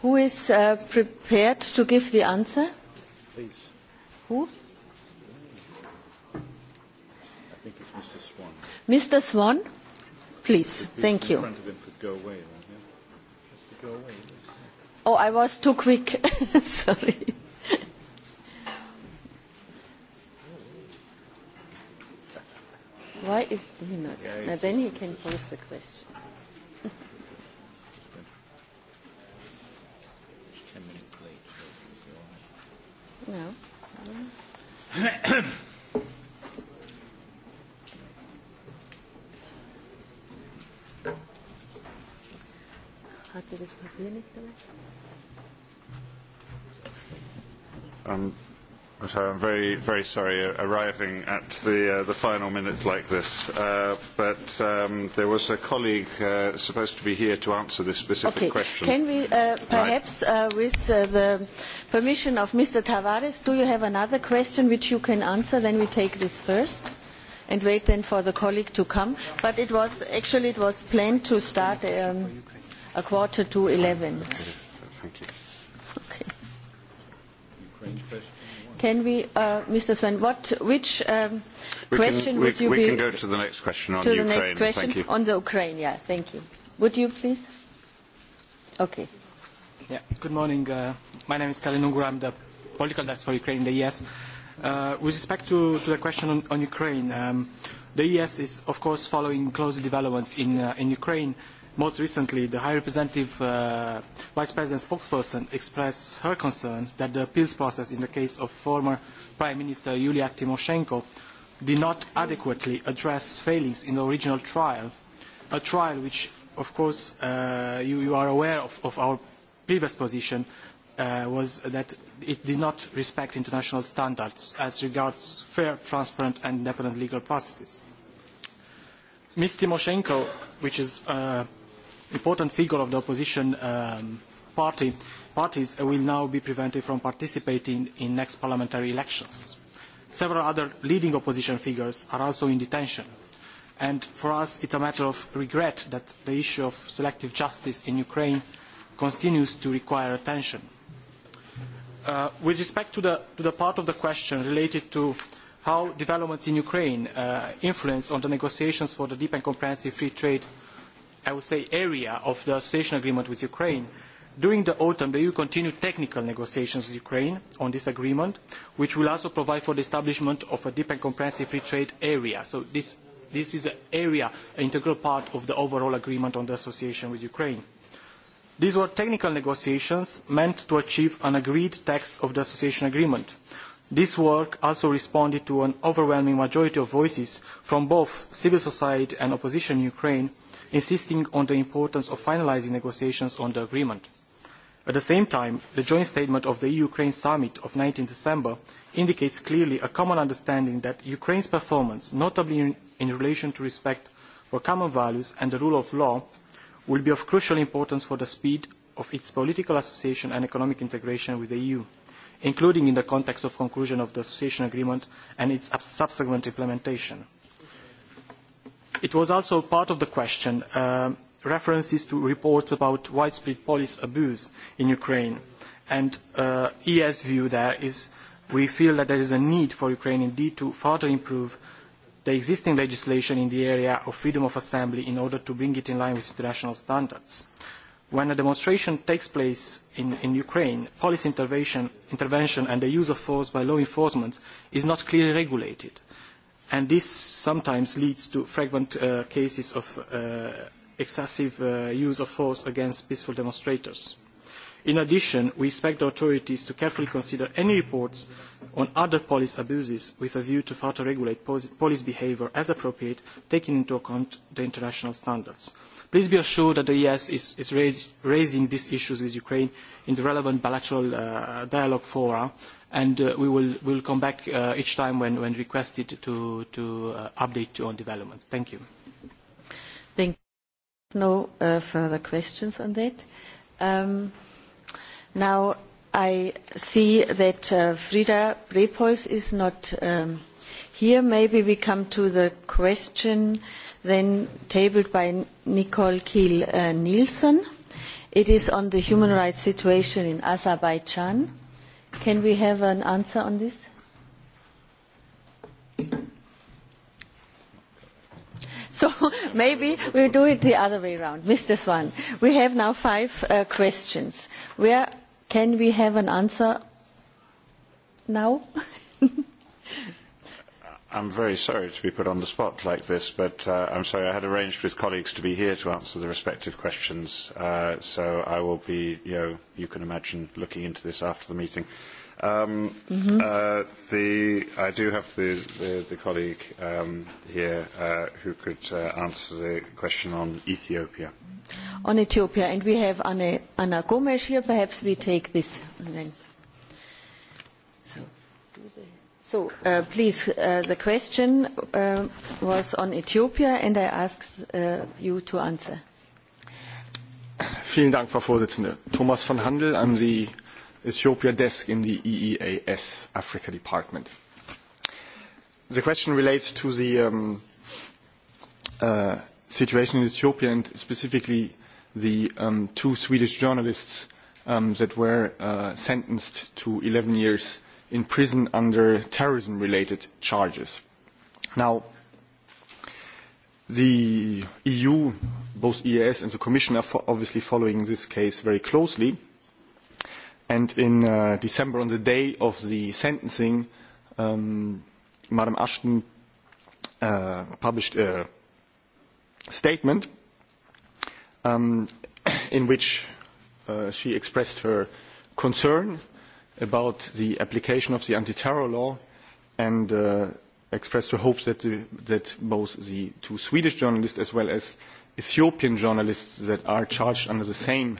[SPEAKER 6] Who is uh, prepared to give the answer?
[SPEAKER 4] Please. Who? I think it's
[SPEAKER 6] Mr. Swan. Mr. Swan?
[SPEAKER 7] Please, thank you.
[SPEAKER 6] Oh, I was too quick. Sorry. Why is he not? Now then he can pose the question. No. Hat er das Papier nicht
[SPEAKER 7] dabei? Um, Sorry, I'm very, very sorry uh, arriving at the, uh, the final minute like this, uh, but um, there was a colleague uh, supposed to be here to answer this specific okay. question. Can
[SPEAKER 6] we uh, perhaps, uh, with uh, the permission of Mr. Tavares, do you have another question which you can answer? Then we take this first and wait then for the colleague to come. But it was actually it was planned to start. Um, a quarter to 11.
[SPEAKER 7] Thank you. Okay.
[SPEAKER 6] Can we, uh, Mr. Sven, what, which um, we question can, we, would you we be... We can go to the
[SPEAKER 7] next question on to Ukraine. To the next question thank you.
[SPEAKER 6] on the Ukraine, yeah, thank you. Would you please? Okay.
[SPEAKER 14] Yeah. Good morning. Uh, my name is Kalin Ungur. I'm the political desk for Ukraine in the ES. Uh, with respect to, to, the question on, on Ukraine, um, the ES is, of course, following close developments in, uh, in Ukraine. Uh, Most recently, the High Representative uh, Vice President spokesperson expressed her concern that the appeals process in the case of former Prime Minister Yulia Tymoshenko did not adequately address failings in the original trial, a trial which, of course, uh, you, you, are aware of, of our previous position, uh, was that it did not respect international standards as regards fair, transparent and independent legal processes. Ms. Tymoshenko, which is uh, important figure of the opposition um, party, parties will now be prevented from participating in next parliamentary elections. Several other leading opposition figures are also in detention. And for us, it's a matter of regret that the issue of selective justice in Ukraine continues to require attention. Uh, with respect to the, to the, part of the question related to how developments in Ukraine uh, influence on the negotiations for the deep and comprehensive free trade I would say, area of the association agreement with Ukraine. During the autumn, the EU continued technical negotiations with Ukraine on this agreement, which will also provide for the establishment of a deep and comprehensive free trade area. So this, this is an area, an integral part of the overall agreement on the association with Ukraine. These were technical negotiations meant to achieve an agreed text of the association agreement. This work also responded to an overwhelming majority of voices from both civil society and opposition in Ukraine insisting on the importance of finalising negotiations on the agreement. At the same time, the joint statement of the EU-Ukraine summit of 19 December indicates clearly a common understanding that Ukraine's performance, notably in, in relation to respect for common values and the rule of law, will be of crucial importance for the speed of its political association and economic integration with the EU, including in the context of conclusion of the association agreement and its subsequent implementation. It was also part of the question, uh, references to reports about widespread police abuse in Ukraine. And uh, EA's view there is we feel that there is a need for Ukraine indeed to further improve the existing legislation in the area of freedom of assembly in order to bring it in line with international standards. When a demonstration takes place in, in Ukraine, police intervention, intervention and the use of force by law enforcement is not clearly regulated. Uh, and this sometimes leads to frequent uh, cases of uh, excessive uh, use of force against peaceful demonstrators. In addition, we expect the authorities to carefully consider any reports on other police abuses with a view to further regulate police behaviour as appropriate, taking into account the international standards. Please be assured that the ES is, is raise, raising these issues with Ukraine in the relevant bilateral uh, dialogue fora and uh, we will come back uh, each time when, when requested to, to uh, update you on developments. Thank you.
[SPEAKER 6] Thank you. No uh, further questions on that. Um, now I see that uh, Frida Brepols is not um, here. Maybe we come to the question then tabled by Nicole Kiel-Nielsen. Uh, It is on the human rights situation in Azerbaijan Can we have an answer on this? So maybe we'll do it the other way around. Mr. Swan, we have now five uh, questions. Where can we have an answer now?
[SPEAKER 7] I'm very sorry to be put on the spot like this, but uh, I'm sorry I had arranged with colleagues to be here to answer the respective questions. Uh, so I will be, you know, you can imagine looking into this after the meeting. Um, mm -hmm. uh, the, I do have the, the, the colleague um, here uh, who could uh, answer the question on Ethiopia.
[SPEAKER 6] On Ethiopia, and we have Anna, Anna Gomes here. Perhaps we take this. And then. So, uh, please, uh, the question uh, was on Ethiopia, and I asked uh, you to answer.
[SPEAKER 15] Vielen Dank, Frau Vorsitzende. Thomas von Handel, I'm the Ethiopia desk in the EEAS Africa Department. The question relates to the um, uh, situation in Ethiopia and specifically the um, two Swedish journalists um, that were uh, sentenced to 11 years in prison under terrorism-related charges. Now, the EU, both EAS and the Commission are fo obviously following this case very closely. And in uh, December, on the day of the sentencing, um, Madam Ashton uh, published a statement um, in which uh, she expressed her concern about the application of the anti-terror law and uh, expressed her hopes that, the, that both the two Swedish journalists as well as Ethiopian journalists that are charged under the same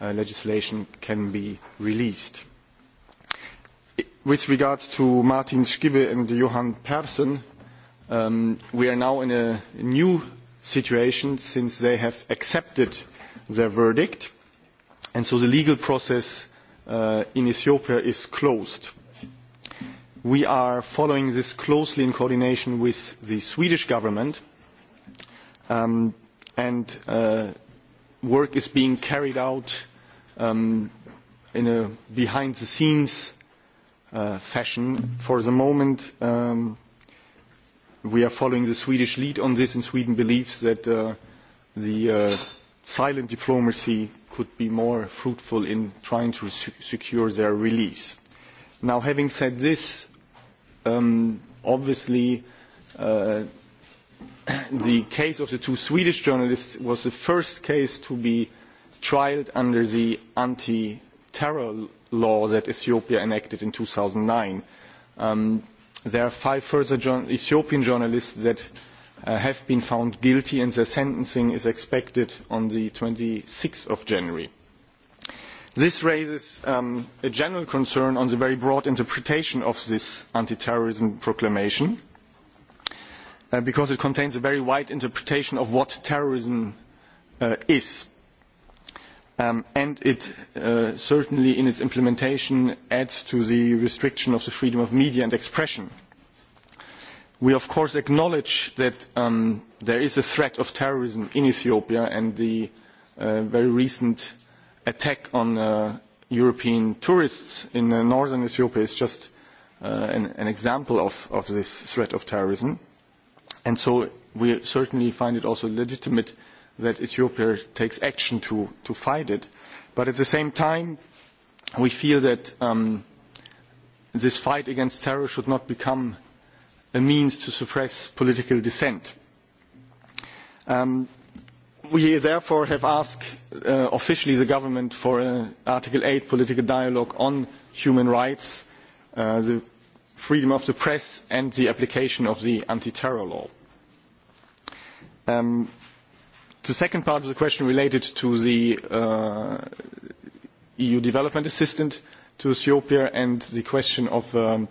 [SPEAKER 15] uh, legislation can be released. With regards to Martin Schibbe and Johan Persson, um, we are now in a new situation since they have accepted their verdict. And so the legal process Uh, in Ethiopia is closed. We are following this closely in coordination with the Swedish government, um, and uh, work is being carried out um, in a behind-the-scenes uh, fashion. For the moment, um, we are following the Swedish lead on this, and Sweden believes that uh, the uh, silent diplomacy could be more fruitful in trying to secure their release. Now, having said this, um, obviously, uh, the case of the two Swedish journalists was the first case to be trialed under the anti-terror law that Ethiopia enacted in 2009. Um, there are five further jo Ethiopian journalists that Uh, have been found guilty and their sentencing is expected on the 26th of January. This raises um, a general concern on the very broad interpretation of this anti-terrorism proclamation uh, because it contains a very wide interpretation of what terrorism uh, is. Um, and it uh, certainly in its implementation adds to the restriction of the freedom of media and expression we of course acknowledge that um, there is a threat of terrorism in Ethiopia and the uh, very recent attack on uh, European tourists in uh, northern Ethiopia is just uh, an, an, example of, of, this threat of terrorism. And so we certainly find it also legitimate that Ethiopia takes action to, to fight it. But at the same time, we feel that um, this fight against terror should not become a means to suppress political dissent. Um, we therefore have asked uh, officially the government for an uh, Article 8 political dialogue on human rights, uh, the freedom of the press and the application of the anti-terror law. Um, the second part of the question related to the uh, EU development assistance to Ethiopia and the question of um,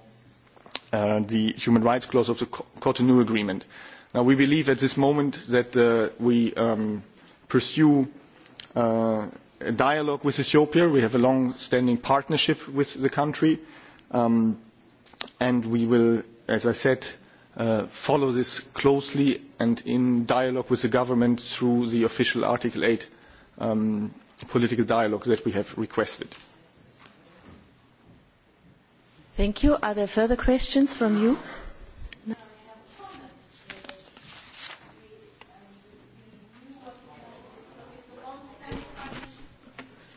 [SPEAKER 15] Uh, the human rights clause of the Cotonou Agreement. Now, we believe at this moment that uh, we um, pursue uh, a dialogue with Ethiopia. We have a long-standing partnership with the country, um, and we will, as I said, Uh, follow this closely and in dialogue with the government through the official Article 8 um, political dialogue that we have requested.
[SPEAKER 6] Thank you. Are there further questions from you?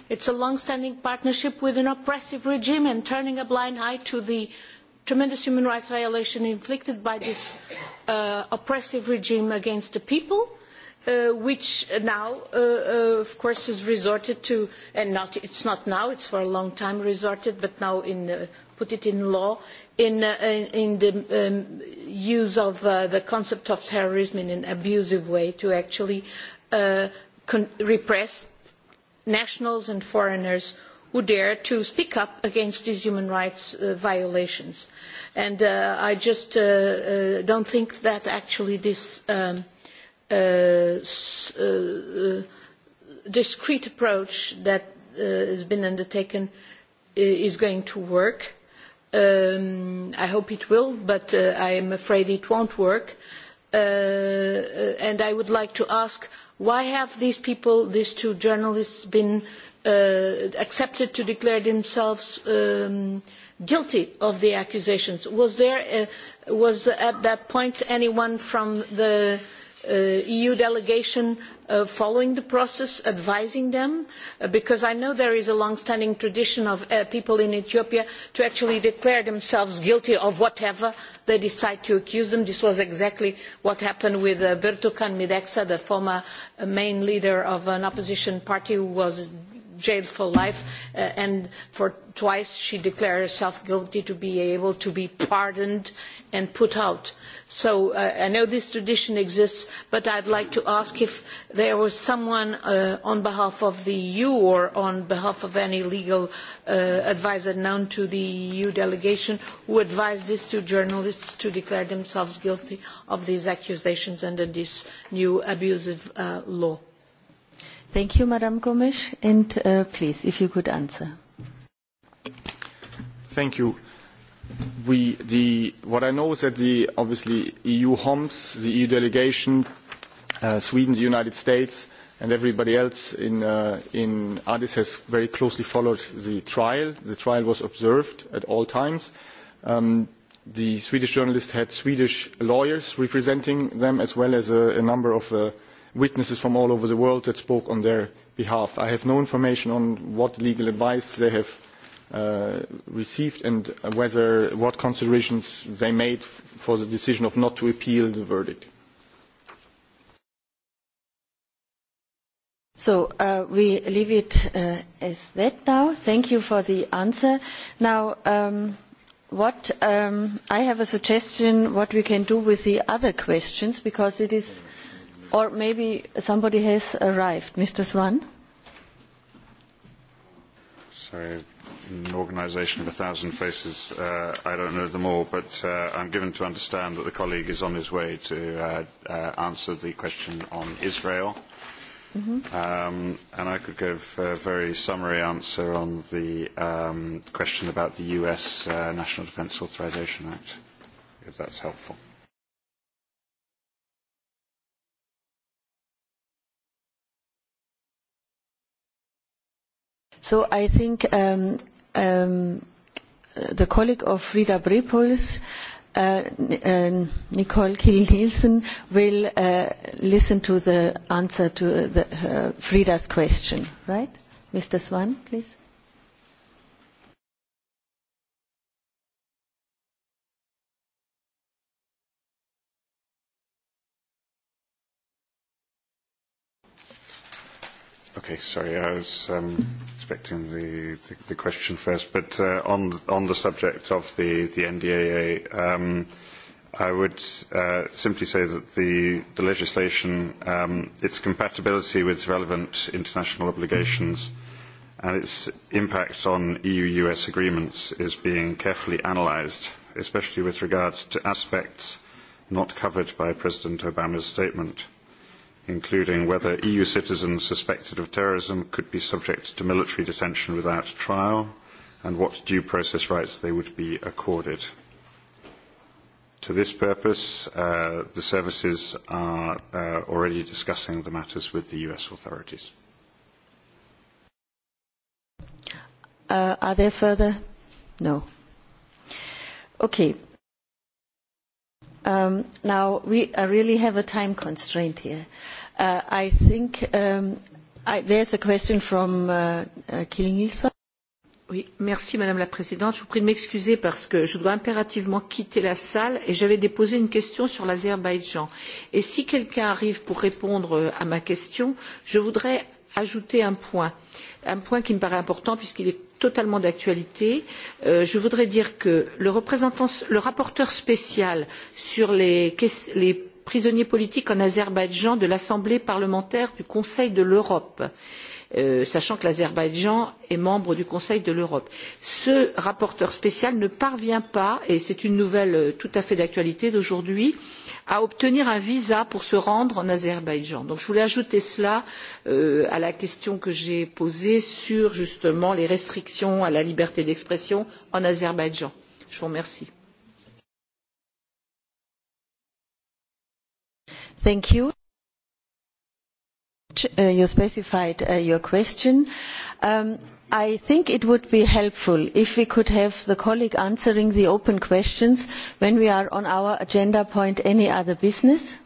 [SPEAKER 9] It's a long-standing partnership with an oppressive regime and turning a blind eye to the tremendous human rights violation inflicted by this uh, oppressive regime against the people. Uh, which now uh, uh, of course is resorted to and not it's not now it's for a long time resorted but now in put it in law uh, in, in the um, use of uh, the concept of terrorism in an abusive way to actually uh, repress nationals and foreigners who dare to speak up against these human rights uh, violations. And uh, I just uh, uh, don't think that actually this um, uh, uh, discreet approach that has been undertaken is going to work Um, I hope it will, but uh, I am afraid it won't work. Uh, uh, and I would like to ask, why have these people, these two journalists, been accepted to declare themselves um, guilty of the accusations? Was there, was at that point anyone from the EU delegation uh, following the process, advising them, uh, because I know there is a long-standing tradition of uh, people in Ethiopia to actually declare themselves guilty of whatever they decide to accuse them. This was exactly what happened with uh, Bertukan Mideksa, the former uh, main leader of an opposition party who was jailed for life uh, and for twice she declared herself guilty to be able to be pardoned and put out. So uh, I know this tradition exists, but I'd like to ask if there was someone uh, on behalf of the EU or on behalf of any legal uh, advisor known to the EU delegation who advised these two journalists to declare themselves guilty of these accusations under this
[SPEAKER 6] new abusive uh, law. Thank you, Madam Gomes. And uh, please, if you could answer.
[SPEAKER 15] Thank you we, the, what I know is that the, obviously EU HOMS, the EU delegation, uh, Sweden, the United States, and everybody else in, uh, in Addis has very closely followed the trial. The trial was observed at all times. Um, the Swedish journalists had Swedish lawyers representing them, as well as a, a number of uh, witnesses from all over the world that spoke on their behalf. I have no information on what legal advice they have Uh, received and whether what considerations they made for the decision of not to appeal the verdict.
[SPEAKER 6] So uh, we leave it uh, as that now. Thank you for the answer. Now, um, what um, I have a suggestion what we can do with the other questions because it is, or maybe somebody has arrived. Mr. Swan?
[SPEAKER 7] Sorry, an organisation of a thousand faces, uh, I don't know them all, but uh, I'm given to understand that the colleague is on his way to uh, uh, answer the question on Israel. Mm -hmm. um, and I could give a very summary answer on the um, question about the US uh, National Defence Authorization Act, if that's helpful.
[SPEAKER 6] So I think um, um, the colleague of Rita Brepols, uh, uh Nicole Kiel-Nielsen, will uh, listen to the answer to the, Frida's question, right? Mr. Swan, please.
[SPEAKER 7] Okay, sorry, I was um, expecting the, the, the question first, but uh, on, on the subject of the, the NDAA, um, I would uh, simply say that the, the legislation, um, its compatibility with relevant international obligations and its impact on EU-US agreements is being carefully analysed, especially with regard to aspects not covered by President Obama's statement including whether EU citizens suspected of terrorism could be subject to military detention without trial and what due process rights they would be accorded. To this purpose, uh, the services are uh, already discussing the matters with the US authorities.
[SPEAKER 6] Uh, are there further? No. Okay. Um, now, we uh, really have a time constraint here. Uh, I think um, I, there's a question from uh, uh, Kilnilson. Oui, merci Madame la Présidente. Je vous prie de m'excuser parce que je dois
[SPEAKER 9] impérativement quitter la salle et j'avais déposé une question sur l'Azerbaïdjan. Et si quelqu'un arrive pour répondre euh, à ma question, je voudrais ajouter un point, un point qui me paraît important puisqu'il est totalement d'actualité. Euh, je voudrais dire que le, représentant, le rapporteur spécial sur les, les prisonnier politique en Azerbaïdjan de l'Assemblée parlementaire du Conseil de l'Europe, euh, sachant que l'Azerbaïdjan est membre du Conseil de l'Europe. Ce rapporteur spécial ne parvient pas, et c'est une nouvelle euh, tout à fait d'actualité d'aujourd'hui, à obtenir un visa pour se rendre en Azerbaïdjan. Donc je voulais ajouter cela euh, à la question que j'ai posée sur justement les restrictions à la liberté d'expression en Azerbaïdjan. Je vous remercie.
[SPEAKER 6] Thank you. Uh, you specified uh, your question. Um, I think it would be helpful if we could have the colleague answering the open questions when we are on our agenda point any other business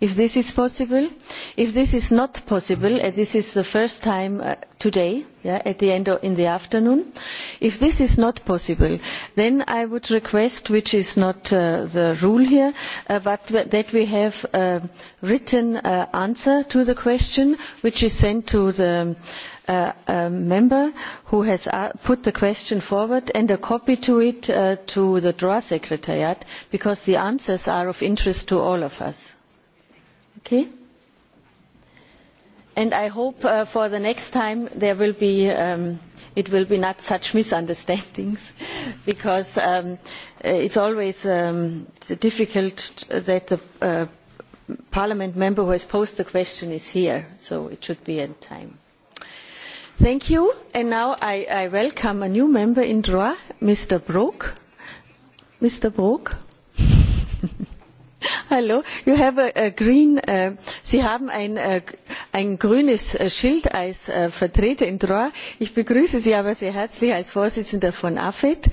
[SPEAKER 6] if this is possible. If this is not possible, and this is the first time uh, today, at the end of, in the afternoon, if this is not possible, then I would request, which is not uh, the rule here, uh, but that we have a written answer to the question, which is sent to the um, member who has put the question forward and a copy to it to the draft secretariat because the answers are of interest to all of us. Okay? And I hope uh, for the next time there will be, um, it will be not such misunderstandings because um, uh, it's always um, difficult that the uh, parliament member who has posed the question is here, so it should be on time. Thank you. And now I, I welcome a new member in DROA, Mr. Brok. Mr. Brok. Hallo, you have a, a green, uh, Sie haben ein, uh, ein grünes äh, Schild als uh, äh, Vertreter in Droit. Ich begrüße Sie aber sehr herzlich als Vorsitzender von AFED.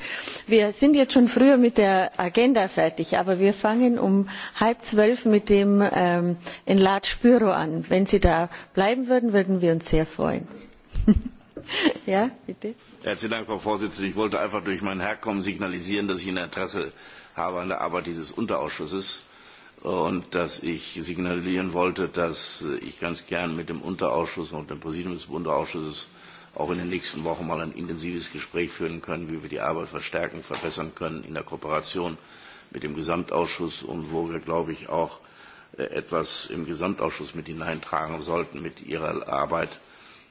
[SPEAKER 6] Wir sind jetzt schon früher mit der Agenda fertig, aber wir fangen um halb zwölf mit dem ähm, Enlarge Büro an. Wenn Sie da bleiben würden, würden wir uns sehr freuen. ja, bitte.
[SPEAKER 11] Herzlichen Dank, Frau Vorsitzende. Ich wollte einfach durch mein Herkommen signalisieren, dass ich ein Interesse habe an der Arbeit dieses Unterausschusses und dass ich signalisieren wollte, dass ich ganz gern mit dem Unterausschuss und dem Präsidium des Unterausschusses auch in den nächsten Wochen mal ein intensives Gespräch führen können, wie wir die Arbeit verstärken, verbessern können in der Kooperation mit dem Gesamtausschuss und wo wir, glaube ich, auch äh, etwas im Gesamtausschuss mit hineintragen sollten mit ihrer Arbeit,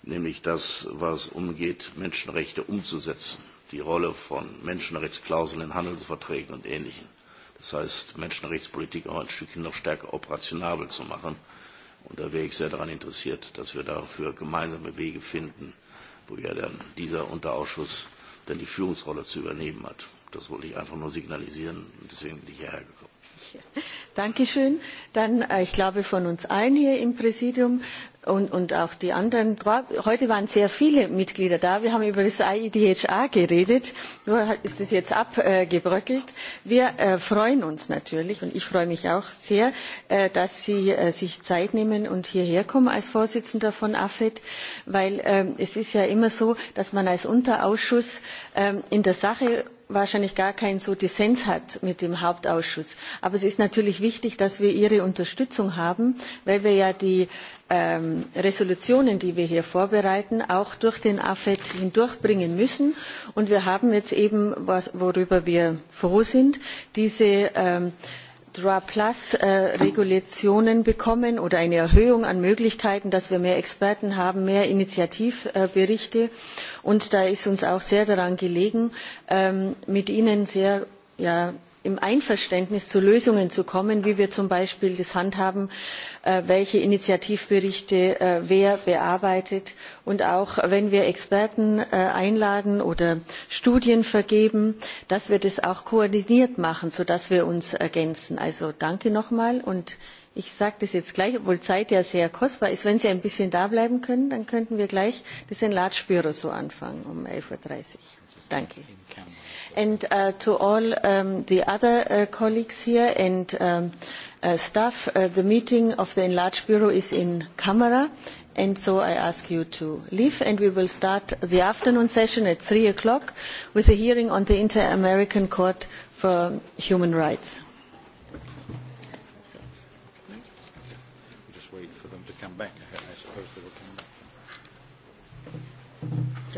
[SPEAKER 11] nämlich das, was umgeht, Menschenrechte umzusetzen, die Rolle von Menschenrechtsklauseln in Handelsverträgen und Ähnlichem. Das heißt, Menschenrechtspolitik auch ein Stückchen noch stärker operationabel zu machen. Und da wäre ich sehr daran interessiert, dass wir dafür gemeinsame Wege finden, wo ja dann dieser Unterausschuss dann die Führungsrolle zu übernehmen hat. Das wollte ich einfach nur signalisieren und deswegen bin ich hierher gekommen.
[SPEAKER 6] Dankeschön. Dann, äh, ich glaube, von uns allen hier im Präsidium und, und auch die anderen. Heute waren sehr viele Mitglieder da. Wir haben über das IEDHA geredet, nur ist es jetzt abgebröckelt. Wir äh, freuen uns natürlich und ich freue mich auch sehr, äh, dass Sie äh, sich Zeit nehmen und hierher kommen als Vorsitzender von AFED, weil ähm, es ist ja immer so, dass man als Unterausschuss ähm, in der Sache wahrscheinlich gar keinen so Dissens hat mit dem Hauptausschuss. Aber es ist natürlich wichtig, dass wir Ihre Unterstützung haben, weil wir ja die ähm, Resolutionen, die wir hier vorbereiten, auch durch den AFET hindurchbringen müssen. Und wir haben jetzt eben, was, worüber wir froh sind, diese ähm, droit plus äh, regulationen bekommen oder eine erhöhung an möglichkeiten dass wir mehr experten haben mehr initiativberichte und da ist uns auch sehr daran gelegen ähm, mit ihnen sehr ja, im einverständnis zu lösungen zu kommen wie wir zum beispiel das handhaben äh, welche initiativberichte äh, wer bearbeitet und auch wenn wir experten äh, einladen oder studien vergeben dass wir das auch koordiniert machen sodass wir uns ergänzen. also danke nochmal und ich sage das jetzt gleich obwohl zeit ja sehr kostbar ist wenn sie ein bisschen da bleiben können dann könnten wir gleich das enlarged so anfangen um. elf dreißig uhr danke and uh, to all um, the other uh, colleagues here and um, uh, staff. Uh, the meeting of the enlarged bureau is in camera, and so I ask you to leave. And we will start the afternoon session at three o'clock with a hearing on the Inter-American Court for Human Rights.